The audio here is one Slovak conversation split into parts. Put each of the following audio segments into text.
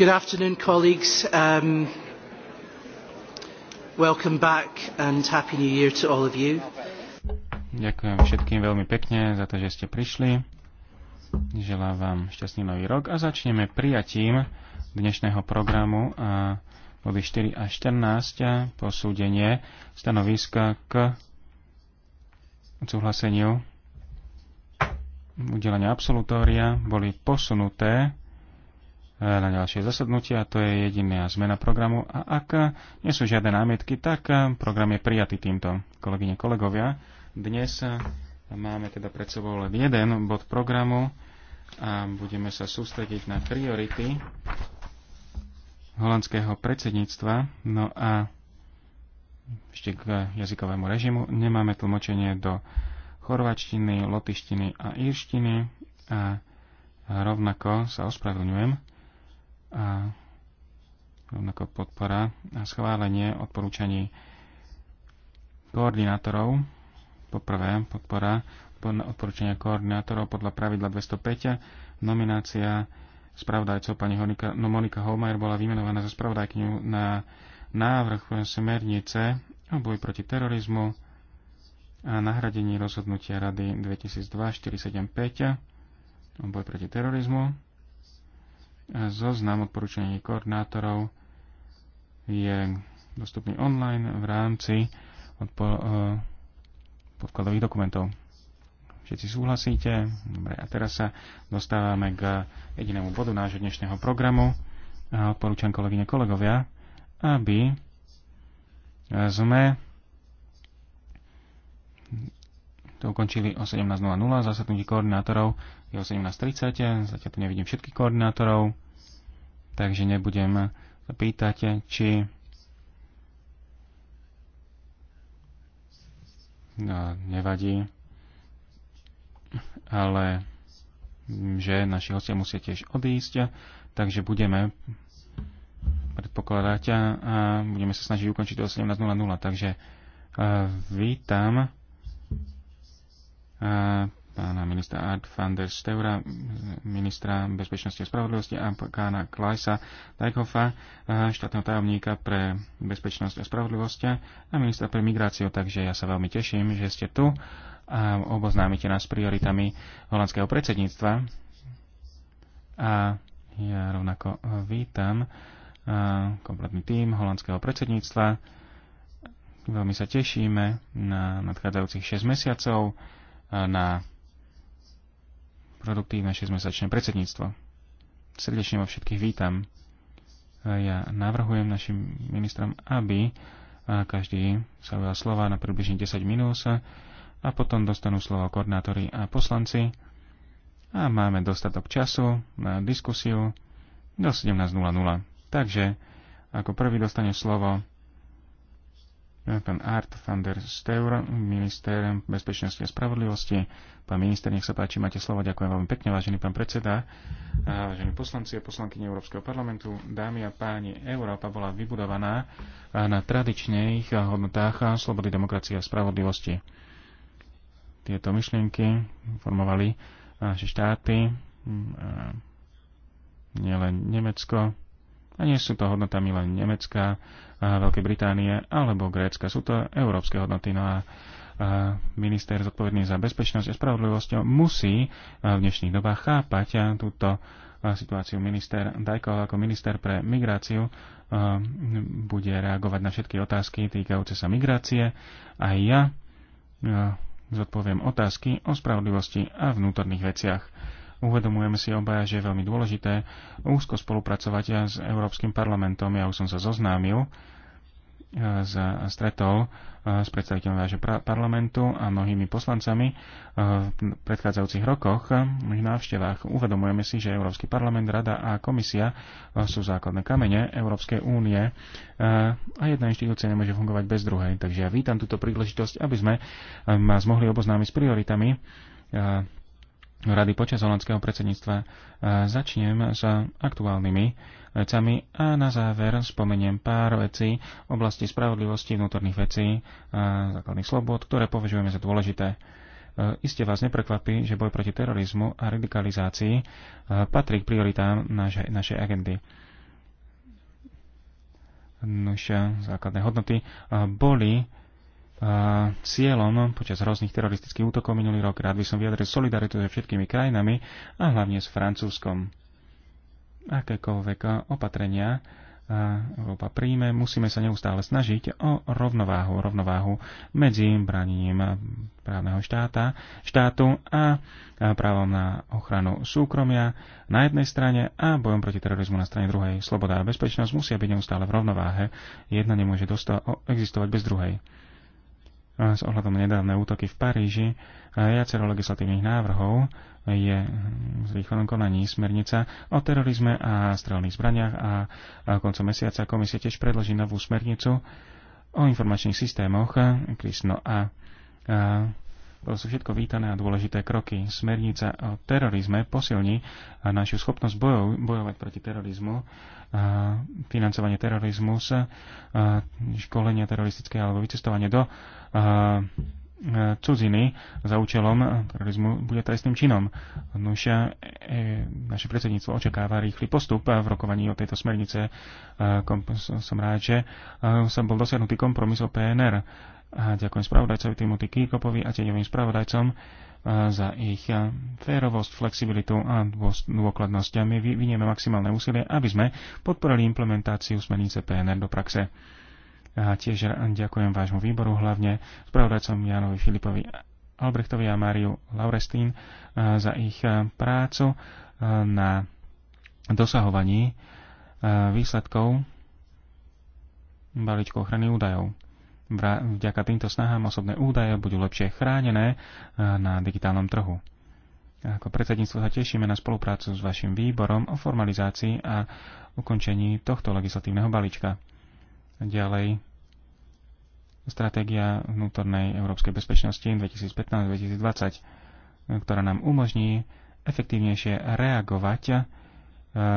Good afternoon, colleagues. Um, welcome back and happy new year to all of you. Ďakujem všetkým veľmi pekne za to, že ste prišli. Želám vám šťastný nový rok a začneme prijatím dnešného programu a body 4 a 14 posúdenie stanoviska k súhlaseniu udelenia absolutória boli posunuté na ďalšie zasadnutie a to je jediná zmena programu. A ak nie sú žiadne námietky, tak eh, program je prijatý týmto. Kolegyne, kolegovia, dnes eh, máme teda pred sebou len jeden bod programu a budeme sa sústrediť na priority holandského predsedníctva. No a ešte k jazykovému režimu. Nemáme tlmočenie do chorvačtiny, lotištiny a írštiny a rovnako sa ospravedlňujem a rovnako podpora a schválenie odporúčaní koordinátorov. Poprvé, podpora odporúčania koordinátorov podľa pravidla 205. Nominácia spravodajcov pani Monika, no Monika Holmajer bola vymenovaná za spravodajkňu na návrh smernice o boj proti terorizmu a nahradení rozhodnutia Rady 2002-475 o boj proti terorizmu Zoznam odporúčaní koordinátorov je dostupný online v rámci odpo- eh, podkladových dokumentov. Všetci súhlasíte? Dobre, a teraz sa dostávame k jedinému bodu nášho dnešného programu. odporúčam kolegyne kolegovia, aby sme to ukončili o 17.00, zasadnutie koordinátorov je o 17.30, zatiaľ tu nevidím všetkých koordinátorov, takže nebudem sa pýtať, či no, nevadí, ale že naši hostia musia tiež odísť, takže budeme predpokladať a budeme sa snažiť ukončiť o 17.00, takže eh, vítam pána ministra Art van der Steura, ministra bezpečnosti a spravodlivosti a pána Klajsa Dajkhofa, štátneho tajomníka pre bezpečnosť a spravodlivosť a ministra pre migráciu. Takže ja sa veľmi teším, že ste tu a oboznámite nás s prioritami holandského predsedníctva. A ja rovnako vítam kompletný tím holandského predsedníctva. Veľmi sa tešíme na nadchádzajúcich 6 mesiacov na produktívne 6-mesačné predsedníctvo. Srdečne vo všetkých vítam. Ja navrhujem našim ministrom, aby každý sa ujal slova na približne 10 minút a potom dostanú slovo koordinátori a poslanci a máme dostatok času na diskusiu do 17.00. Takže ako prvý dostane slovo No, pán Art van der Steur, minister bezpečnosti a spravodlivosti. Pán minister, nech sa páči, máte slovo. Ďakujem veľmi pekne, vážený pán predseda, vážení poslanci a poslankyne Európskeho parlamentu. Dámy a páni, Európa bola vybudovaná na tradičných hodnotách slobody, demokracie a spravodlivosti. Tieto myšlienky formovali naše štáty, nielen Nemecko, a nie sú to hodnotami len Nemecka, Veľkej Británie alebo Grécka. Sú to európske hodnoty. No a minister zodpovedný za bezpečnosť a spravodlivosť musí v dnešných dobách chápať túto situáciu. Minister Dajko ako minister pre migráciu bude reagovať na všetky otázky týkajúce sa migrácie a ja zodpoviem otázky o spravodlivosti a vnútorných veciach. Uvedomujeme si obaja, že je veľmi dôležité úzko spolupracovať ja s Európskym parlamentom. Ja už som sa zoznámil e, s stretol e, s predstaviteľom vášho parlamentu a mnohými poslancami e, v predchádzajúcich rokoch, v návštevách. Uvedomujeme si, že Európsky parlament, Rada a Komisia sú základné kamene Európskej únie a jedna inštitúcia nemôže fungovať bez druhej. Takže ja vítam túto príležitosť, aby sme vás mohli oboznámiť s prioritami rady počas holandského predsedníctva. E, začnem s aktuálnymi vecami a na záver spomeniem pár vecí v oblasti spravodlivosti vnútorných vecí a základných slobod, ktoré považujeme za dôležité. E, iste vás neprekvapí, že boj proti terorizmu a radikalizácii e, patrí k prioritám našej, našej agendy. Nož základné hodnoty boli cieľom počas hrozných teroristických útokov minulý rok. Rád by som vyjadril solidaritu so všetkými krajinami a hlavne s Francúzskom. Akékoľvek opatrenia Európa príjme, musíme sa neustále snažiť o rovnováhu, rovnováhu medzi bránením právneho štáta, štátu a právom na ochranu súkromia na jednej strane a bojom proti terorizmu na strane druhej. Sloboda a bezpečnosť musia byť neustále v rovnováhe. Jedna nemôže dostať, existovať bez druhej s ohľadom nedávne útoky v Paríži viacero legislatívnych návrhov je z rýchlom konaní smernica o terorizme a strelných zbraniach a koncom mesiaca komisia tiež predloží novú smernicu o informačných systémoch Krisno a, a to sú všetko vítané a dôležité kroky. Smernica o terorizme posilní našu schopnosť bojov, bojovať proti terorizmu, financovanie terorizmu, školenia teroristické alebo vycestovanie do cudziny za účelom terorizmu bude trestným činom. Nuša, e, naše predsedníctvo očakáva rýchly postup v rokovaní o tejto smernice. Som rád, že som bol dosiahnutý kompromis o PNR a ďakujem spravodajcovi Timothy Kirkopovi a tieňovým spravodajcom e, za ich e, férovosť, flexibilitu a dôkladnosť. A my vynieme maximálne úsilie, aby sme podporili implementáciu smernice PNR do praxe. A tiež ďakujem vášmu výboru, hlavne spravodajcom Janovi Filipovi Albrechtovi a Máriu Laurestín e, za ich prácu na dosahovaní výsledkov balíčku ochrany údajov. Vďaka týmto snahám osobné údaje budú lepšie chránené e, na digitálnom trhu. Ako predsedníctvo sa tešíme na spoluprácu s vašim výborom o formalizácii a ukončení tohto legislatívneho balíčka. Ďalej, stratégia vnútornej európskej bezpečnosti 2015-2020, e, ktorá nám umožní efektívnejšie reagovať e,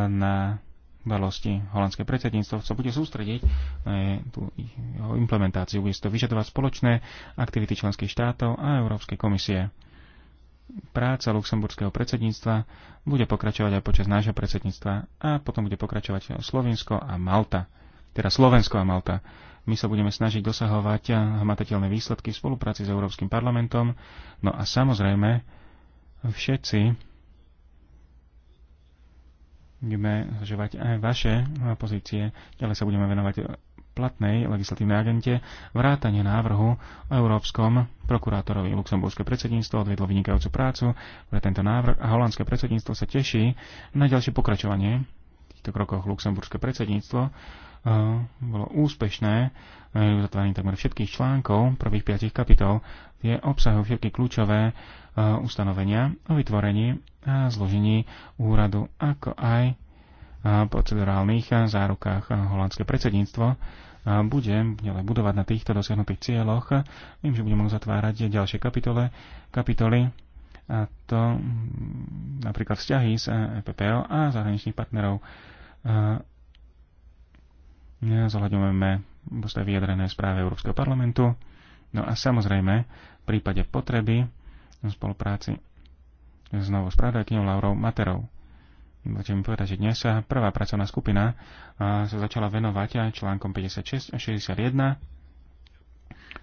na udalosti holandské predsedníctvo sa bude sústrediť na e, tú jeho implementáciu. Bude to vyžadovať spoločné aktivity členských štátov a Európskej komisie. Práca luxemburského predsedníctva bude pokračovať aj počas nášho predsedníctva a potom bude pokračovať Slovensko a Malta. Teda Slovensko a Malta. My sa budeme snažiť dosahovať hmatateľné výsledky v spolupráci s Európskym parlamentom. No a samozrejme, všetci budeme zažívať aj eh, vaše eh, pozície. Ďalej sa budeme venovať platnej legislatívnej agente vrátanie návrhu o európskom prokurátorovi. Luxemburské predsedníctvo odvedlo vynikajúcu prácu pre tento návrh a holandské predsedníctvo sa teší na ďalšie pokračovanie v týchto krokoch. Luxemburské predsedníctvo eh, bolo úspešné v uzatváraní takmer všetkých článkov prvých piatich kapitol tie obsahujú všetky kľúčové e, ustanovenia o vytvorení a zložení úradu, ako aj e, procedurálnych zárukách holandské predsedníctvo e, bude ďalej budovať na týchto dosiahnutých cieľoch. Viem, že budeme zatvárať ďalšie kapitole, kapitoly, a to mm, napríklad vzťahy s EPPO a zahraničných partnerov. Zohľadňujeme postavy vyjadrené správe Európskeho parlamentu. No a samozrejme, v prípade potreby v spolupráci s novou Laurou Materou. Môžete mi povedať, že dnes sa prvá pracovná skupina sa začala venovať aj článkom 56 a 61,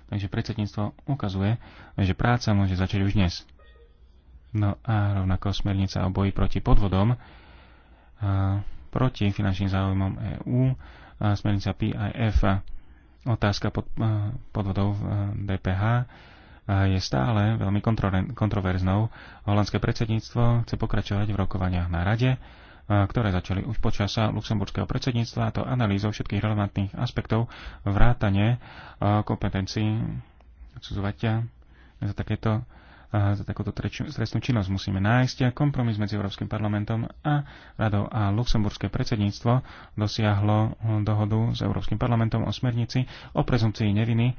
takže predsedníctvo ukazuje, že práca môže začať už dnes. No a rovnako smernica o boji proti podvodom, proti finančným záujmom EÚ, smernica PIF, otázka pod, podvodov DPH, je stále veľmi kontroverznou. Holandské predsedníctvo chce pokračovať v rokovaniach na rade, ktoré začali už počas luxemburského predsedníctva, a to analýzou všetkých relevantných aspektov vrátane kompetencií odsudzovateľa za takéto za takúto trestnú činnosť musíme nájsť. Kompromis medzi Európskym parlamentom a radou a luxemburské predsedníctvo dosiahlo dohodu s Európskym parlamentom o smernici o prezumcii neviny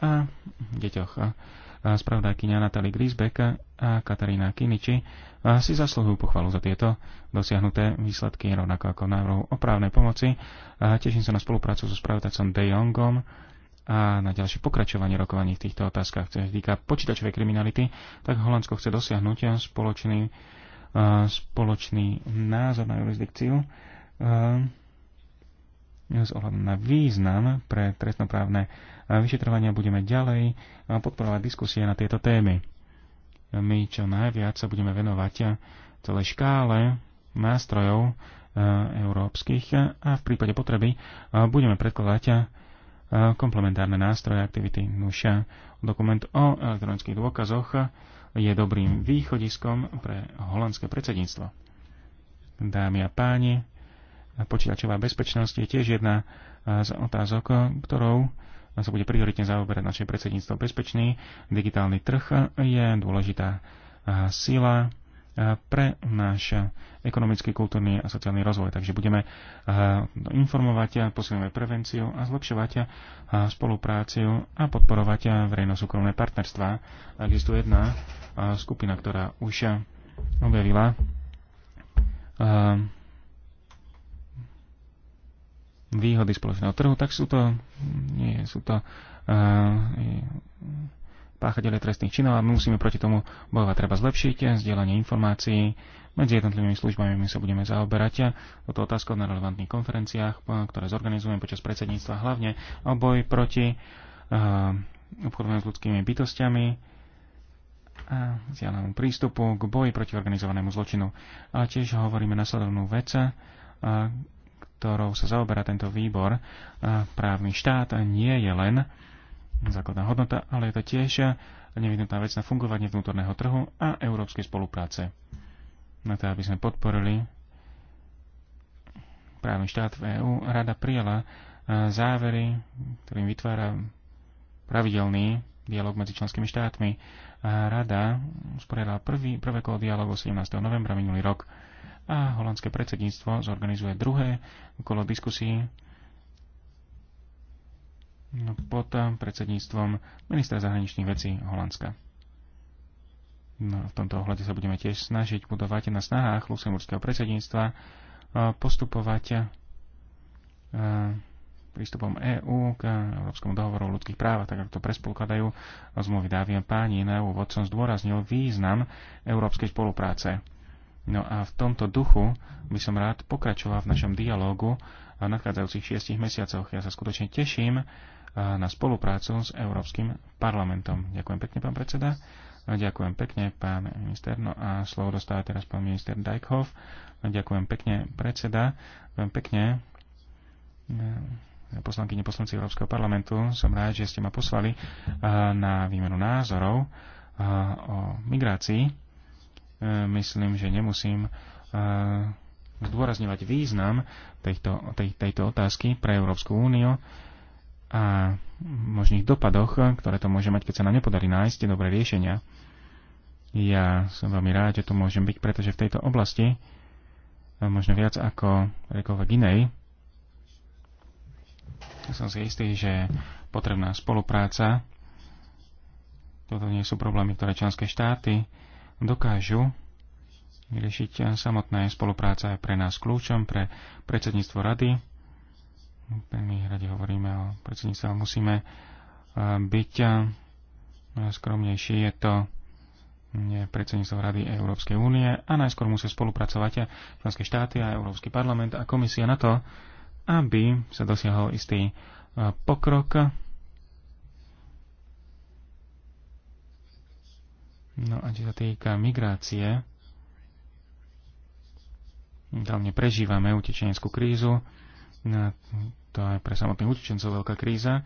a deťoch. Spravodajkyňa Natalie Grisbeck a Katarína Kiniči si zaslúhujú pochvalu za tieto dosiahnuté výsledky, rovnako ako návrhu o právnej pomoci. Teším sa na spoluprácu so spravodajcom De Jongom a na ďalšie pokračovanie rokovaní v týchto otázkach. Čo sa týka počítačovej kriminality, tak Holandsko chce dosiahnuť spoločný, spoločný názor na jurisdikciu s ohľadom na význam pre trestnoprávne vyšetrovania budeme ďalej podporovať diskusie na tieto témy. My čo najviac sa budeme venovať celej škále nástrojov e, európskych a v prípade potreby e, budeme predkladať e, komplementárne nástroje aktivity NUŠA. Dokument o elektronických dôkazoch je dobrým východiskom pre holandské predsedníctvo. Dámy a páni, Počítačová bezpečnosť je tiež jedna z otázok, ktorou sa bude prioritne zaoberať naše predsedníctvo bezpečný. Digitálny trh je dôležitá sila pre náš ekonomický, kultúrny a sociálny rozvoj. Takže budeme informovať, posilňovať prevenciu a zlepšovať spolupráciu a podporovať verejno-súkromné partnerstva. Existuje jedna skupina, ktorá už objavila výhody spoločného trhu, tak sú to, nie, sú to uh, eh, páchateľe trestných činov a my musíme proti tomu bojovať. Treba zlepšiť zdieľanie informácií medzi jednotlivými službami. My sa budeme zaoberať toto otázkou na relevantných konferenciách, ktoré zorganizujeme počas predsedníctva, hlavne o boj proti uh, obchodovaniu s ľudskými bytostiami, a vzdialenému prístupu k boji proti organizovanému zločinu. Ale tiež hovoríme nasledovnú vec, eh, ktorou sa zaoberá tento výbor, právny štát nie je len základná hodnota, ale je to tiež nevyhnutná vec na fungovanie vnútorného trhu a európskej spolupráce. Na to, aby sme podporili právny štát v EÚ, rada prijala e, závery, ktorým vytvára pravidelný dialog medzi členskými štátmi. Rada usporiadala prvý, prvé kolo dialogu 17. novembra minulý rok a holandské predsedníctvo zorganizuje druhé kolo diskusí no, pod predsedníctvom ministra zahraničných vecí Holandska. No, v tomto ohľade sa budeme tiež snažiť budovať na snahách luxemburského predsedníctva postupovať prístupom EÚ k Európskemu dohovoru o ľudských právach, tak ako to prespolkladajú zmluvy Dávien páni. Na úvod som zdôraznil význam európskej spolupráce No a v tomto duchu by som rád pokračoval v našom dialógu v nadchádzajúcich šiestich mesiacoch. Ja sa skutočne teším eh, na spoluprácu s Európskym parlamentom. Ďakujem pekne, pán predseda. No, ďakujem pekne, pán minister. No a slovo dostáva teraz pán minister Dijkhoff. No, ďakujem pekne, predseda. Ďakujem pekne, eh, poslanky neposlanci Európskeho parlamentu. Som rád, že ste ma poslali eh, na výmenu názorov o migrácii E, myslím, že nemusím e, zdôrazňovať význam tejto, tej, tejto otázky pre Európsku úniu a možných dopadoch, ktoré to môže mať, keď sa nám nepodarí nájsť dobré riešenia. Ja som veľmi rád, že tu môžem byť, pretože v tejto oblasti e, možno viac ako rekoľvek Ginej. som si istý, že potrebná spolupráca toto nie sú problémy, ktoré členské štáty dokážu riešiť eh, samotná spolupráca je pre nás kľúčom, pre predsedníctvo rady. My rade hovoríme o predsedníctve, ale musíme eh, byť eh, skromnejší. Je to predsedníctvo Rady Európskej únie a najskôr musia spolupracovať členské štáty a Európsky parlament a komisia na to, aby sa dosiahol istý pokrok No a čo sa týka migrácie, hlavne prežívame utečeneckú krízu, no, to je pre samotných utečencov veľká kríza.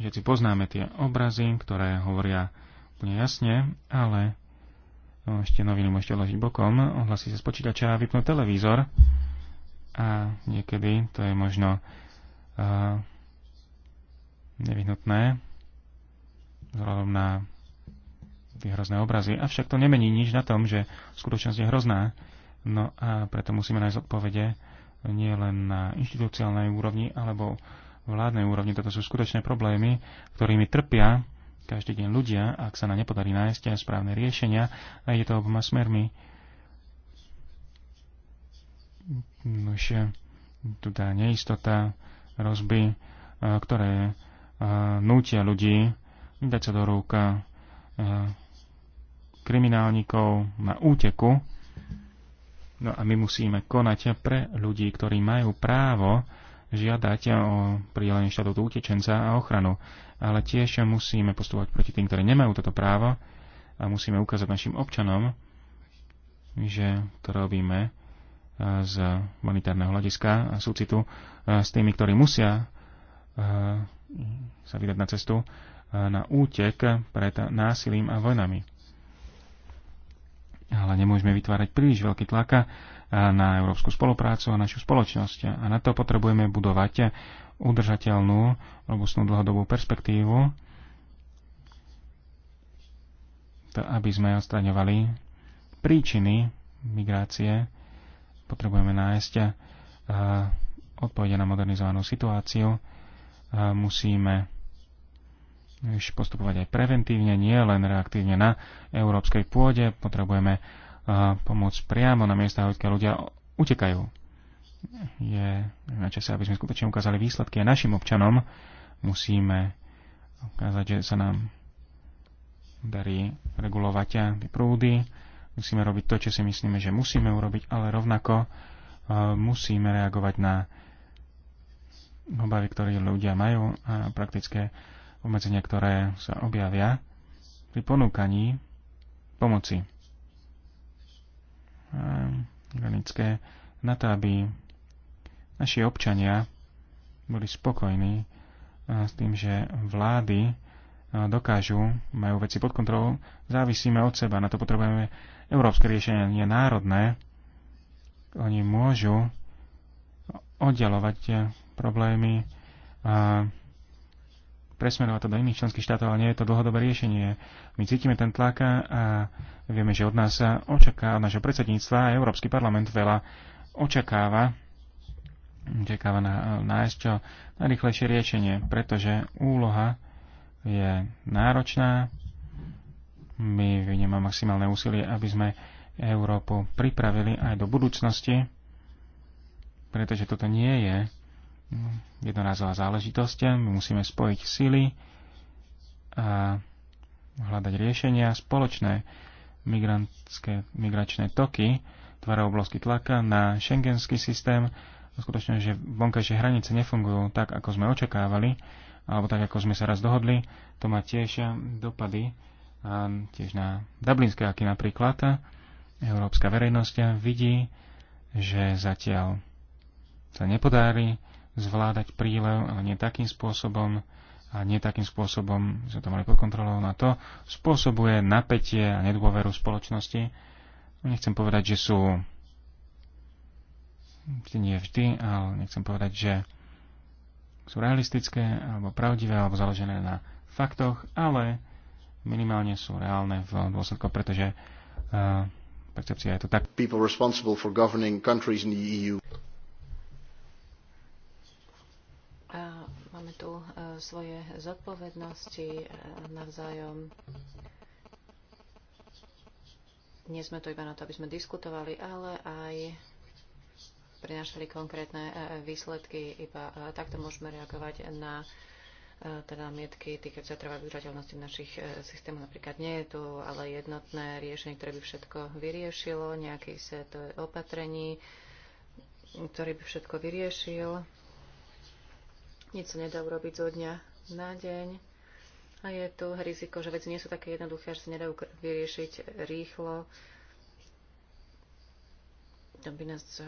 Všetci poznáme tie obrazy, ktoré hovoria úplne jasne, ale no, ešte noviny môžete ložiť bokom, ohlasí sa z počítača a vypnú televízor a niekedy to je možno uh, nevyhnutné vzhľadom na tie hrozné obrazy. Avšak to nemení nič na tom, že skutočnosť je hrozná. No a preto musíme nájsť odpovede nie len na inštitúciálnej úrovni alebo vládnej úrovni. Toto sú skutočné problémy, ktorými trpia každý deň ľudia, ak sa na nepodarí nájsť aj správne riešenia a ide to oboma smermi. Nože, tu tá neistota, rozby, eh, ktoré eh, nútia ľudí dať sa do rúk eh, kriminálnikov na úteku. No a my musíme konať pre ľudí, ktorí majú právo žiadať o pridelenie štatútu utečenca a ochranu. Ale tiež musíme postupovať proti tým, ktorí nemajú toto právo a musíme ukázať našim občanom, že to robíme eh, z humanitárneho hľadiska a súcitu eh, s tými, ktorí musia eh, sa vydať na cestu na útek pred násilím a vojnami ale nemôžeme vytvárať príliš veľký tlak na európsku spoluprácu a našu spoločnosť. A na to potrebujeme budovať udržateľnú, robustnú dlhodobú perspektívu, to, aby sme odstraňovali príčiny migrácie. Potrebujeme nájsť odpovede na modernizovanú situáciu. Musíme postupovať aj preventívne, nie len reaktívne na európskej pôde. Potrebujeme pomôcť priamo na miesta, odkiaľ ľudia utekajú. Je na čase, aby sme skutočne ukázali výsledky a našim občanom musíme ukázať, že sa nám darí regulovať prúdy. Musíme robiť to, čo si myslíme, že musíme urobiť, ale rovnako musíme reagovať na obavy, ktoré ľudia majú a praktické obmedzenia, ktoré sa objavia pri ponúkaní pomoci. Granické na to, aby naši občania boli spokojní s tým, že vlády dokážu, majú veci pod kontrolou, závisíme od seba. Na to potrebujeme európske riešenia, nie národné. Oni môžu oddialovať problémy Presmerovať to do iných členských štátov, ale nie je to dlhodobé riešenie. My cítime ten tlak a vieme, že od nás sa očaká, od našho predsedníctva a Európsky parlament veľa očakáva, očakáva na, nájsť čo najrychlejšie riešenie, pretože úloha je náročná. My vynieme maximálne úsilie, aby sme Európu pripravili aj do budúcnosti, pretože toto nie je jednorazová záležitosť. My musíme spojiť sily a hľadať riešenia spoločné migračné toky, tvára obrovský tlak na šengenský systém, skutočne, že vonkajšie hranice nefungujú tak, ako sme očakávali, alebo tak, ako sme sa raz dohodli, to má tiež dopady a tiež na Dublinské, aký napríklad európska verejnosť vidí, že zatiaľ sa nepodarí zvládať prílev, ale nie takým spôsobom, a nie takým spôsobom, že to mali pod kontrolou na no to, spôsobuje napätie a nedôveru spoločnosti. No, nechcem povedať, že sú vždy nie vždy, ale nechcem povedať, že sú realistické, alebo pravdivé, alebo založené na faktoch, ale minimálne sú reálne v dôsledku, pretože uh, percepcia je to tak. máme tu e, svoje zodpovednosti e, navzájom. Nie sme tu iba na to, aby sme diskutovali, ale aj prinášali konkrétne e, výsledky. Iba takto môžeme reagovať na teda mietky týkajúce sa trvá využateľnosti v našich systémoch. Napríklad nie je tu ale jednotné riešenie, ktoré by všetko vyriešilo, nejaký set opatrení, ktorý by všetko vyriešil. Nič sa nedá urobiť zo dňa na deň. A je tu riziko, že veci nie sú také jednoduché, že sa nedajú vyriešiť rýchlo. To by nás eh,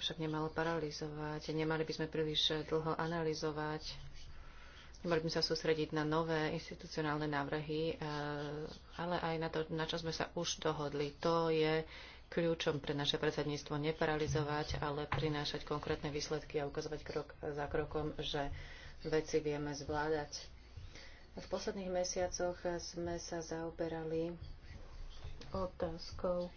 však nemalo paralizovať. Nemali by sme príliš dlho analyzovať. Nemali by sme sa sústrediť na nové institucionálne návrhy, eh, ale aj na to, na čo sme sa už dohodli. To je kľúčom pre naše predsedníctvo neparalizovať, ale prinášať konkrétne výsledky a ukazovať krok za krokom, že veci vieme zvládať. V posledných mesiacoch sme sa zaoberali otázkou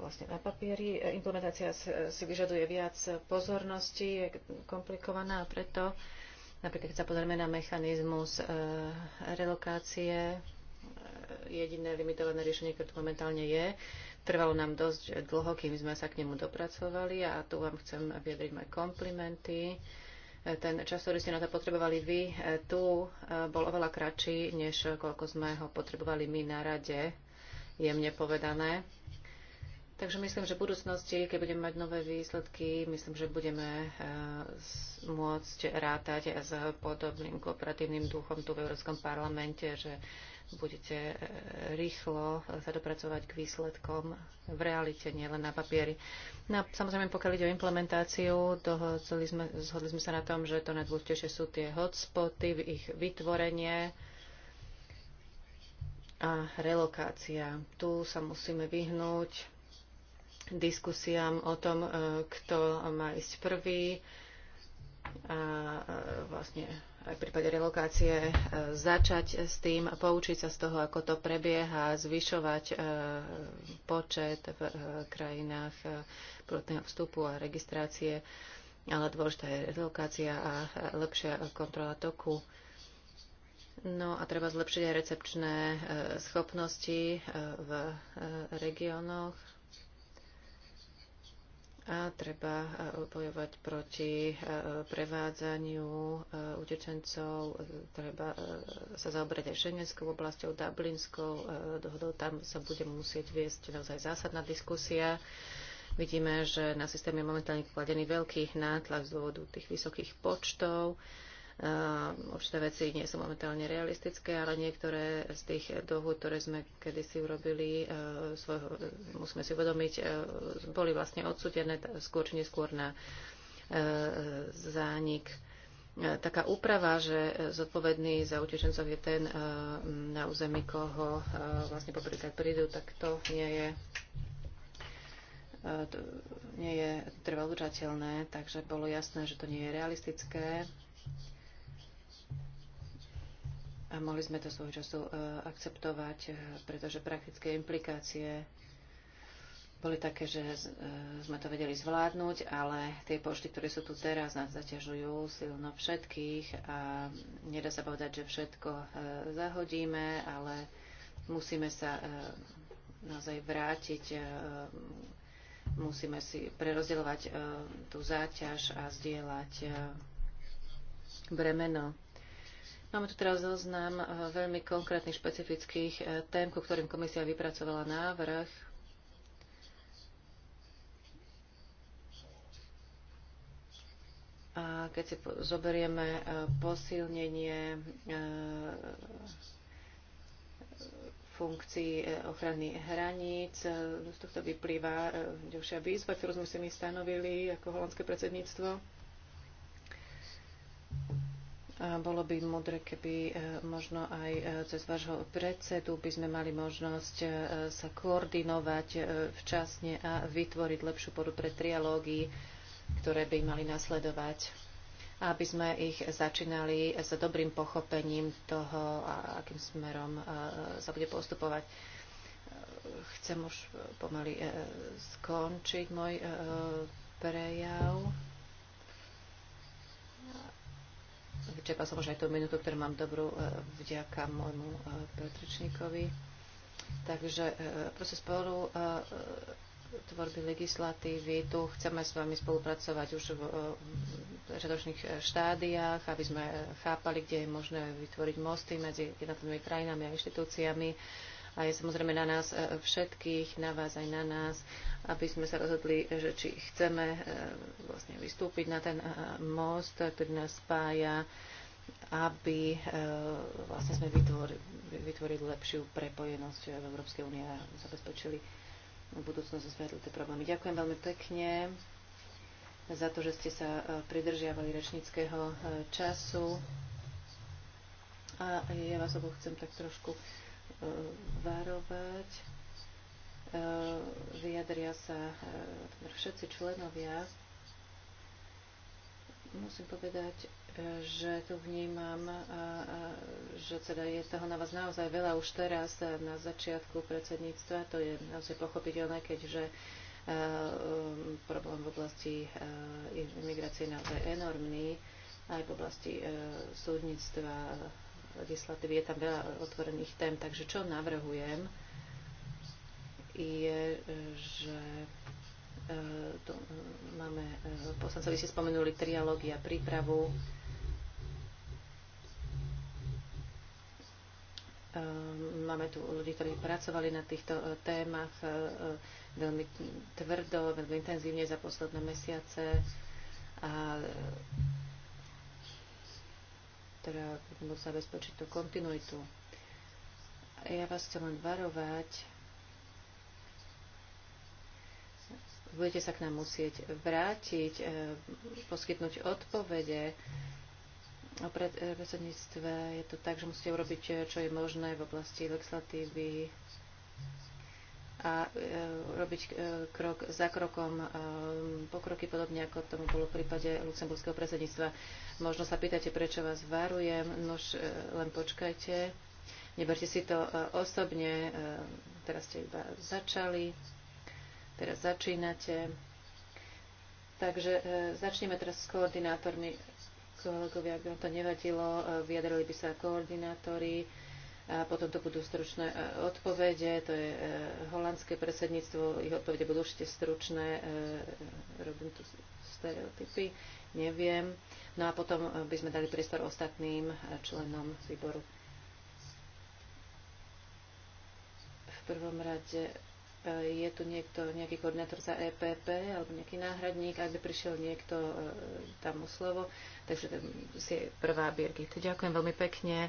vlastne na papieri. Implementácia si vyžaduje viac pozornosti, je komplikovaná a preto napríklad keď sa pozrieme na mechanizmus e, relokácie jediné limitované riešenie, ktoré tu momentálne je. Trvalo nám dosť dlho, kým sme sa k nemu dopracovali a tu vám chcem vyjadriť moje komplimenty. Ten čas, ktorý ste na to potrebovali vy, tu e, bol oveľa kratší, než koľko sme ho potrebovali my na rade, jemne povedané. Takže myslím, že v budúcnosti, keď budeme mať nové výsledky, myslím, že budeme e, môcť rátať s podobným kooperatívnym duchom tu v Európskom parlamente, že budete e, rýchlo e, sa dopracovať k výsledkom v realite, nielen na papieri. No, samozrejme, pokiaľ ide o implementáciu, dohodli sme, zhodli sme sa na tom, že to najdôležitejšie sú tie hotspoty, ich vytvorenie a relokácia. Tu sa musíme vyhnúť diskusiám o tom, e, kto má ísť prvý a vlastne aj v prípade relokácie e, začať s tým, poučiť sa z toho, ako to prebieha, zvyšovať e, počet v e, krajinách pilotného vstupu a registrácie, ale dôležitá je relokácia a lepšia kontrola toku. No a treba zlepšiť aj recepčné schopnosti v regiónoch a treba e, bojovať proti e, prevádzaniu e, utečencov, treba sa zaoberať aj šengenskou oblasťou, dublinskou dohodou, tam sa bude musieť viesť naozaj zásadná diskusia. Vidíme, že na systém je momentálne kladený veľký nátlak z dôvodu tých vysokých počtov. Ehm, určité veci nie sú momentálne realistické, ale niektoré z tých dohôd, ktoré sme kedysi urobili, ehm, svojho, musíme si uvedomiť, ehm, boli vlastne odsudené skôr či neskôr na zánik e, taká úprava, že zodpovedný za utečencov je ten, na území koho vlastne poprvýkrát prídu, tak to nie je e, to nie je trvalúčateľné, takže bolo jasné, že to nie je realistické A mohli sme to svojho času e, akceptovať, e, pretože praktické implikácie boli také, že e, sme to vedeli zvládnuť, ale tie pošty, ktoré sú tu teraz, nás zaťažujú silno všetkých a nedá sa povedať, že všetko zahodíme, ale musíme sa naozaj vrátiť, musíme si uh, tú záťaž a zdieľať bremeno. Máme tu teraz zoznam eh, veľmi konkrétnych špecifických eh, tém, ku ktorým komisia vypracovala návrh. A keď si zoberieme eh, posilnenie funkcií ochrany hraníc, z tohto vyplýva ďalšia výzva, ktorú sme si my stanovili ako holandské predsedníctvo bolo by mudre, keby e, možno aj e, cez vášho predsedu by sme mali možnosť e, sa koordinovať včasne a vytvoriť lepšiu poru pre trialógy, ktoré by mali nasledovať aby sme ich začínali s dobrým pochopením toho, akým smerom sa bude postupovať. Chcem už pomaly skončiť môj prejav. Vyčerpal som už aj tú minútu, ktorú mám dobrú e, vďaka môjmu e, predrečníkovi. Takže e, proste spolu tvorby legislatívy. Tu chceme s vami spolupracovať už v žiadočných štádiách, aby sme chápali, kde je možné vytvoriť mosty medzi jednotlivými krajinami a inštitúciami a je samozrejme na nás e, všetkých, na vás aj na nás, aby sme sa rozhodli, e, že či chceme e, vlastne vystúpiť na ten most, ktorý nás spája, aby vlastne sme vytvorili, vytvorili lepšiu prepojenosť v Európskej únie a zabezpečili budúcnosť a zvedli tie problémy. Ďakujem veľmi pekne za to, že ste sa pridržiavali rečníckého času. A ja vás oboch chcem tak trošku varovať. Eh, vyjadria sa eh, všetci členovia. Musím povedať, eh, že tu vnímam, že teda je toho na vás naozaj veľa už teraz na začiatku predsedníctva. To je naozaj pochopiteľné, keďže problém v oblasti imigrácie je naozaj enormný aj v oblasti súdnictva, legislatívy. Je tam veľa otvorených tém, takže čo navrhujem je, že e, to e, máme, e, poslancovi si spomenuli a prípravu, Máme tu ľudí, ktorí pracovali na týchto témach veľmi tvrdo, veľmi intenzívne za posledné mesiace a teda zabezpečiť tú kontinuitu. Ja vás chcem len varovať, budete sa k nám musieť vrátiť, e, poskytnúť odpovede. O predsedníctve je to tak, že musíte urobiť, e, čo je možné v oblasti legislatívy, a e, robiť e, krok za krokom e, pokroky, podobne ako tomu bolo v prípade luxemburského predsedníctva. Možno sa pýtate, prečo vás varujem, nož len počkajte, neberte si to osobne, teraz ste iba začali, teraz začínate. Takže začneme teraz s koordinátormi. Kolegovia, ak by vám to nevadilo, vyjadrili by sa koordinátori. A potom to budú stručné e, odpovede, to je e, holandské predsedníctvo, ich odpovede budú určite stručné, e, robím tu stereotypy, neviem. No a potom by sme dali priestor ostatným členom výboru. V prvom rade je tu niekto, nejaký koordinátor za EPP alebo nejaký náhradník, ak by prišiel niekto, tam mu slovo. Takže si prvá bierky. Ďakujem veľmi pekne.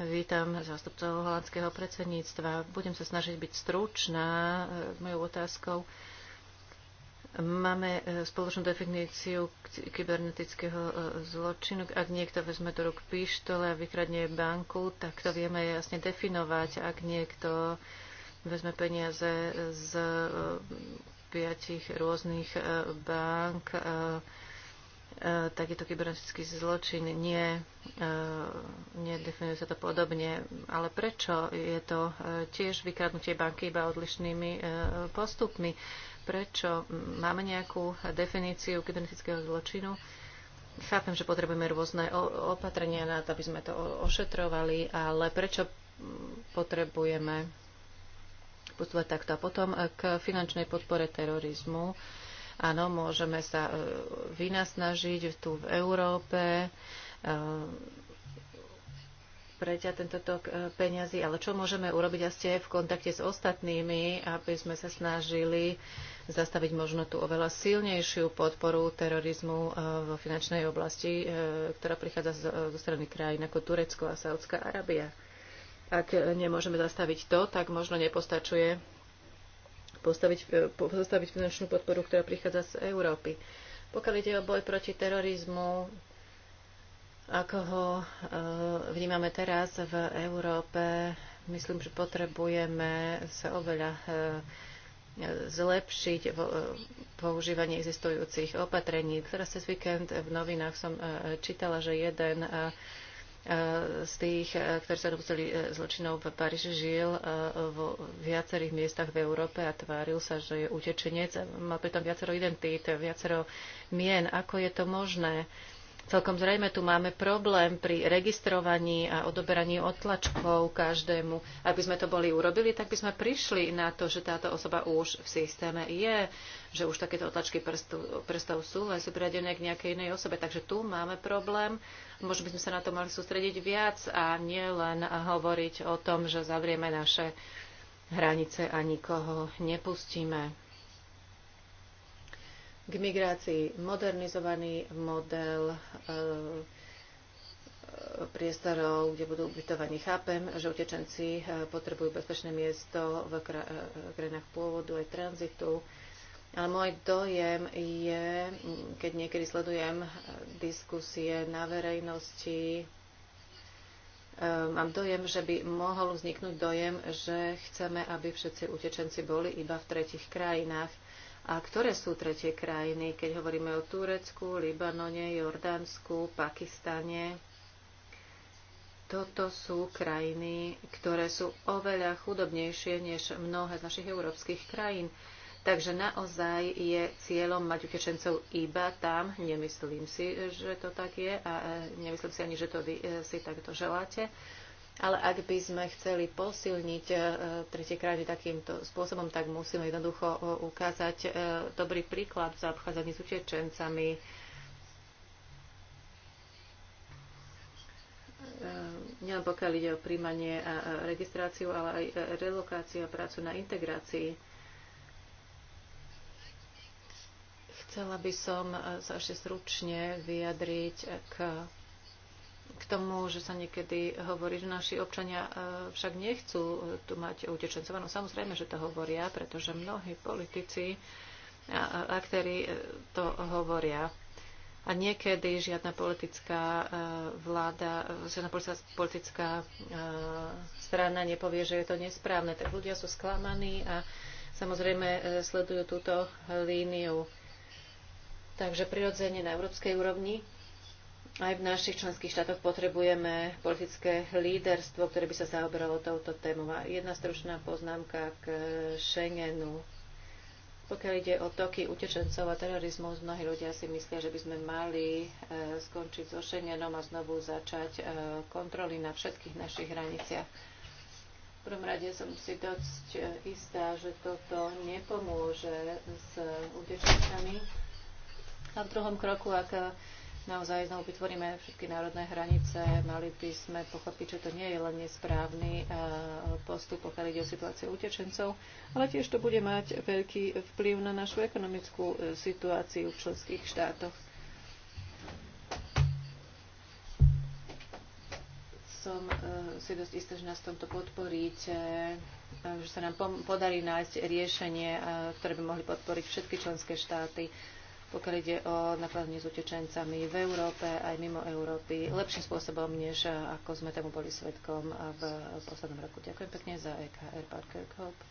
Vítam zástupcov holandského predsedníctva. Budem sa snažiť byť stručná e, mojou otázkou. Máme e, spoločnú definíciu kybernetického e, zločinu. Ak niekto vezme do rúk pištole a vykradne banku, tak to vieme jasne definovať. Ak niekto vezme peniaze z piatich rôznych bank, takýto kybernetický zločin nie, e, nedefinuje sa to podobne. Ale prečo je to e, tiež vykradnutie banky iba odlišnými e, postupmi? Prečo máme nejakú definíciu kybernetického zločinu? Chápem, že potrebujeme rôzne opatrenia na to, aby sme to ošetrovali, ale prečo potrebujeme postupovať takto? A potom k finančnej podpore terorizmu. Uh, Áno, môžeme sa e, vynasnažiť tu v Európe e, preťa tento tok e, peňazí, ale čo môžeme urobiť a ste v kontakte s ostatnými, aby sme sa snažili zastaviť možno tú oveľa silnejšiu podporu terorizmu vo finančnej oblasti, ktorá prichádza zo strany krajín ako Turecko a Saudská Arábia. Ak nemôžeme zastaviť to, tak možno nepostačuje postaviť, e, postaviť finančnú podporu, ktorá prichádza z Európy. Pokiaľ ide o boj proti terorizmu, ako ho e, vnímame teraz v Európe, myslím, že potrebujeme sa oveľa e, zlepšiť používanie existujúcich opatrení. Teraz cez víkend v novinách som čítala, že jeden Eh, z tých, eh, ktorí sa dopustili eh, zločinov v Paríži, žil vo viacerých miestach v Európe a tváril sa, že je utečenec. Mal pritom viacero identít, viacero mien. Ako je to možné? Celkom zrejme tu máme problém pri registrovaní a odoberaní odtlačkov každému. Ak by sme to boli urobili, tak by sme prišli na to, že táto osoba už v systéme je, že už takéto otlačky prstov, sú len sú priadené k nejakej inej osobe. Takže tu máme problém Možno by sme sa na to mali sústrediť viac a nielen hovoriť o tom, že zavrieme naše hranice a nikoho nepustíme. K migrácii modernizovaný model e, e priestorov, kde budú ubytovaní. Chápem, že utečenci e, potrebujú bezpečné miesto v e, krajinách pôvodu aj tranzitu ale môj dojem je, keď niekedy sledujem eh, diskusie na verejnosti, eh, mám dojem, že by mohol vzniknúť dojem, že chceme, aby všetci utečenci boli iba v tretich krajinách. A ktoré sú tretie krajiny, keď hovoríme o Turecku, Libanone, Jordánsku, Pakistane? Toto sú krajiny, ktoré sú oveľa chudobnejšie než mnohé z našich európskych krajín. Takže naozaj je cieľom mať utečencov iba tam. Nemyslím si, že to tak je a e, nemyslím si ani, že to vy e, si takto želáte. Ale ak by sme chceli posilniť e, tretie krajiny takýmto spôsobom, tak musíme jednoducho ukázať dobrý príklad v zaobchádzaní s utečencami, nielen pokiaľ ide o príjmanie a registráciu, ale aj relokáciu a prácu na integrácii Chcela by som e, sa ešte stručne vyjadriť k, k tomu, že sa niekedy hovorí, že naši občania e, však nechcú e, tu mať utečencov. No samozrejme, že to hovoria, pretože mnohí politici a aktéry to hovoria. A niekedy žiadna politická vláda, žiadna politická, politická strana nepovie, že je to nesprávne. Tak ľudia sú sklamaní a samozrejme sledujú túto líniu. Takže prirodzene na európskej úrovni aj v našich členských štátoch potrebujeme politické líderstvo, ktoré by sa zaoberalo touto témou. A jedna stručná poznámka k Schengenu. Pokiaľ ide o toky utečencov a terorizmu, mnohí ľudia si myslia, že by sme mali e, skončiť so Schengenom a znovu začať e, kontroly na všetkých našich hraniciach. V prvom rade som si dosť e, istá, že toto nepomôže s utečencami a v druhom kroku, ak eh, naozaj znovu vytvoríme všetky národné hranice, mali by sme pochopiť, že to nie je len nesprávny eh, postup, pokiaľ ide o situáciu utečencov, ale tiež to bude mať veľký vplyv na našu ekonomickú eh, situáciu v členských štátoch. Som si dosť istá, že nás v tomto podporíte, že sa nám podarí nájsť riešenie, ktoré by mohli podporiť všetky členské štáty pokiaľ ide o nakladanie s utečencami v Európe aj mimo Európy lepším spôsobom, než eh, ako sme tomu boli svetkom eh, v poslednom roku. Ďakujem pekne za EKR, Parker Kirkhope.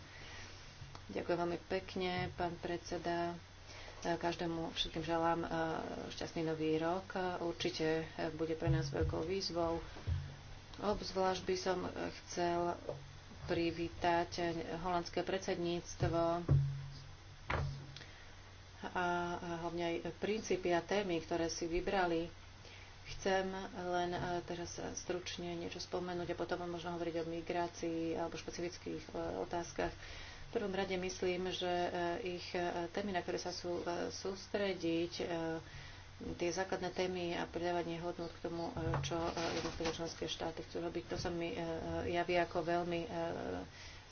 Ďakujem veľmi pekne, pán predseda. Eh, každému všetkým želám šťastný nový rok. Určite bude pre nás veľkou výzvou. Obzvlášť by som chcel privítať holandské predsedníctvo a hlavne aj princípy a témy, ktoré si vybrali. Chcem len e, teraz stručne niečo spomenúť a potom možno hovoriť o migrácii alebo špecifických e, otázkach. V prvom rade myslím, že e, ich témy, na ktoré sa sú sústrediť, tie základné témy a pridávanie hodnot k tomu, čo jednotlivé členské štáty chcú robiť, to sa mi javí ako veľmi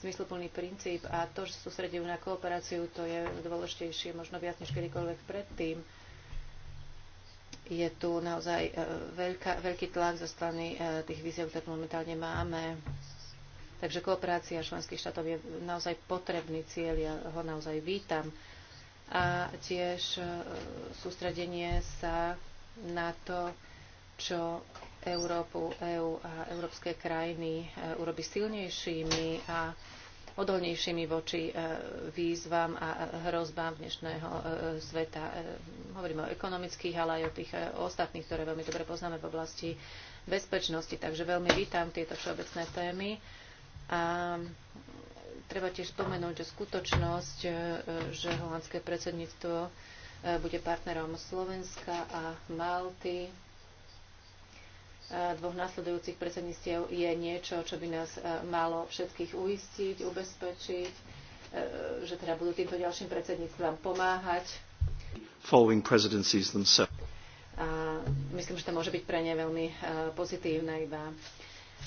zmysluplný princíp a to, že sa sústredujú na kooperáciu, to je dôležitejšie možno viac než kedykoľvek predtým. Je tu naozaj e, veľká, veľký tlak zo strany e, tých víziev, ktoré momentálne máme. Takže kooperácia členských štátov je naozaj potrebný cieľ, ja ho naozaj vítam. A tiež e, sústredenie sa na to, čo Európu, EÚ a európske krajiny e, urobi silnejšími a odolnejšími voči e, výzvam a e, hrozbám dnešného sveta. Hovoríme o ekonomických, ale aj o tých ostatných, ktoré veľmi dobre poznáme v oblasti bezpečnosti. Takže veľmi vítam tieto všeobecné témy. A treba tiež spomenúť že skutočnosť, že holandské predsedníctvo bude partnerom Slovenska a Malty Eh, dvoch nasledujúcich predsedníctiev je niečo, čo by nás eh, malo všetkých uistiť, ubezpečiť, eh, že teda budú týmto ďalším predsedníctvám pomáhať. Following presidencies themselves. A myslím, že to môže byť pre ne veľmi pozitívne iba.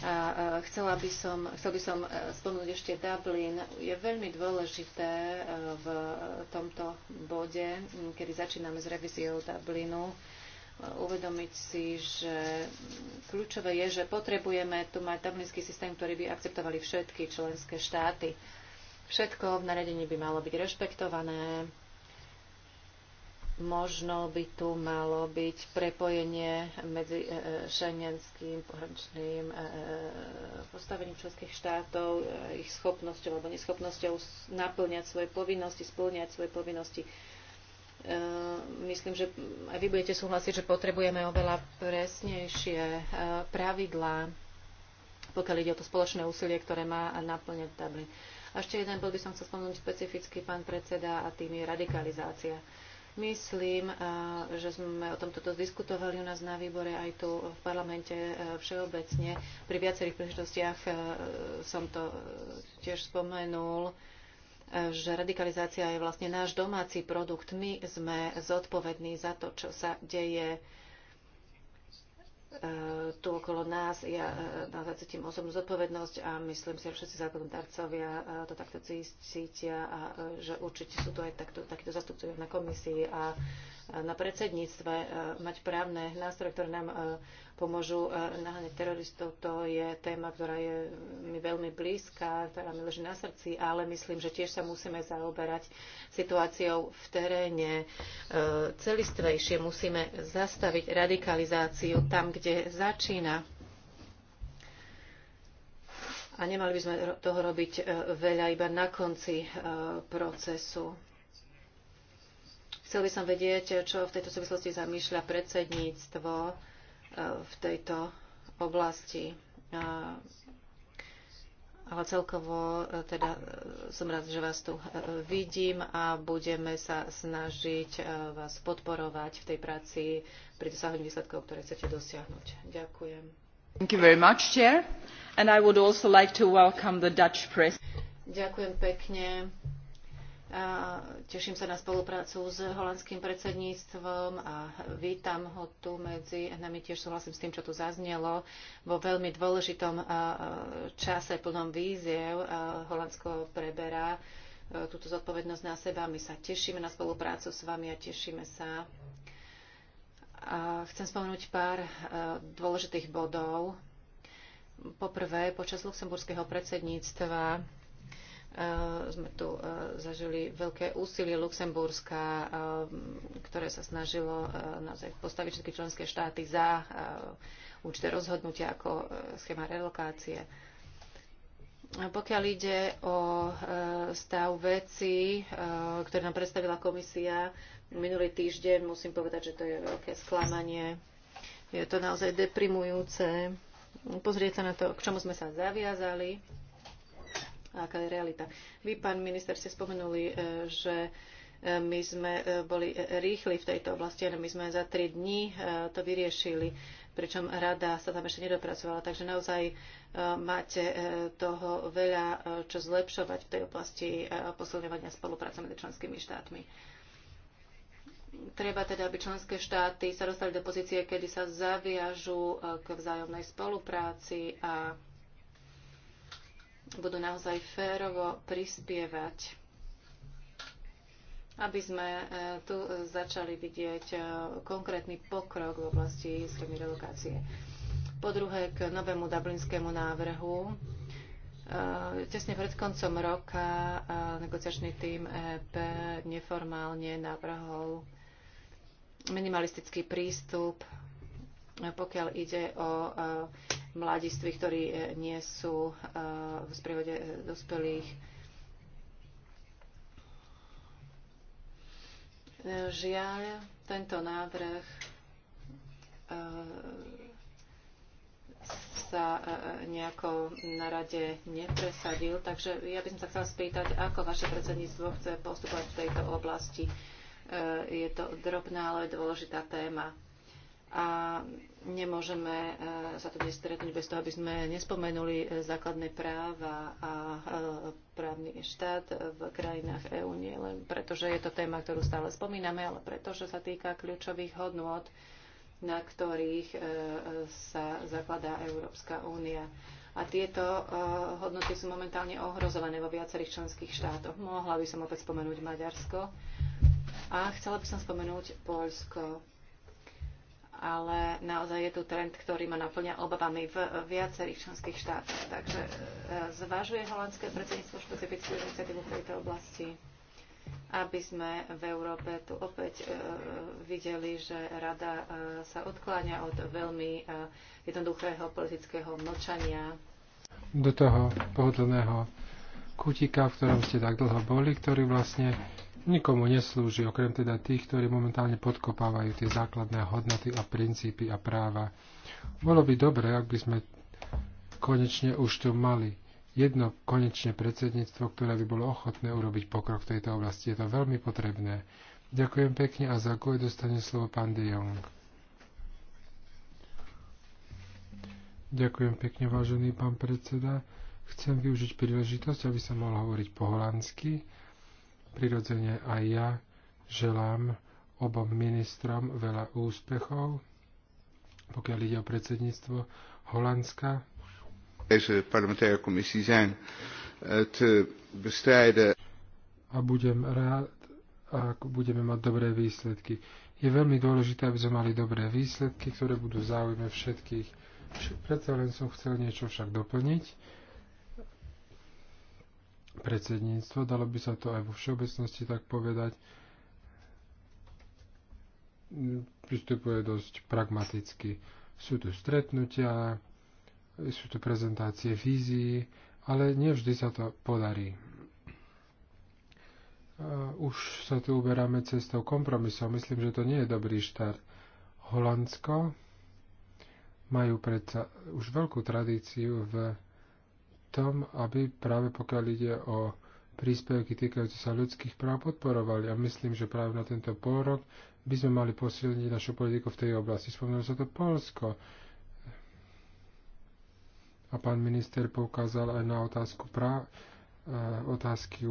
A chcela by som, chcel by som spomnúť ešte Dublin. Je veľmi dôležité v tomto bode, kedy začíname s revíziou Dublinu, uvedomiť si, že kľúčové je, že potrebujeme tu mať dublinský systém, ktorý by akceptovali všetky členské štáty. Všetko v naredení by malo byť rešpektované. Možno by tu malo byť prepojenie medzi e, e, šengenským pohraničným e, postavením členských štátov, ich schopnosťou alebo neschopnosťou naplňať svoje povinnosti, splňať svoje povinnosti Ehm, myslím, že aj vy budete súhlasiť, že potrebujeme oveľa presnejšie e, pravidlá, pokiaľ ide o to spoločné úsilie, ktoré má naplňať tabli. A ešte jeden bod by som chcel spomenúť špecificky, pán predseda, a tým je radikalizácia. Myslím, e, že sme o tomto diskutovali u nás na výbore aj tu v parlamente e, všeobecne. Pri viacerých príležitostiach som to tiež spomenul že radikalizácia je vlastne náš domáci produkt. My sme zodpovední za to, čo sa deje e, tu okolo nás. Ja e, naozaj cítim osobnú zodpovednosť a myslím si, že všetci zákonodarcovia e, to takto cítia a že určite sú tu aj takto, takíto zastupcovia na komisii a na predsedníctve mať právne nástroje, ktoré nám pomôžu e, naháňať teroristov, to je téma, ktorá je mi veľmi blízka, ktorá mi leží na srdci, ale myslím, že tiež sa musíme zaoberať situáciou v teréne. E, celistvejšie musíme zastaviť radikalizáciu tam, kde začína. A nemali by sme toho robiť e, veľa iba na konci procesu. Chcel by som vedieť, čo v tejto súvislosti zamýšľa predsedníctvo v tejto oblasti. Ale celkovo e, teda e, som rád, že vás tu e, vidím a budeme sa snažiť vás podporovať v tej práci pri dosahovaní výsledkov, ktoré chcete dosiahnuť. Ďakujem. Thank you very much, Chair. And I would also like to welcome the Dutch press. Ďakujem pekne. Teším sa na spoluprácu s holandským predsedníctvom a vítam ho tu medzi nami. Tiež súhlasím s tým, čo tu zaznelo. Vo veľmi dôležitom čase plnom víziev Holandsko preberá e, túto zodpovednosť na seba. My sa tešíme na spoluprácu s vami a tešíme sa. A chcem spomenúť pár e, dôležitých bodov. Poprvé, počas luxemburského predsedníctva Eh, sme tu eh, zažili veľké úsilie Luxemburska, eh, ktoré sa snažilo naozaj postaviť všetky členské štáty za určité rozhodnutia ako schéma relokácie. Pokiaľ ide o stav veci, ktoré nám predstavila komisia minulý týždeň, musím povedať, že to je veľké sklamanie. Je to naozaj deprimujúce. Pozrieť sa na to, k čomu sme sa zaviazali aká je realita. Vy, pán minister, ste spomenuli, e, že e, my sme e, boli rýchli v tejto oblasti, ale my sme za tri dní to vyriešili, pričom rada sa tam ešte nedopracovala. Takže naozaj máte toho veľa, čo zlepšovať v tej oblasti posilňovania spolupráce medzi členskými štátmi treba teda, aby členské štáty sa dostali do pozície, kedy sa zaviažú k vzájomnej spolupráci a budú naozaj férovo prispievať, aby sme e, tu e, začali vidieť e, konkrétny pokrok v oblasti schémy relokácie. Po druhé, k novému dublinskému návrhu. Tesne pred koncom roka negociačný tým EP neformálne navrhol minimalistický prístup, pokiaľ ide o mladiství, ktorí e, nie sú e, v sprievode e, dospelých. Žiaľ, tento návrh sa nejako na rade nepresadil. Takže ja by som sa chcela spýtať, ako vaše predsedníctvo chce postupovať v tejto oblasti. Je to drobná, ale dôležitá téma a nemôžeme e, sa tu dnes stretnúť bez toho, aby sme nespomenuli e, základné práva a e, právny štát v krajinách EÚ nie len preto, že je to téma, ktorú stále spomíname, ale preto, že sa týka kľúčových hodnôt, na ktorých sa zakladá Európska únia. A tieto hodnoty sú momentálne ohrozované vo viacerých členských štátoch. Mohla by som opäť spomenúť Maďarsko a chcela by som spomenúť Poľsko ale naozaj je tu trend, ktorý ma naplňa obavami v viacerých členských štátoch. Takže e, zvažuje holandské predsedníctvo špecifickú iniciatívu v tejto oblasti, aby sme v Európe tu opäť e, videli, že rada e, sa odkláňa od veľmi jednoduchého politického mlčania. Do toho pohodlného kutika, v ktorom ste tak dlho boli, ktorý vlastne nikomu neslúži, okrem teda tých, ktorí momentálne podkopávajú tie základné hodnoty a princípy a práva. Bolo by dobre, ak by sme konečne už tu mali jedno konečne predsedníctvo, ktoré by bolo ochotné urobiť pokrok v tejto oblasti. Je to veľmi potrebné. Ďakujem pekne a za koj dostane slovo pán De Jong. Ďakujem pekne, vážený pán predseda. Chcem využiť príležitosť, aby som mohol hovoriť po holandsky Prirodzene aj ja želám obom ministrom veľa úspechov, pokiaľ ide o predsedníctvo Holandska. Eh, A budem rád, ak budeme mať dobré výsledky. Je veľmi dôležité, aby sme mali dobré výsledky, ktoré budú záujme všetkých. Predsa len som chcel niečo však doplniť predsedníctvo, dalo by sa to aj vo všeobecnosti tak povedať, pristupuje dosť pragmaticky. Sú tu stretnutia, sú tu prezentácie vízií, ale nevždy sa to podarí. Už sa tu uberáme cestou kompromisov. Myslím, že to nie je dobrý štart. Holandsko majú predsa už veľkú tradíciu v tom, aby práve pokiaľ ide o príspevky týkajúce sa ľudských práv podporovali. A myslím, že práve na tento pôrok by sme mali posilniť našu politiku v tej oblasti. Spomenulo sa to Polsko. A pán minister poukázal aj na otázku práv, otázky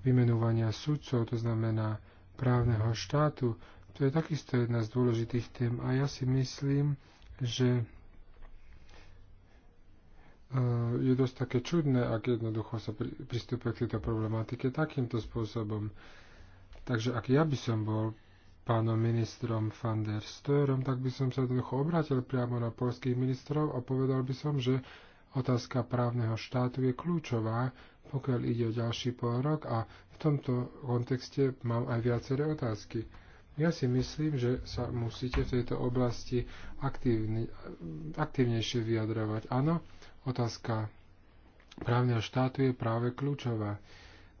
vymenovania sudcov, to znamená právneho štátu. To je takisto jedna z dôležitých tém. A ja si myslím, že je dosť také čudné, ak jednoducho sa pri, pristúpe k tejto problematike takýmto spôsobom. Takže ak ja by som bol pánom ministrom van der Stoerom, tak by som sa jednoducho obrátil priamo na polských ministrov a povedal by som, že otázka právneho štátu je kľúčová, pokiaľ ide o ďalší pol rok a v tomto kontexte mám aj viaceré otázky. Ja si myslím, že sa musíte v tejto oblasti aktívne, aktívnejšie vyjadrovať. Áno, Otázka právneho štátu je práve kľúčová.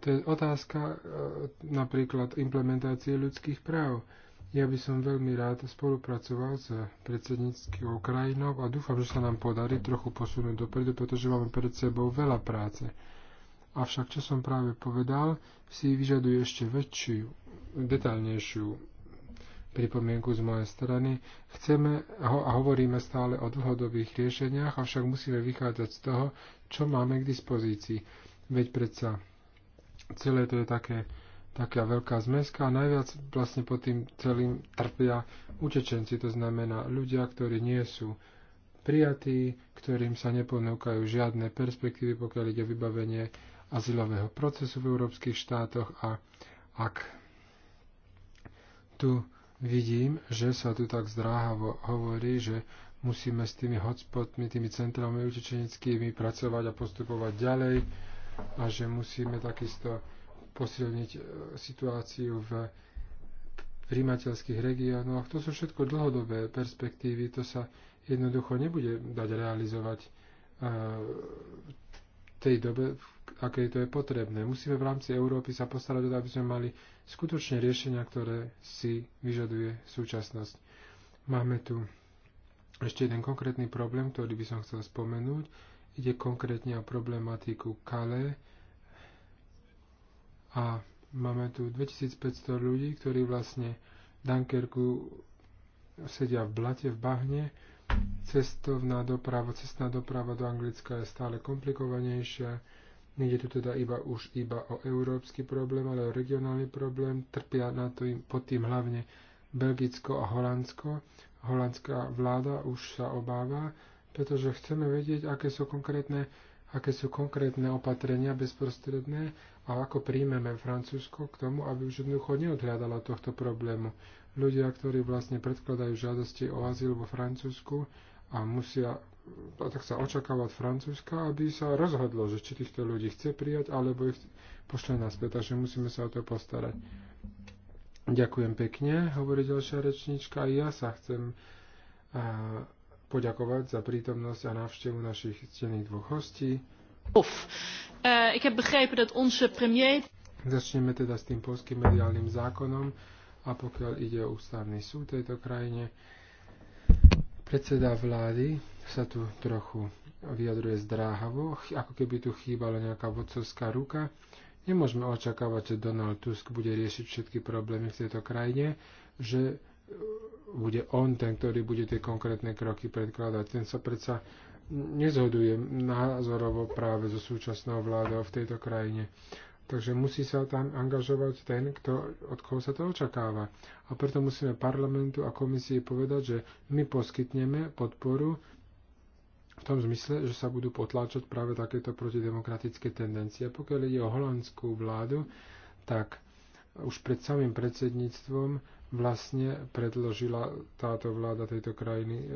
To je otázka e, napríklad implementácie ľudských práv. Ja by som veľmi rád spolupracoval s predsedníckou krajinou a dúfam, že sa nám podarí trochu posunúť dopredu, pretože máme pred sebou veľa práce. Avšak, čo som práve povedal, si vyžaduje ešte väčšiu, detaľnejšiu pripomienku z mojej strany. Chceme ho a hovoríme stále o dlhodobých riešeniach, avšak musíme vychádzať z toho, čo máme k dispozícii. Veď predsa celé to je také, taká veľká zmeska a najviac vlastne pod tým celým trpia utečenci, to znamená ľudia, ktorí nie sú prijatí, ktorým sa neponúkajú žiadne perspektívy, pokiaľ ide o vybavenie azylového procesu v európskych štátoch a ak tu vidím, že sa tu tak zdráhavo hovorí, že musíme s tými hotspotmi, tými centrami utečeneckými pracovať a postupovať ďalej a že musíme takisto posilniť e, situáciu v primateľských regiónoch. To sú všetko dlhodobé perspektívy, to sa jednoducho nebude dať realizovať e, tej dobe, aké to je potrebné. Musíme v rámci Európy sa postarať o to, aby sme mali skutočne riešenia, ktoré si vyžaduje súčasnosť. Máme tu ešte jeden konkrétny problém, ktorý by som chcel spomenúť. Ide konkrétne o problematiku Kale a máme tu 2500 ľudí, ktorí vlastne Dunkerku sedia v blate, v bahne cestovná doprava, cestná doprava do Anglicka je stále komplikovanejšia. Nejde tu teda iba už iba o európsky problém, ale o regionálny problém. Trpia na to im, pod tým hlavne Belgicko a Holandsko. Holandská vláda už sa obáva, pretože chceme vedieť, aké sú konkrétne, aké sú konkrétne opatrenia bezprostredné a ako príjmeme Francúzsko k tomu, aby už jednoducho neodhľadalo tohto problému ľudia, ktorí vlastne predkladajú žiadosti o azyl vo Francúzsku a musia, a tak sa očakávať Francúzska, aby sa rozhodlo, že či týchto ľudí chce prijať, alebo ich pošle naspäť, takže musíme sa o to postarať. Ďakujem pekne, hovorí ďalšia rečnička. Ja sa chcem a, poďakovať za prítomnosť a návštevu našich ctených dvoch hostí. Of. Uh, eh, ik heb begrepen dat onze premier... Začneme teda s tým polským mediálnym zákonom a pokiaľ ide o ústavný súd tejto krajine, predseda vlády sa tu trochu vyjadruje zdráhavo, ako keby tu chýbala nejaká vodcovská ruka. Nemôžeme očakávať, že Donald Tusk bude riešiť všetky problémy v tejto krajine, že e, bude on ten, ktorý bude tie konkrétne kroky predkladať. Ten sa predsa nezhoduje názorovo práve so súčasnou vládou v tejto krajine. Takže musí sa tam angažovať ten, kto, od koho sa to očakáva. A preto musíme parlamentu a komisii povedať, že my poskytneme podporu v tom zmysle, že sa budú potláčať práve takéto protidemokratické tendencie. pokiaľ ide o holandskú vládu, tak už pred samým predsedníctvom vlastne predložila táto vláda tejto krajiny e,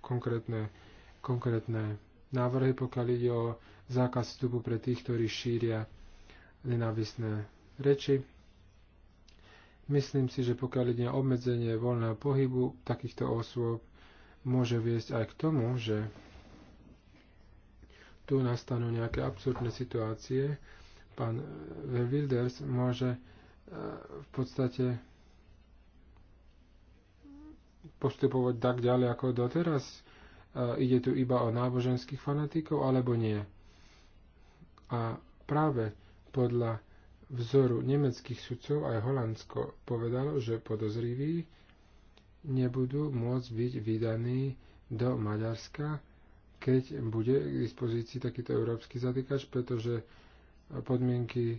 konkrétne, konkrétne návrhy, pokiaľ ide o zákaz vstupu pre tých, ktorí šíria nenávisné reči. Myslím si, že pokiaľ ide obmedzenie voľného pohybu takýchto osôb, môže viesť aj k tomu, že tu nastanú nejaké absurdné situácie. Pán Wilders môže e, v podstate postupovať tak ďalej ako doteraz? E, ide tu iba o náboženských fanatikov alebo nie? A práve podľa vzoru nemeckých sudcov aj Holandsko povedalo, že podozriví nebudú môcť byť vydaní do Maďarska, keď bude k dispozícii takýto európsky zatýkač, pretože podmienky e,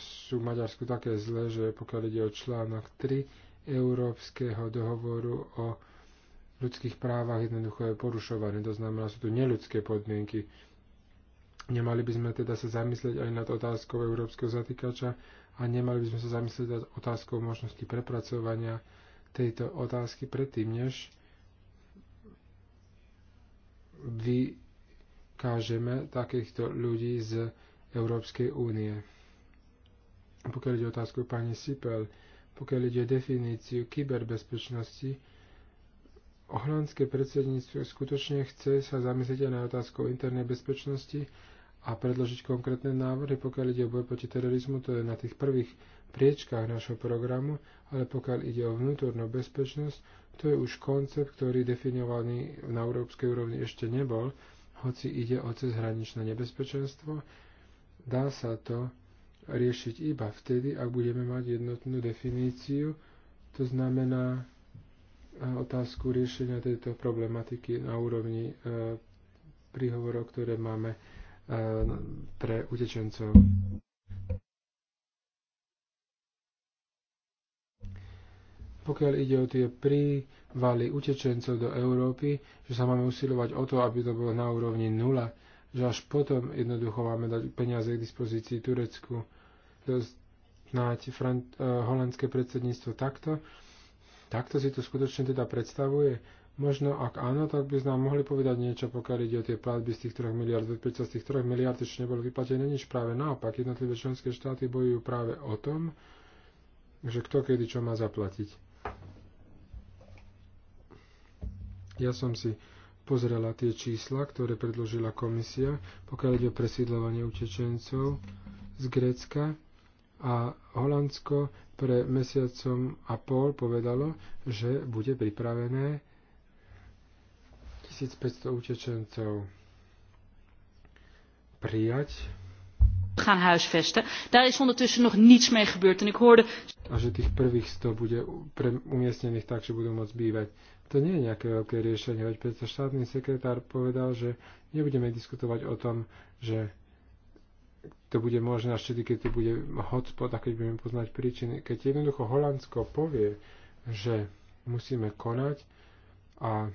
sú v Maďarsku také zlé, že pokiaľ ide o článok 3 Európskeho dohovoru o ľudských právach, jednoducho je porušované. To znamená, sú tu neľudské podmienky Nemali by sme teda sa zamyslieť aj nad otázkou európskeho zatýkača a nemali by sme sa zamyslieť nad otázkou možnosti prepracovania tejto otázky predtým, než vykážeme takýchto ľudí z Európskej únie. Pokiaľ ide otázku pani Sipel, pokiaľ ide o definíciu kyberbezpečnosti, holandské predsedníctvo skutočne chce sa zamyslieť aj na otázkou internej bezpečnosti a predložiť konkrétne návrhy. Pokiaľ ide o boj proti terorizmu, to je na tých prvých priečkách našho programu, ale pokiaľ ide o vnútornú bezpečnosť, to je už koncept, ktorý definovaný na európskej úrovni ešte nebol, hoci ide o cezhraničné nebezpečenstvo. Dá sa to riešiť iba vtedy, ak budeme mať jednotnú definíciu, to znamená e, otázku riešenia tejto problematiky na úrovni e, príhovorov, ktoré máme Eh, pre utečencov. Pokiaľ ide o tie prívaly utečencov do Európy, že sa máme usilovať o to, aby to bolo na úrovni nula, že až potom jednoducho máme dať peniaze k dispozícii Turecku, snáď eh, holandské predsedníctvo takto, takto si to skutočne teda predstavuje, Možno, ak áno, tak by nám mohli povedať niečo, pokiaľ ide o tie platby z tých 3 miliard, prečo z tých 3 miliard ešte nebolo vyplatené nič, práve naopak, jednotlivé členské štáty bojujú práve o tom, že kto kedy čo má zaplatiť. Ja som si pozrela tie čísla, ktoré predložila komisia, pokiaľ ide o presídľovanie utečencov z Grécka a Holandsko pre mesiacom a pol povedalo, že bude pripravené 1500 utečencov prijať. Gaan huisvesten. Daar is ondertussen nog niets mee gebeurd. En ik hoorde... Als je tých prvých 100 bude umiestnených tak, že budú môcť bývať. To nie je nejaké veľké riešenie, veď preto štátny sekretár povedal, že nebudeme diskutovať o tom, že to bude možné až vtedy, keď to bude hotspot a keď budeme poznať príčiny. Keď jednoducho Holandsko povie, že musíme konať a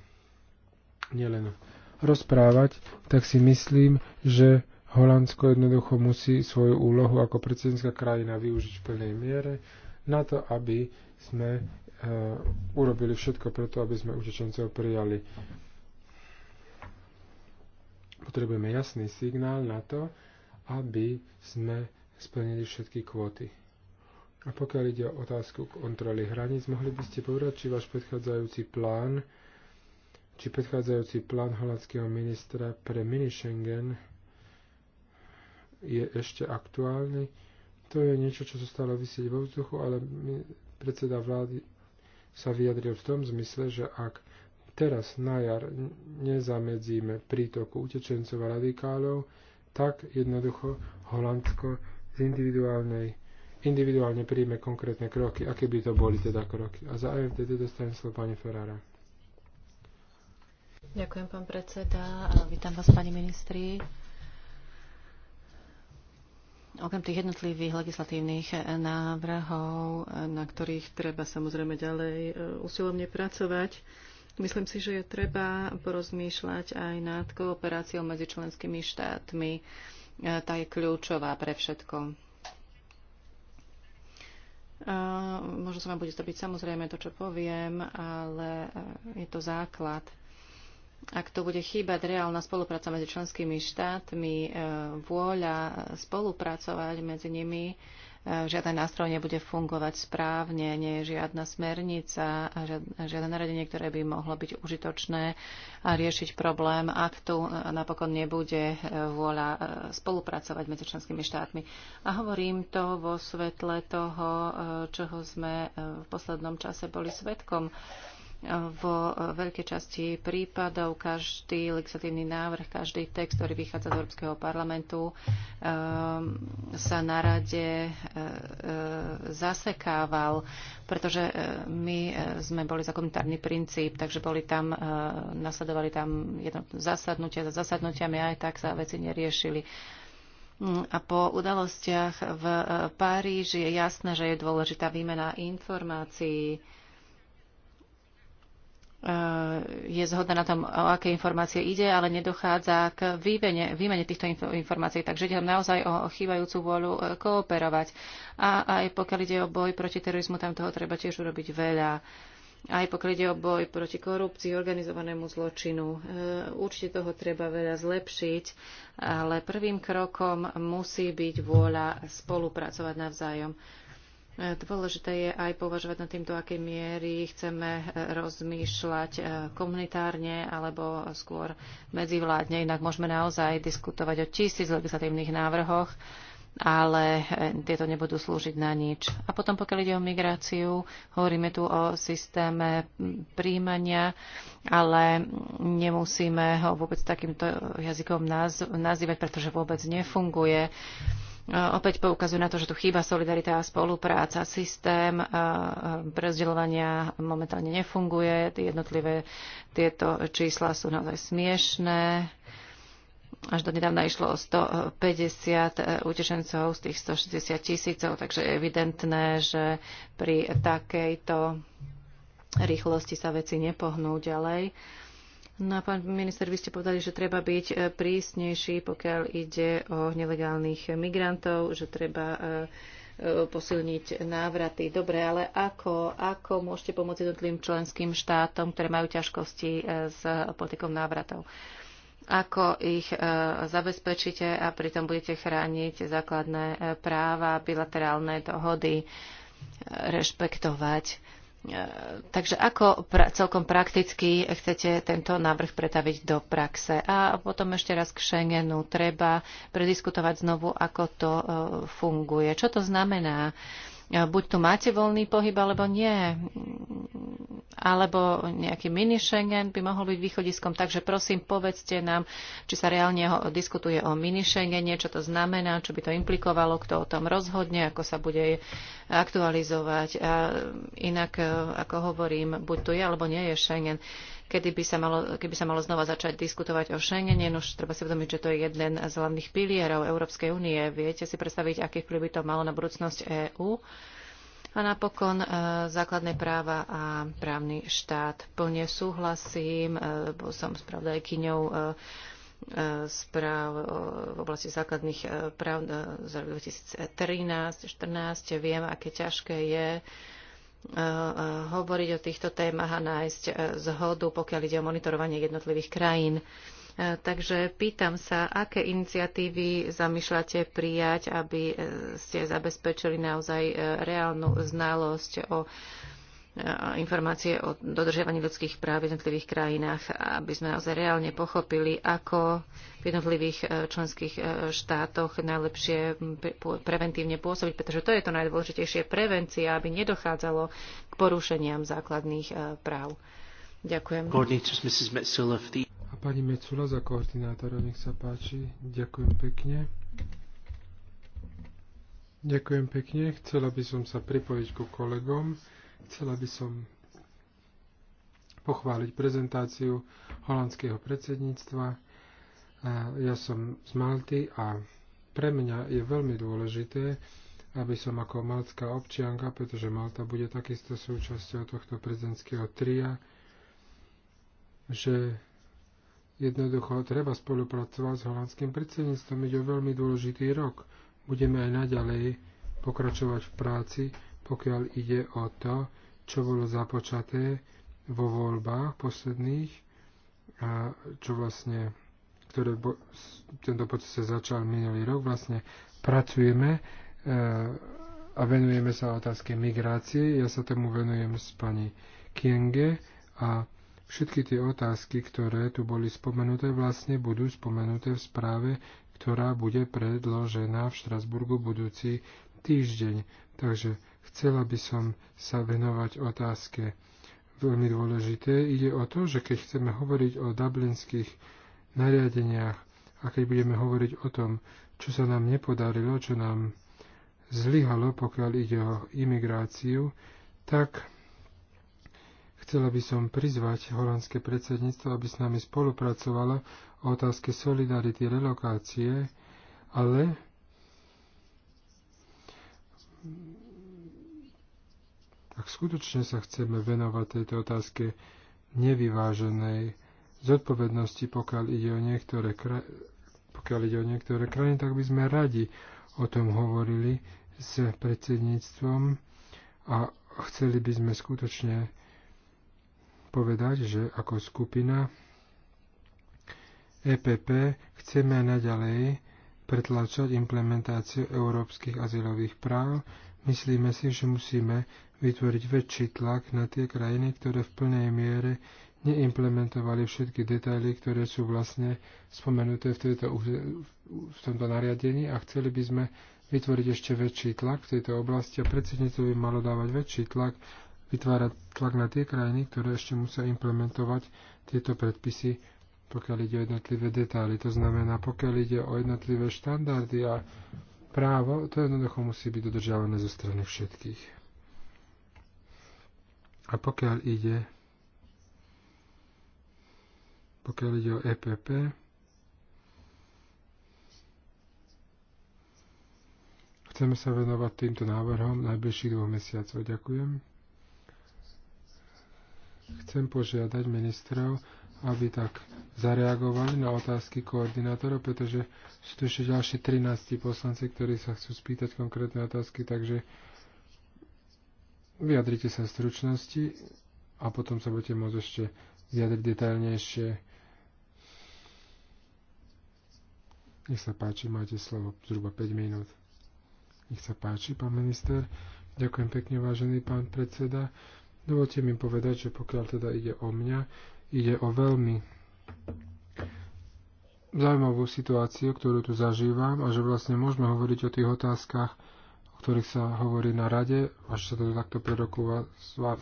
nielen rozprávať, tak si myslím, že Holandsko jednoducho musí svoju úlohu ako predsednická krajina využiť v plnej miere na to, aby sme e, urobili všetko preto, aby sme utečencov prijali. Potrebujeme jasný signál na to, aby sme splnili všetky kvóty. A pokiaľ ide o otázku kontroly hraníc, mohli by ste povedať, či váš predchádzajúci plán či predchádzajúci plán holandského ministra pre mini Schengen je ešte aktuálny. To je niečo, čo zostalo vysieť vo vzduchu, ale predseda vlády sa vyjadril v tom zmysle, že ak teraz na jar nezamedzíme prítoku utečencov a radikálov, tak jednoducho Holandsko z individuálnej individuálne príjme konkrétne kroky, aké by to boli teda kroky. A za EFTD dostane slovo pani Ferrara. Ďakujem, pán predseda. A vítam vás, pani ministri. Okrem tých jednotlivých legislatívnych eh, návrhov, eh, na ktorých treba samozrejme ďalej eh, usilovne pracovať, myslím si, že je treba porozmýšľať aj nad kooperáciou medzi členskými štátmi. Tá je kľúčová pre všetko. Možno sa vám bude zdobiť samozrejme to, čo poviem, ale je to základ ak to bude chýbať reálna spolupráca medzi členskými štátmi, e, vôľa spolupracovať medzi nimi, e, žiaden nástroj nebude fungovať správne, nie je žiadna smernica, žiadne naradenie, ktoré by mohlo byť užitočné a riešiť problém, ak tu e, napokon nebude vôľa spolupracovať medzi členskými štátmi. A hovorím to vo svetle toho, čoho sme v poslednom čase boli svetkom vo e, veľkej časti prípadov každý legislatívny návrh, každý text, ktorý vychádza z Európskeho parlamentu, ehm, sa na rade e, e, zasekával, pretože my sme boli za komunitárny princíp, takže boli tam, nasledovali tam jedno zasadnutia za zasadnutiami aj tak sa veci neriešili. Mm, a po udalostiach v Paríži je jasné, že je dôležitá výmena informácií, Eh, je zhodná na tom, o aké informácie ide, ale nedochádza k výmene, výmene týchto informácií. Takže ide naozaj o chýbajúcu vôľu eh, kooperovať. A aj pokiaľ ide o boj proti terorizmu, tam toho treba tiež urobiť veľa. Aj pokiaľ ide o boj proti korupcii, organizovanému zločinu, eh, určite toho treba veľa zlepšiť, ale prvým krokom musí byť vôľa spolupracovať navzájom. E, dôležité je aj považovať nad tým, do akej miery chceme e, rozmýšľať e, komunitárne alebo skôr medzivládne. Inak môžeme naozaj diskutovať o tisíc legislatívnych návrhoch, ale tieto nebudú slúžiť na nič. A potom, pokiaľ ide o migráciu, hovoríme tu o systéme príjmania, ale nemusíme ho vôbec takýmto jazykom nazývať, pretože vôbec nefunguje opäť poukazujú na to, že tu chýba solidarita a spolupráca. Systém prezdeľovania momentálne nefunguje. Jednotlivé tieto čísla sú naozaj smiešné. Až do nedávna išlo o 150 e, utečencov z tých 160 tisícov, takže je evidentné, že pri takejto rýchlosti sa veci nepohnú ďalej. Uh, No a pán minister, vy ste povedali, že treba byť e, prísnejší, pokiaľ ide o nelegálnych migrantov, že treba e, e, posilniť návraty. Dobre, ale ako, ako môžete pomôcť jednotlivým členským štátom, ktoré majú ťažkosti s politikou návratov? Ako ich zabezpečíte a pritom budete chrániť základné práva, bilaterálne dohody, rešpektovať E, takže ako pra, celkom prakticky chcete tento návrh pretaviť do praxe? A potom ešte raz k Schengenu. Treba prediskutovať znovu, ako to e, funguje. Čo to znamená? E, buď tu máte voľný pohyb, alebo nie alebo nejaký mini Schengen by mohol byť východiskom. Takže prosím, povedzte nám, či sa reálne diskutuje o mini Schengene, čo to znamená, čo by to implikovalo, kto o tom rozhodne, ako sa bude eh, aktualizovať. A inak, eh, ako hovorím, buď tu je, alebo nie je Schengen. Kedy by sa malo, keby sa malo znova začať diskutovať o Schengene, no už treba si uvedomiť, že to je jeden z hlavných pilierov Európskej únie. Viete si predstaviť, aký vplyv by to malo na budúcnosť EÚ? A napokon e, základné práva a právny štát. Plne súhlasím, e, bol som spravodajkyňou e, správ v oblasti základných práv z roku 2013-2014. Viem, aké ťažké je hovoriť o týchto témach a nájsť zhodu, pokiaľ ide o monitorovanie jednotlivých krajín. E, takže pýtam sa, aké iniciatívy zamýšľate prijať, aby e, ste zabezpečili naozaj e, reálnu znalosť o informácie o dodržiavaní ľudských práv v jednotlivých krajinách, aby sme naozaj reálne pochopili, ako v jednotlivých členských štátoch najlepšie preventívne pôsobiť, pretože to je to najdôležitejšie prevencia, aby nedochádzalo k porušeniam základných práv. Ďakujem. Pani Mecula za koordinátora, nech sa páči. Ďakujem pekne. Ďakujem pekne. Chcela by som sa pripojiť ku kolegom. Chcela by som pochváliť prezentáciu holandského predsedníctva. Ja som z Malty a pre mňa je veľmi dôležité, aby som ako maltská občianka, pretože Malta bude takisto súčasťou tohto prezidentského tria, že Jednoducho treba spolupracovať s holandským predsedníctvom. Ide o veľmi dôležitý rok. Budeme aj naďalej pokračovať v práci, pokiaľ ide o to, čo bolo započaté vo voľbách posledných, a čo vlastne, ktoré bo, tento proces sa začal minulý rok, vlastne pracujeme e, a venujeme sa otázke migrácie. Ja sa tomu venujem s pani Kienge a Všetky tie otázky, ktoré tu boli spomenuté, vlastne budú spomenuté v správe, ktorá bude predložená v Štrasburgu budúci týždeň. Takže chcela by som sa venovať otázke veľmi dôležité. Ide o to, že keď chceme hovoriť o dublinských nariadeniach a keď budeme hovoriť o tom, čo sa nám nepodarilo, čo nám zlyhalo, pokiaľ ide o imigráciu, tak Chcela by som prizvať holandské predsedníctvo, aby s nami spolupracovalo o otázke solidarity relokácie, ale ak skutočne sa chceme venovať tejto otázke nevyváženej zodpovednosti, pokiaľ ide o niektoré, kra... pokiaľ ide o niektoré krajiny, tak by sme radi o tom hovorili s predsedníctvom a chceli by sme skutočne povedať, že ako skupina EPP chceme naďalej pretlačať implementáciu európskych azylových práv. Myslíme si, že musíme vytvoriť väčší tlak na tie krajiny, ktoré v plnej miere neimplementovali všetky detaily, ktoré sú vlastne spomenuté v, tejto, v tomto nariadení a chceli by sme vytvoriť ešte väčší tlak v tejto oblasti a predsedníctvo by malo dávať väčší tlak vytvárať tlak na tie krajiny, ktoré ešte musia implementovať tieto predpisy, pokiaľ ide o jednotlivé detaily. To znamená, pokiaľ ide o jednotlivé štandardy a právo, to jednoducho musí byť dodržiavané zo strany všetkých. A pokiaľ ide pokiaľ ide o EPP, chceme sa venovať týmto návrhom najbližších dvoch mesiacov. Ďakujem. Chcem požiadať ministrov, aby tak zareagovali na otázky koordinátorov, pretože sú tu ešte ďalšie 13 poslanci, ktorí sa chcú spýtať konkrétne otázky, takže vyjadrite sa v stručnosti a potom sa budete môcť ešte vyjadriť detailnejšie. Nech sa páči, máte slovo zhruba 5 minút. Nech sa páči, pán minister. Ďakujem pekne, vážený pán predseda. Dovolte mi povedať, že pokiaľ teda ide o mňa, ide o veľmi zaujímavú situáciu, ktorú tu zažívam a že vlastne môžeme hovoriť o tých otázkach, o ktorých sa hovorí na rade, až sa to takto prerokúva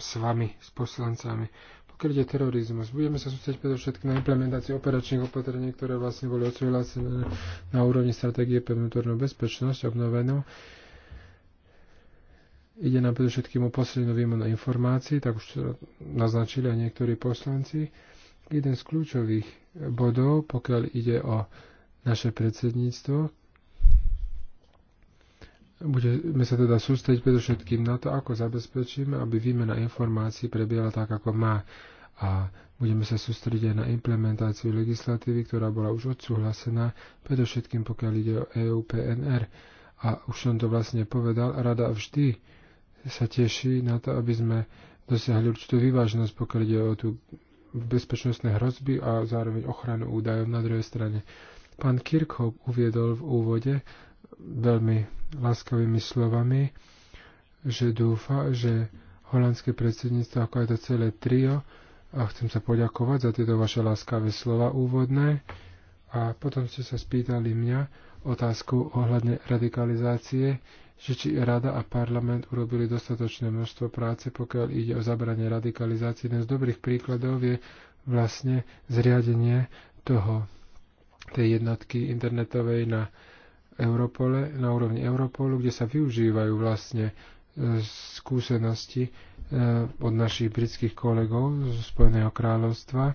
s vami, s poslancami. Pokiaľ ide terorizmus, budeme sa sústrediť predovšetkým na implementáciu operačných opatrení, ktoré vlastne boli odsúhlasené na úrovni stratégie pre vnútornú bezpečnosť obnovenú. Ide nám predovšetkým o poslednú výmenu informácií, tak už to naznačili aj niektorí poslanci. Jeden z kľúčových bodov, pokiaľ ide o naše predsedníctvo, budeme sa teda sústrediť predovšetkým na to, ako zabezpečíme, aby výmena informácií prebiehala tak, ako má. A budeme sa sústrediť aj na implementáciu legislatívy, ktorá bola už odsúhlasená, predovšetkým pokiaľ ide o EU PNR. A už som to vlastne povedal, rada vždy sa teší na to, aby sme dosiahli určitú vyváženosť, pokiaľ ide o tú bezpečnostné hrozby a zároveň ochranu údajov na druhej strane. Pán Kirchhoff uviedol v úvode veľmi láskavými slovami, že dúfa, že holandské predsedníctvo, ako aj to celé trio, a chcem sa poďakovať za tieto vaše láskavé slova úvodné. A potom ste sa spýtali mňa otázku ohľadne radikalizácie že či rada a parlament urobili dostatočné množstvo práce, pokiaľ ide o zabranie radikalizácie. Jeden z dobrých príkladov je vlastne zriadenie toho, tej jednotky internetovej na Europole, na úrovni Europolu, kde sa využívajú vlastne e, skúsenosti e, od našich britských kolegov zo Spojeného kráľovstva.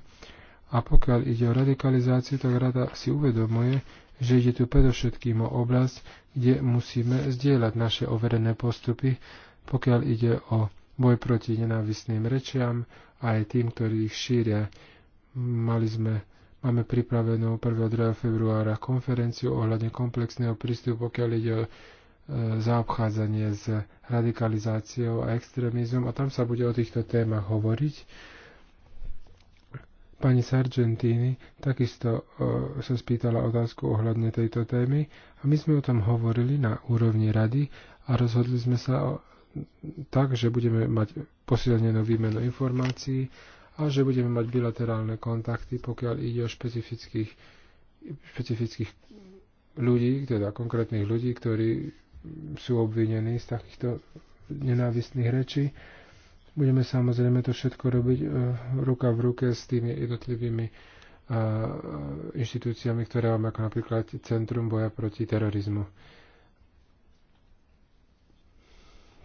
A pokiaľ ide o radikalizáciu, tak rada si uvedomuje, že ide tu predovšetkým o oblasť, kde musíme zdieľať naše overené postupy, pokiaľ ide o boj proti nenávisným rečiam a aj tým, ktorí ich šíria. Mali sme, máme pripravenú 1. 2. februára konferenciu ohľadne komplexného prístupu, pokiaľ ide o e, zaobchádzanie s radikalizáciou a extrémizmom a tam sa bude o týchto témach hovoriť Pani Sargentini takisto e, sa spýtala otázku ohľadne tejto témy a my sme o tom hovorili na úrovni rady a rozhodli sme sa o, tak, že budeme mať posilnenú výmenu informácií a že budeme mať bilaterálne kontakty, pokiaľ ide o špecifických, špecifických ľudí, teda konkrétnych ľudí, ktorí sú obvinení z takýchto nenávistných rečí. Budeme samozrejme to všetko robiť e, ruka v ruke s tými jednotlivými e, e, inštitúciami, ktoré máme, ako napríklad Centrum boja proti terorizmu.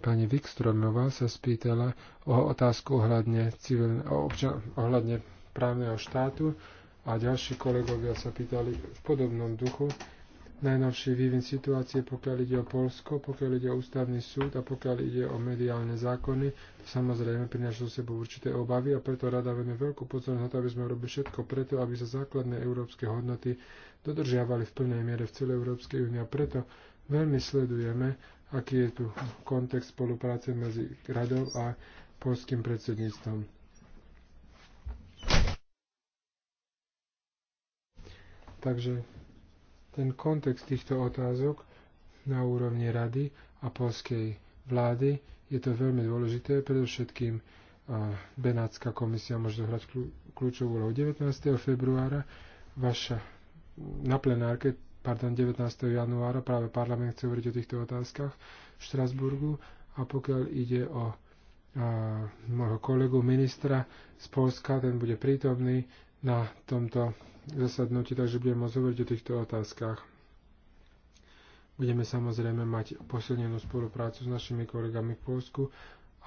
Pani Vikstromová sa spýtala o otázku ohľadne, civilne, občan, ohľadne právneho štátu a ďalší kolegovia sa pýtali v podobnom duchu najnovší vývin situácie, pokiaľ ide o Polsko, pokiaľ ide o ústavný súd a pokiaľ ide o mediálne zákony. To samozrejme prináša so sebou určité obavy a preto rada veľmi veľkú pozornosť na to, aby sme robili všetko preto, aby sa základné európske hodnoty dodržiavali v plnej miere v celej Európskej únii a preto veľmi sledujeme, aký je tu kontext spolupráce medzi radou a polským predsedníctvom. Takže ten kontext týchto otázok na úrovni rady a polskej vlády je to veľmi dôležité, predovšetkým Benátska komisia môže hrať kľúčovú úlohu 19. februára, vaša na plenárke, pardon, 19. januára, práve parlament chce hovoriť o týchto otázkach v Štrasburgu a pokiaľ ide o a, môjho kolegu ministra z Polska, ten bude prítomný na tomto zasadnutí, takže budeme môcť hovoriť o týchto otázkach. Budeme samozrejme mať posilnenú spoluprácu s našimi kolegami v Polsku,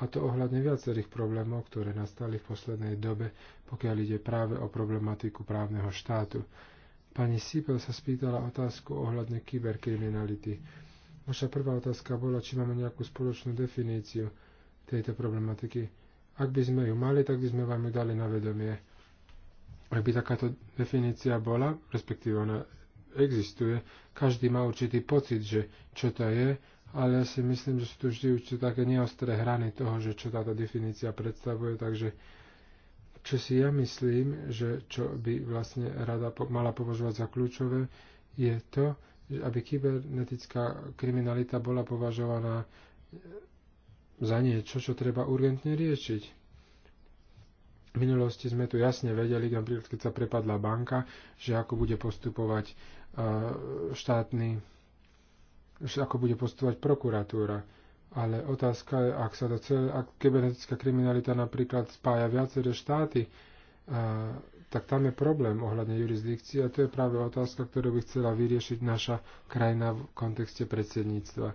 a to ohľadne viacerých problémov, ktoré nastali v poslednej dobe, pokiaľ ide práve o problematiku právneho štátu. Pani Sipel sa spýtala otázku ohľadne kyberkriminality. Vaša prvá otázka bola, či máme nejakú spoločnú definíciu tejto problematiky. Ak by sme ju mali, tak by sme vám ju dali na vedomie. Ak by takáto definícia bola, respektíve ona existuje, každý má určitý pocit, že čo to je, ale ja si myslím, že sú tu vždy určite také neostré hrany toho, že čo táto definícia predstavuje, takže čo si ja myslím, že čo by vlastne rada po- mala považovať za kľúčové, je to, aby kybernetická kriminalita bola považovaná za niečo, čo treba urgentne riešiť v minulosti sme tu jasne vedeli, napríklad keď sa prepadla banka, že ako bude postupovať eh, štátny, ako bude postupovať prokuratúra. Ale otázka je, ak sa to celé, ak kybernetická kriminalita napríklad spája viaceré štáty, eh, tak tam je problém ohľadne jurisdikcie a to je práve otázka, ktorú by chcela vyriešiť naša krajina v kontexte predsedníctva.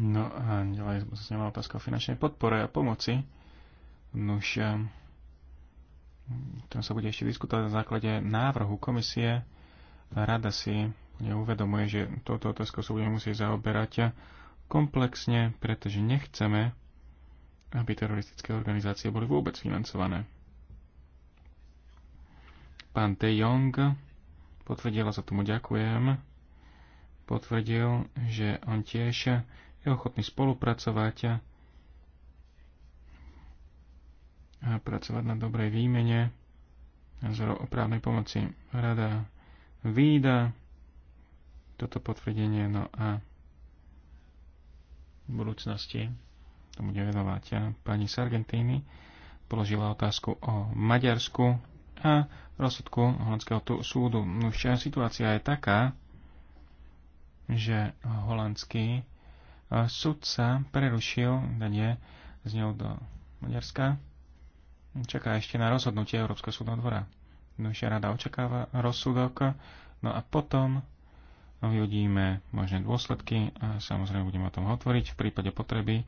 No a ďalej som sa nemala otázka o finančnej podpore a pomoci. Nuž, e, tam sa bude ešte diskutovať na základe návrhu komisie. Rada si neuvedomuje, že toto otázku sa budeme musieť zaoberať komplexne, pretože nechceme, aby teroristické organizácie boli vôbec financované. Pán De Jong potvrdil, a za tomu ďakujem, potvrdil, že on tiež je ochotný spolupracovať a pracovať na dobrej výmene z oprávnej právnej pomoci. Rada výda toto potvrdenie, no a v budúcnosti tomu bude venovať. A pani Sargentini položila otázku o Maďarsku a rozsudku holandského súdu. No, situácia je taká, že holandský sudca prerušil danie z ňou do Maďarska. Čaká ešte na rozhodnutie Európskeho súdneho dvora. Dnešia rada očakáva rozsudok, no a potom vyhodíme možné dôsledky a samozrejme budeme o tom otvoriť v prípade potreby